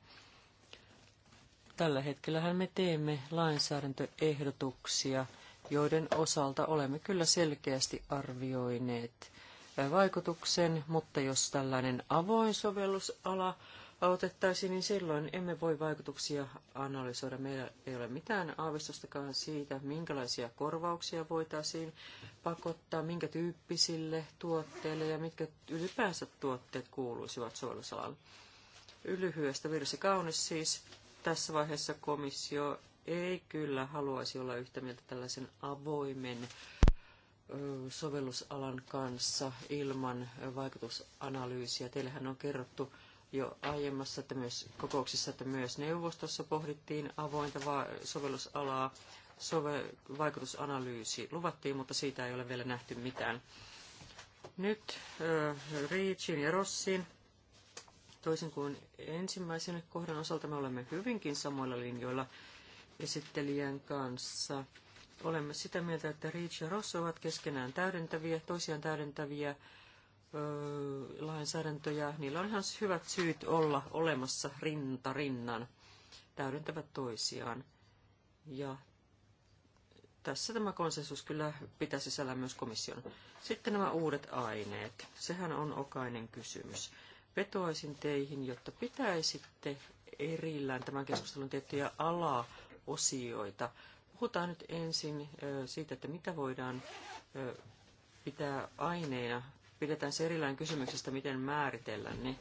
Tällä hetkellähän me teemme lainsäädäntöehdotuksia, joiden osalta olemme kyllä selkeästi arvioineet – vaikutuksen, mutta jos tällainen avoin sovellusala otettaisiin, niin silloin emme voi vaikutuksia analysoida. Meillä ei ole mitään aavistustakaan siitä, minkälaisia korvauksia voitaisiin pakottaa, minkä tyyppisille tuotteille ja mitkä ylipäänsä tuotteet kuuluisivat sovellusalalle. Ylyhyestä virsi kaunis siis. Tässä vaiheessa komissio ei kyllä haluaisi olla yhtä mieltä tällaisen avoimen sovellusalan kanssa ilman vaikutusanalyysiä. Teillähän on kerrottu jo aiemmassa että myös kokouksissa, että myös neuvostossa pohdittiin avointa sovellusalaa. Sove- vaikutusanalyysi luvattiin, mutta siitä ei ole vielä nähty mitään. Nyt äh, ja Rossin. Toisin kuin ensimmäisen kohdan osalta me olemme hyvinkin samoilla linjoilla esittelijän kanssa. Olemme sitä mieltä, että Reach ja Ross ovat keskenään täydentäviä, toisiaan täydentäviä lainsäädäntöjä. Niillä on ihan hyvät syyt olla olemassa rinta rinnan, täydentävät toisiaan. Ja tässä tämä konsensus kyllä pitää sisällä myös komission. Sitten nämä uudet aineet. Sehän on okainen kysymys. Vetoaisin teihin, jotta pitäisitte erillään tämän keskustelun tiettyjä alaosioita. Puhutaan nyt ensin siitä, että mitä voidaan pitää aineena. Pidetään se erilainen kysymyksestä, miten määritellä ne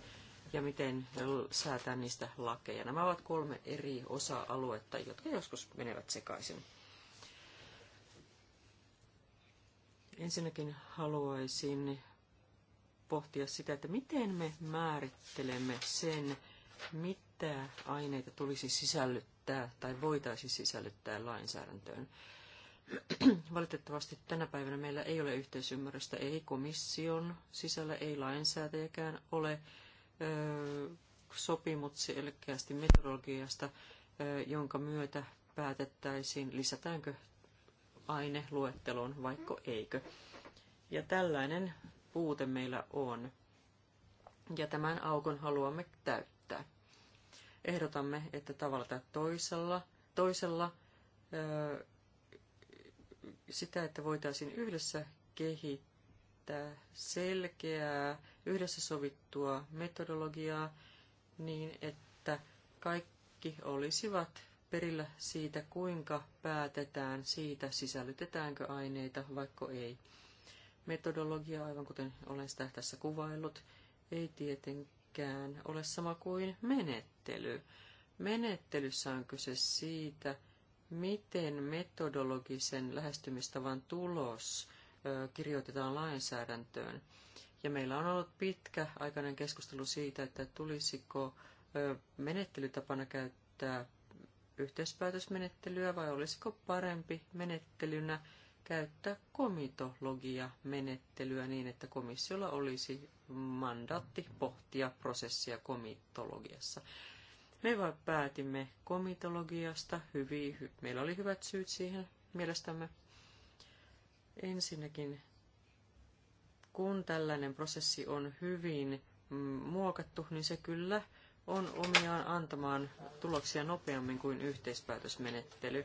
ja miten säätää niistä lakeja. Nämä ovat kolme eri osa-aluetta, jotka joskus menevät sekaisin. Ensinnäkin haluaisin pohtia sitä, että miten me määrittelemme sen, mitä aineita tulisi sisällyttää sisällyttää tai voitaisi sisällyttää lainsäädäntöön. Valitettavasti tänä päivänä meillä ei ole yhteisymmärrystä, ei komission sisällä, ei lainsäätäjäkään ole ö, sopimut selkeästi metodologiasta, ö, jonka myötä päätettäisiin, lisätäänkö aine luetteloon vaikka eikö. Ja tällainen puute meillä on. Ja tämän aukon haluamme täyttää. Ehdotamme, että tavalla tai toisella, toisella sitä, että voitaisiin yhdessä kehittää selkeää, yhdessä sovittua metodologiaa niin, että kaikki olisivat perillä siitä, kuinka päätetään siitä, sisällytetäänkö aineita vaikka ei. Metodologia, aivan kuten olen sitä tässä kuvaillut, ei tietenkään tietenkään ole sama kuin menettely. Menettelyssä on kyse siitä, miten metodologisen lähestymistavan tulos kirjoitetaan lainsäädäntöön. Ja meillä on ollut pitkä aikainen keskustelu siitä, että tulisiko menettelytapana käyttää yhteispäätösmenettelyä vai olisiko parempi menettelynä käyttää komitologia-menettelyä niin, että komissiolla olisi mandaatti pohtia prosessia komitologiassa. Me vain päätimme komitologiasta. Hyvin, meillä oli hyvät syyt siihen mielestämme. Ensinnäkin, kun tällainen prosessi on hyvin mm, muokattu, niin se kyllä on omiaan antamaan tuloksia nopeammin kuin yhteispäätösmenettely.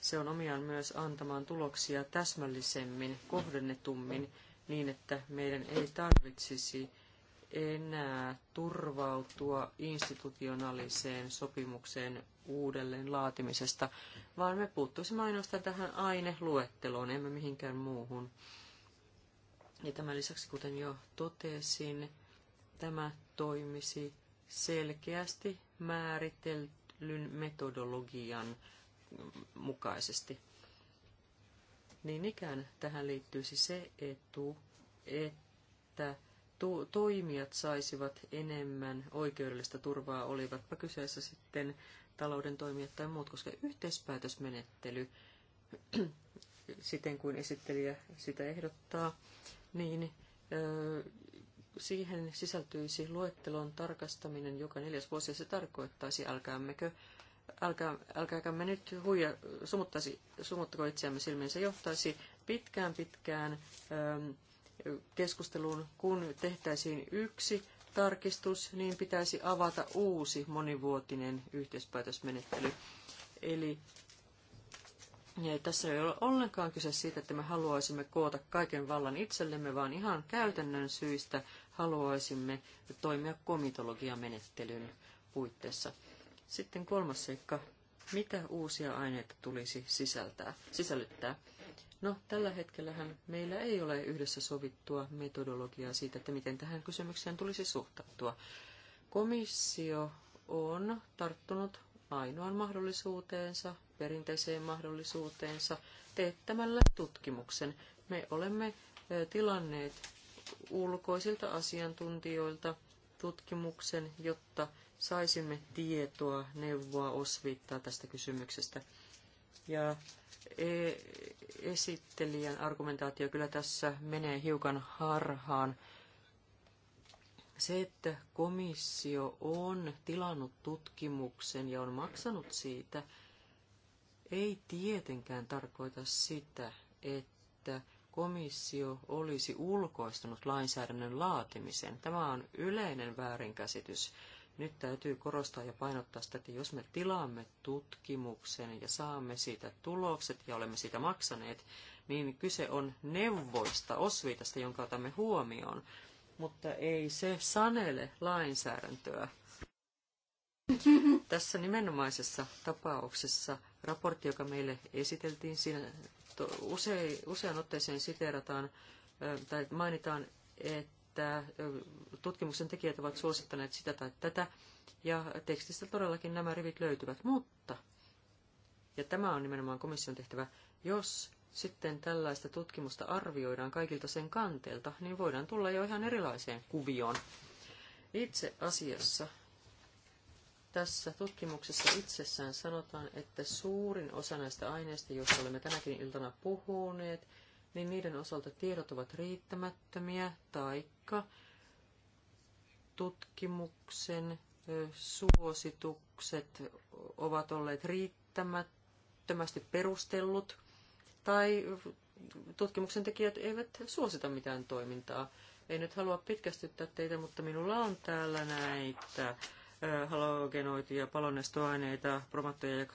Se on omiaan myös antamaan tuloksia täsmällisemmin, kohdennetummin, niin että meidän ei tarvitsisi enää turvautua institutionaaliseen sopimukseen uudelleen laatimisesta, vaan me puuttuisimme ainoastaan tähän aineluetteloon, emme mihinkään muuhun. Ja tämän lisäksi, kuten jo totesin, tämä toimisi selkeästi määritellyn metodologian mukaisesti. Niin ikään tähän liittyisi se etu, että to- toimijat saisivat enemmän oikeudellista turvaa, olivatpa kyseessä sitten talouden toimijat tai muut, koska yhteispäätösmenettely, siten kuin esittelijä sitä ehdottaa, niin siihen sisältyisi luettelon tarkastaminen joka neljäs vuosi, ja se tarkoittaisi, älkäämmekö älkää, älkääkämme nyt huija, sumuttaisi, sumuttako itseämme silmiin. Se johtaisi pitkään pitkään äm, keskusteluun, kun tehtäisiin yksi tarkistus, niin pitäisi avata uusi monivuotinen yhteispäätösmenettely. Eli ja tässä ei ole ollenkaan kyse siitä, että me haluaisimme koota kaiken vallan itsellemme, vaan ihan käytännön syistä haluaisimme toimia komitologiamenettelyn puitteissa. Sitten kolmas seikka. Mitä uusia aineita tulisi sisältää, sisällyttää? No, tällä hetkellähän meillä ei ole yhdessä sovittua metodologiaa siitä, että miten tähän kysymykseen tulisi suhtautua. Komissio on tarttunut ainoan mahdollisuuteensa, perinteiseen mahdollisuuteensa, teettämällä tutkimuksen. Me olemme tilanneet ulkoisilta asiantuntijoilta tutkimuksen, jotta saisimme tietoa, neuvoa, osviittaa tästä kysymyksestä. Ja e, esittelijän argumentaatio kyllä tässä menee hiukan harhaan. Se, että komissio on tilannut tutkimuksen ja on maksanut siitä, ei tietenkään tarkoita sitä, että komissio olisi ulkoistanut lainsäädännön laatimisen. Tämä on yleinen väärinkäsitys. Nyt täytyy korostaa ja painottaa sitä, että jos me tilaamme tutkimuksen ja saamme siitä tulokset ja olemme siitä maksaneet, niin kyse on neuvoista, osviitasta, jonka otamme huomioon, mutta ei se sanele lainsäädäntöä. Tässä nimenomaisessa tapauksessa raportti, joka meille esiteltiin, siinä usein, usean otteeseen siteerataan tai mainitaan, että että tutkimuksen tekijät ovat suosittaneet sitä tai tätä, ja tekstistä todellakin nämä rivit löytyvät, mutta, ja tämä on nimenomaan komission tehtävä, jos sitten tällaista tutkimusta arvioidaan kaikilta sen kanteelta, niin voidaan tulla jo ihan erilaiseen kuvioon. Itse asiassa tässä tutkimuksessa itsessään sanotaan, että suurin osa näistä aineista, joista olemme tänäkin iltana puhuneet, niin niiden osalta tiedot ovat riittämättömiä, taikka tutkimuksen suositukset ovat olleet riittämättömästi perustellut, tai tutkimuksen tekijät eivät suosita mitään toimintaa. Ei nyt halua pitkästyttää teitä, mutta minulla on täällä näitä halogenoituja palonestoaineita, bromattuja ja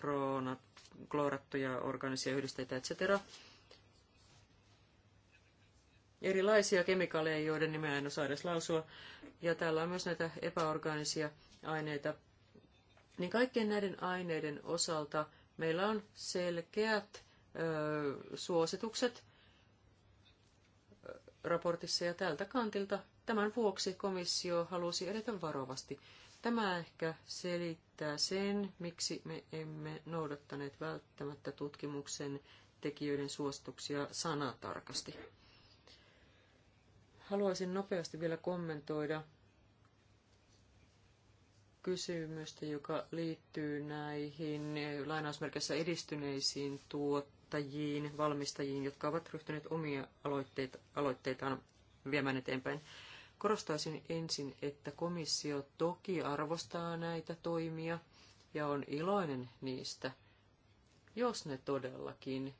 kloorattuja organisia yhdisteitä, etc erilaisia kemikaaleja, joiden nimeä en osaa edes lausua, ja täällä on myös näitä epäorgaanisia aineita, niin kaikkien näiden aineiden osalta meillä on selkeät ö, suositukset raportissa, ja tältä kantilta tämän vuoksi komissio halusi edetä varovasti. Tämä ehkä selittää sen, miksi me emme noudattaneet välttämättä tutkimuksen tekijöiden suosituksia sanatarkasti. Haluaisin nopeasti vielä kommentoida kysymystä, joka liittyy näihin lainausmerkissä edistyneisiin tuottajiin, valmistajiin, jotka ovat ryhtyneet omia aloitteita, aloitteitaan viemään eteenpäin. Korostaisin ensin, että komissio toki arvostaa näitä toimia ja on iloinen niistä, jos ne todellakin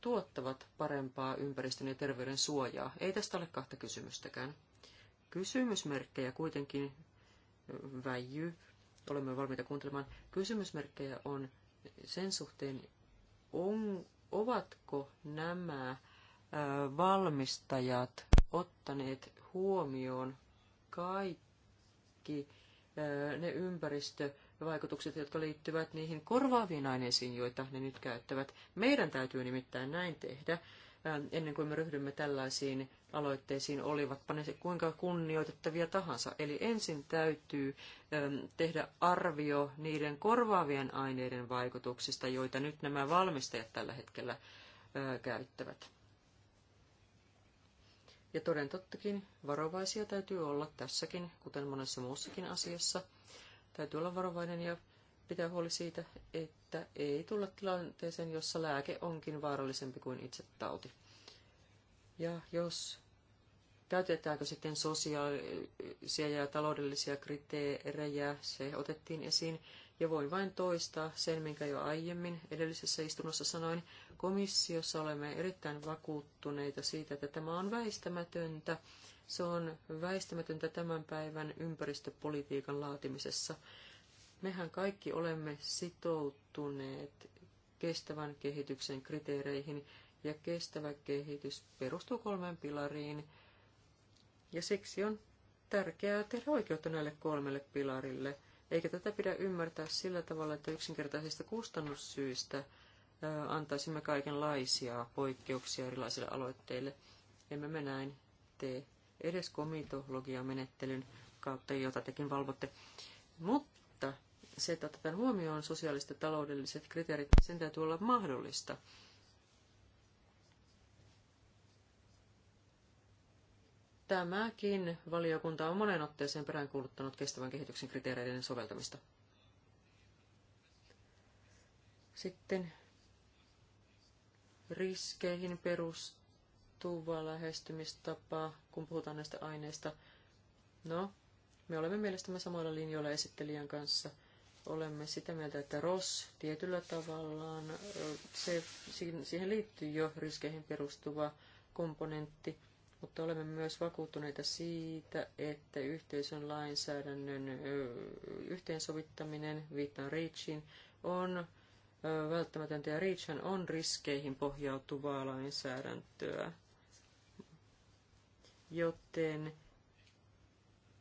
tuottavat parempaa ympäristön ja terveyden suojaa. Ei tästä ole kahta kysymystäkään. Kysymysmerkkejä kuitenkin väijyy. Olemme valmiita kuuntelemaan. Kysymysmerkkejä on sen suhteen, on, ovatko nämä valmistajat ottaneet huomioon kaikki ne ympäristö- vaikutukset, jotka liittyvät niihin korvaaviin aineisiin, joita ne nyt käyttävät. Meidän täytyy nimittäin näin tehdä, ennen kuin me ryhdymme tällaisiin aloitteisiin, olivatpa ne kuinka kunnioitettavia tahansa. Eli ensin täytyy tehdä arvio niiden korvaavien aineiden vaikutuksista, joita nyt nämä valmistajat tällä hetkellä käyttävät. Ja toden tottakin varovaisia täytyy olla tässäkin, kuten monessa muussakin asiassa. Täytyy olla varovainen ja pitää huoli siitä, että ei tulla tilanteeseen, jossa lääke onkin vaarallisempi kuin itse tauti. Ja jos käytetäänkö sitten sosiaalisia ja taloudellisia kriteerejä, se otettiin esiin. Ja voin vain toistaa sen, minkä jo aiemmin edellisessä istunnossa sanoin. Komissiossa olemme erittäin vakuuttuneita siitä, että tämä on väistämätöntä se on väistämätöntä tämän päivän ympäristöpolitiikan laatimisessa. Mehän kaikki olemme sitoutuneet kestävän kehityksen kriteereihin, ja kestävä kehitys perustuu kolmeen pilariin, ja siksi on tärkeää tehdä oikeutta näille kolmelle pilarille, eikä tätä pidä ymmärtää sillä tavalla, että yksinkertaisista kustannussyistä antaisimme kaikenlaisia poikkeuksia erilaisille aloitteille. Emme me näin tee edes komitologiamenettelyn kautta, jota tekin valvotte. Mutta se, että otetaan huomioon sosiaaliset ja taloudelliset kriteerit, niin sen täytyy olla mahdollista. Tämäkin valiokunta on monen otteeseen peräänkuuluttanut kestävän kehityksen kriteereiden soveltamista. Sitten riskeihin perustuu ulottuva lähestymistapa, kun puhutaan näistä aineista. No, me olemme mielestämme samoilla linjoilla esittelijän kanssa. Olemme sitä mieltä, että ROS tietyllä tavallaan, se, siihen liittyy jo riskeihin perustuva komponentti, mutta olemme myös vakuuttuneita siitä, että yhteisön lainsäädännön yhteensovittaminen, viittaan REACHin, on välttämätöntä ja REACHhän on riskeihin pohjautuvaa lainsäädäntöä joten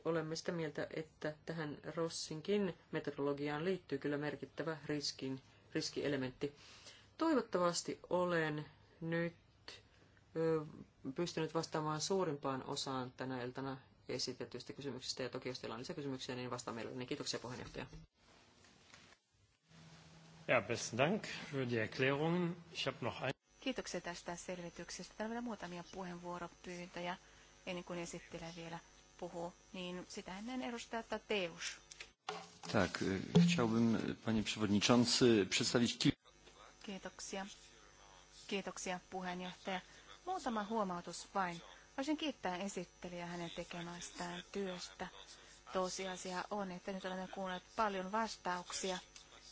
olemme sitä mieltä, että tähän Rossinkin metodologiaan liittyy kyllä merkittävä riskin, riskielementti. Toivottavasti olen nyt pystynyt vastaamaan suurimpaan osaan tänä iltana esitetyistä kysymyksistä. Ja toki jos teillä on lisäkysymyksiä, niin vastaan mielelläni. Niin kiitoksia puheenjohtaja. Ja, besten Dank für die Erklärungen. Ich habe noch ein... Kiitoksia tästä selvityksestä. Täällä on muutamia puheenvuoropyyntöjä ennen kuin esittelee vielä puhuu, niin sitä ennen edustaa Tateus. Tak, e, chciałbym, panie przewodniczący, przedstawić kilka... Kiitoksia. Kiitoksia, puheenjohtaja. Muutama huomautus vain. Voisin kiittää esittelijää hänen tekemästään työstä. Tosiasia on, että nyt olemme kuulleet paljon vastauksia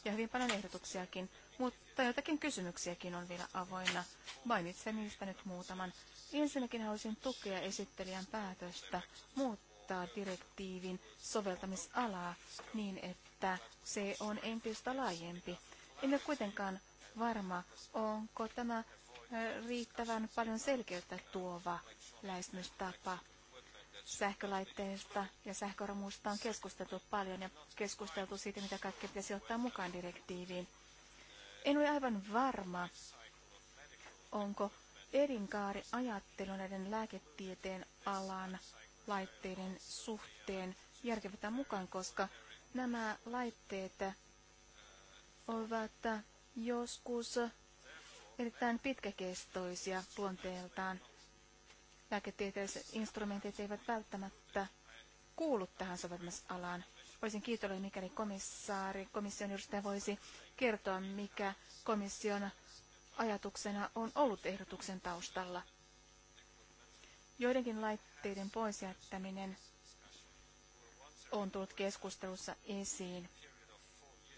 ja hyvin paljon ehdotuksiakin mutta jotakin kysymyksiäkin on vielä avoinna. Mainitsen niistä nyt muutaman. Ensinnäkin haluaisin tukea esittelijän päätöstä muuttaa direktiivin soveltamisalaa niin, että se on entistä laajempi. En ole kuitenkaan varma, onko tämä riittävän paljon selkeyttä tuova lähestymistapa sähkölaitteista ja sähköromusta on keskusteltu paljon ja keskusteltu siitä, mitä kaikkea pitäisi ottaa mukaan direktiiviin. En ole aivan varma, onko elinkaari ajattelu näiden lääketieteen alan laitteiden suhteen järkevätä mukaan, koska nämä laitteet ovat joskus erittäin pitkäkestoisia luonteeltaan. Lääketieteelliset instrumentit eivät välttämättä kuulu tähän soveltamisalaan. Olisin kiitollinen, mikäli komissaari, komission edustaja voisi kertoa, mikä komission ajatuksena on ollut ehdotuksen taustalla. Joidenkin laitteiden pois jättäminen on tullut keskustelussa esiin.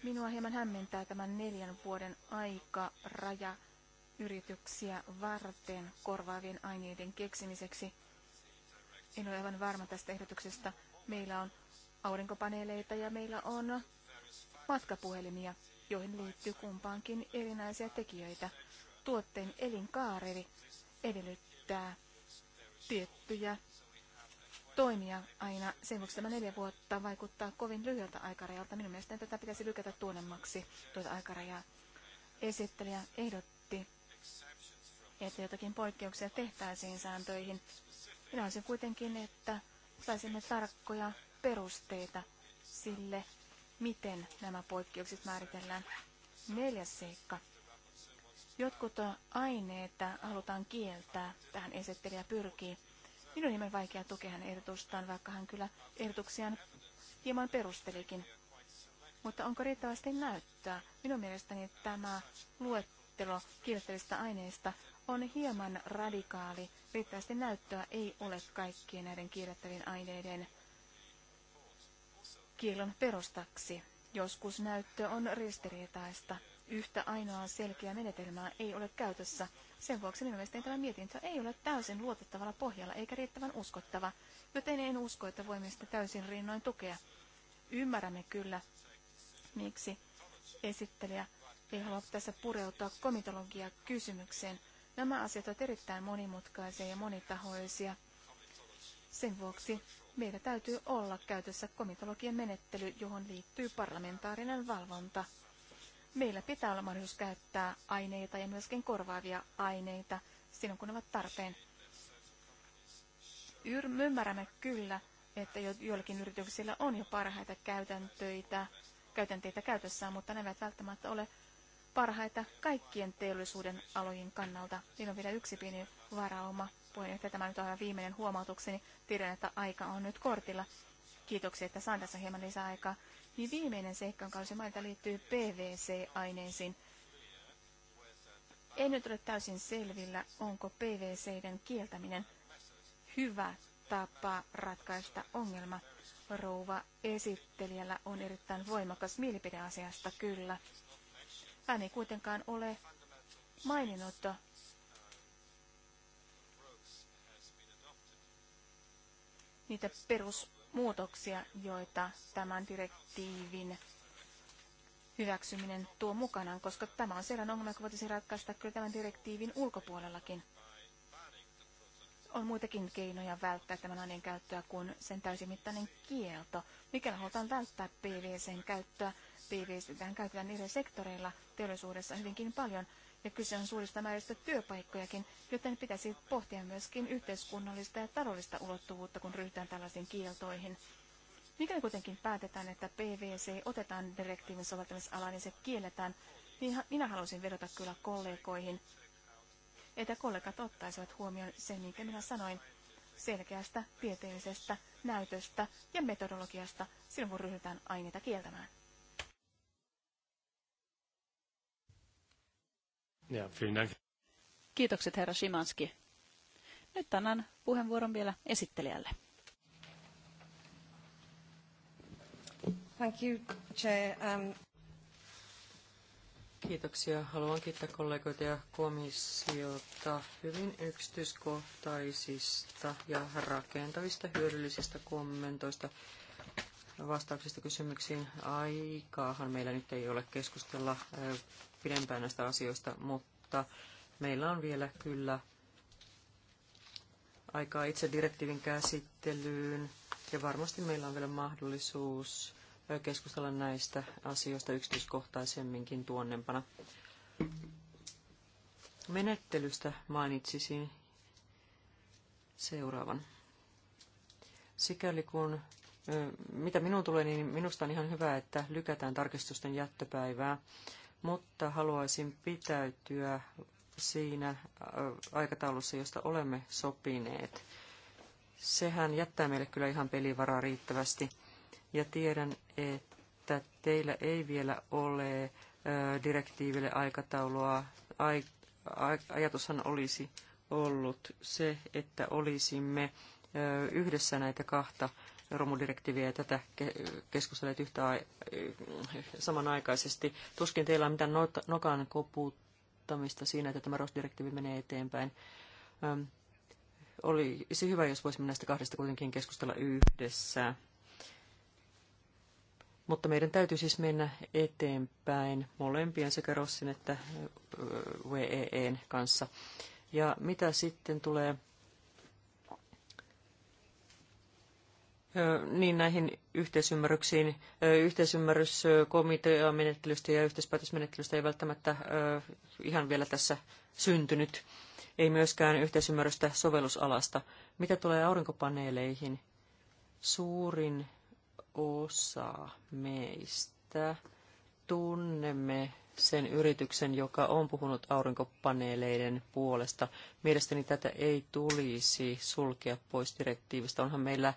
Minua hieman hämmentää tämän neljän vuoden aikaraja yrityksiä varten korvaavien aineiden keksimiseksi. En ole aivan varma tästä ehdotuksesta. Meillä on aurinkopaneeleita ja meillä on matkapuhelimia, joihin liittyy kumpaankin erinäisiä tekijöitä. Tuotteen elinkaareri edellyttää tiettyjä toimia aina. Sen vuoksi tämä neljä vuotta vaikuttaa kovin lyhyeltä aikarajalta. Minun mielestäni tätä pitäisi lykätä tuonemmaksi tuota aikarajaa. Esittelijä ehdotti, että jotakin poikkeuksia tehtäisiin sääntöihin. Minä olisin kuitenkin, että saisimme tarkkoja perusteita sille, miten nämä poikkeukset määritellään. Neljäs seikka. Jotkut aineet halutaan kieltää, tähän esittelijä pyrkii. Minun hieman vaikea tukea hänen ehdotustaan, vaikka hän kyllä ehdotuksiaan hieman perustelikin. Mutta onko riittävästi näyttöä? Minun mielestäni tämä luettelo kieltävistä aineista on hieman radikaali. Riittävästi näyttöä ei ole kaikkien näiden kiellettävien aineiden kielon perustaksi. Joskus näyttö on ristiriitaista. Yhtä ainoaa selkeää menetelmää ei ole käytössä. Sen vuoksi minun mielestäni tämä mietintö ei ole täysin luotettavalla pohjalla eikä riittävän uskottava, joten en usko, että voimme sitä täysin rinnoin tukea. Ymmärrämme kyllä, miksi esittelijä ei halua tässä pureutua komitologia kysymykseen. Nämä asiat ovat erittäin monimutkaisia ja monitahoisia sen vuoksi meillä täytyy olla käytössä komitologian menettely, johon liittyy parlamentaarinen valvonta. Meillä pitää olla mahdollisuus käyttää aineita ja myöskin korvaavia aineita silloin, kun ne ovat tarpeen. Ymmärrämme kyllä, että jo, joillakin yrityksillä on jo parhaita käytäntöitä, käytänteitä käytössään, mutta ne eivät välttämättä ole parhaita kaikkien teollisuuden alojen kannalta. Niillä on vielä yksi pieni varauma puheenjohtaja. Tämä nyt on viimeinen huomautukseni. Tiedän, että aika on nyt kortilla. Kiitoksia, että saan tässä hieman lisää aikaa. Niin viimeinen seikka, jonka olisin mainita, liittyy PVC-aineisiin. Ei nyt ole täysin selvillä, onko PVCiden kieltäminen hyvä tapa ratkaista ongelma. Rouva esittelijällä on erittäin voimakas mielipide asiasta, kyllä. Hän ei kuitenkaan ole maininnut niitä perusmuutoksia, joita tämän direktiivin hyväksyminen tuo mukanaan, koska tämä on sellainen ongelma, joka voitaisiin ratkaista kyllä tämän direktiivin ulkopuolellakin. On muitakin keinoja välttää tämän aineen käyttöä kuin sen täysimittainen kielto. Mikäli halutaan välttää PVCn käyttöä, tähän käytetään eri sektoreilla teollisuudessa hyvinkin paljon, ja kyse on suurista määristä työpaikkojakin, joten pitäisi pohtia myöskin yhteiskunnallista ja taloudellista ulottuvuutta, kun ryhdytään tällaisiin kieltoihin. Mikäli kuitenkin päätetään, että PVC otetaan direktiivin soveltamisalaan niin se kielletään, niin minä haluaisin vedota kyllä kollegoihin, että kollegat ottaisivat huomioon sen, minkä minä sanoin, selkeästä tieteellisestä näytöstä ja metodologiasta silloin, kun ryhdytään aineita kieltämään. Ja, vielen Kiitokset herra Simanski. Nyt annan puheenvuoron vielä esittelijälle. Thank you, Chair. Um... Kiitoksia. Haluan kiittää kollegoita ja komissiota hyvin yksityiskohtaisista ja rakentavista hyödyllisistä kommentoista vastauksista kysymyksiin. Aikaahan meillä nyt ei ole keskustella pidempään näistä asioista, mutta meillä on vielä kyllä aikaa itse direktiivin käsittelyyn ja varmasti meillä on vielä mahdollisuus keskustella näistä asioista yksityiskohtaisemminkin tuonnempana. Menettelystä mainitsisin seuraavan. Sikäli kun, mitä minun tulee, niin minusta on ihan hyvä, että lykätään tarkistusten jättöpäivää mutta haluaisin pitäytyä siinä äh, aikataulussa, josta olemme sopineet. Sehän jättää meille kyllä ihan pelivaraa riittävästi. Ja tiedän, että teillä ei vielä ole äh, direktiiville aikataulua. ajatushan olisi ollut se, että olisimme äh, yhdessä näitä kahta romudirektiiviä ja tätä keskustelet yhtä samanaikaisesti. Tuskin teillä on mitään nokan koputtamista siinä, että tämä ROS-direktiivi menee eteenpäin. Olisi hyvä, jos voisimme näistä kahdesta kuitenkin keskustella yhdessä. Mutta meidän täytyy siis mennä eteenpäin molempien sekä Rossin että WEE:n kanssa. Ja mitä sitten tulee niin näihin yhteisymmärryksiin. Yhteisymmärrys komiteamenettelystä ja yhteispäätösmenettelystä ei välttämättä ihan vielä tässä syntynyt. Ei myöskään yhteisymmärrystä sovellusalasta. Mitä tulee aurinkopaneeleihin? Suurin osa meistä tunnemme sen yrityksen, joka on puhunut aurinkopaneeleiden puolesta. Mielestäni tätä ei tulisi sulkea pois direktiivistä. Onhan meillä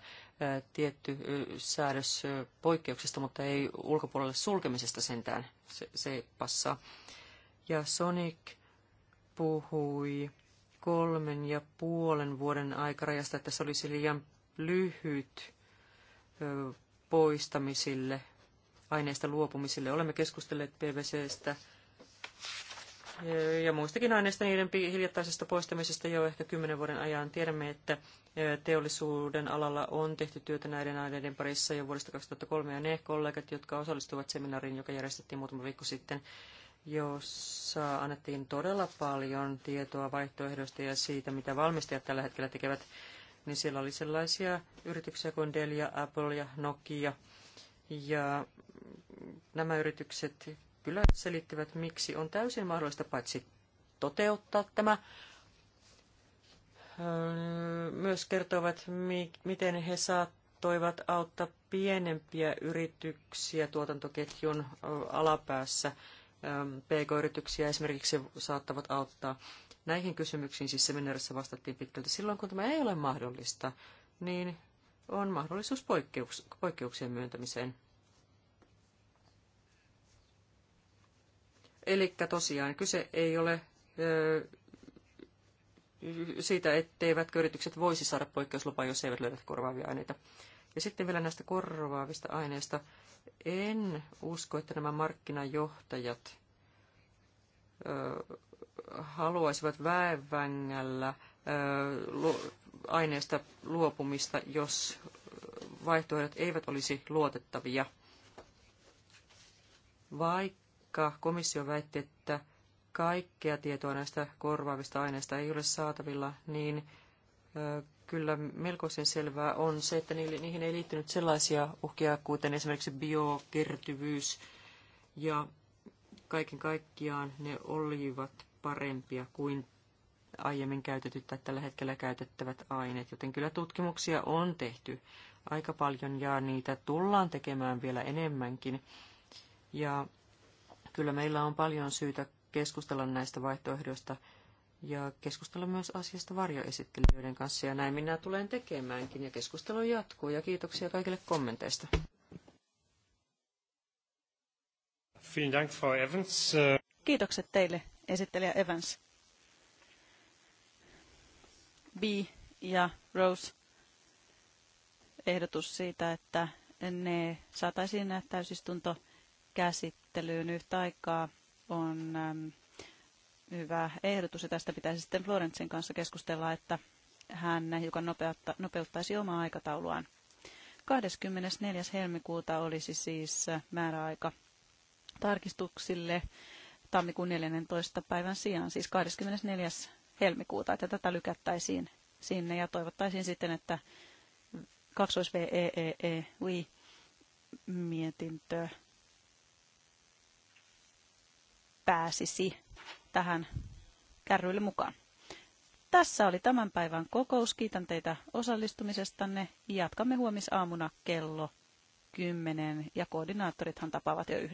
tietty säädös poikkeuksista, mutta ei ulkopuolelle sulkemisesta sentään. Se, se passaa. Ja Sonic puhui kolmen ja puolen vuoden aikarajasta, että se olisi liian lyhyt poistamisille, aineista luopumisille. Olemme keskustelleet PVCstä ja muistakin aineista niiden hiljattaisesta poistamisesta jo ehkä kymmenen vuoden ajan. Tiedämme, että teollisuuden alalla on tehty työtä näiden aineiden parissa jo vuodesta 2003, ja ne kollegat, jotka osallistuivat seminaariin, joka järjestettiin muutama viikko sitten, jossa annettiin todella paljon tietoa vaihtoehdoista ja siitä, mitä valmistajat tällä hetkellä tekevät, niin siellä oli sellaisia yrityksiä kuin Dell ja Apple ja Nokia. Ja nämä yritykset kyllä selittivät, miksi on täysin mahdollista paitsi toteuttaa tämä, myös kertoivat, miten he saattoivat auttaa pienempiä yrityksiä tuotantoketjun alapäässä. PK-yrityksiä esimerkiksi saattavat auttaa. Näihin kysymyksiin siis seminaarissa vastattiin pitkälti. Silloin kun tämä ei ole mahdollista, niin on mahdollisuus poikkeuksien myöntämiseen. Eli tosiaan kyse ei ole siitä, etteivätkö yritykset voisi saada poikkeuslupaa, jos eivät löydä korvaavia aineita. Ja sitten vielä näistä korvaavista aineista. En usko, että nämä markkinajohtajat ö, haluaisivat väenvängällä aineesta luopumista, jos vaihtoehdot eivät olisi luotettavia. Vaikka vaikka komissio väitti, että kaikkea tietoa näistä korvaavista aineista ei ole saatavilla, niin kyllä melkoisen selvää on se, että niihin ei liittynyt sellaisia uhkia, kuten esimerkiksi biokertyvyys, ja kaiken kaikkiaan ne olivat parempia kuin aiemmin käytetyt tai tällä hetkellä käytettävät aineet, joten kyllä tutkimuksia on tehty aika paljon ja niitä tullaan tekemään vielä enemmänkin. Ja Kyllä meillä on paljon syytä keskustella näistä vaihtoehdoista ja keskustella myös asiasta varjoesittelijöiden kanssa. Ja näin minä tulen tekemäänkin ja keskustelu jatkuu ja kiitoksia kaikille kommenteista. Kiitokset teille, esittelijä Evans. B ja Rose ehdotus siitä, että ne saataisiin täysistunto käsittää käsittelyyn yhtä aikaa on hyvä ehdotus, ja tästä pitäisi sitten Florentsin kanssa keskustella, että hän hiukan nopeutta, nopeuttaisi omaa aikatauluaan. 24. helmikuuta olisi siis määräaika tarkistuksille tammikuun 14. päivän sijaan, siis 24. helmikuuta, että tätä lykättäisiin sinne ja toivottaisiin sitten, että 2 VEEE e e mietintö pääsisi tähän kärryille mukaan. Tässä oli tämän päivän kokous. Kiitän teitä osallistumisestanne. Jatkamme huomisaamuna kello 10 ja koordinaattorithan tapaavat jo yhdeksän.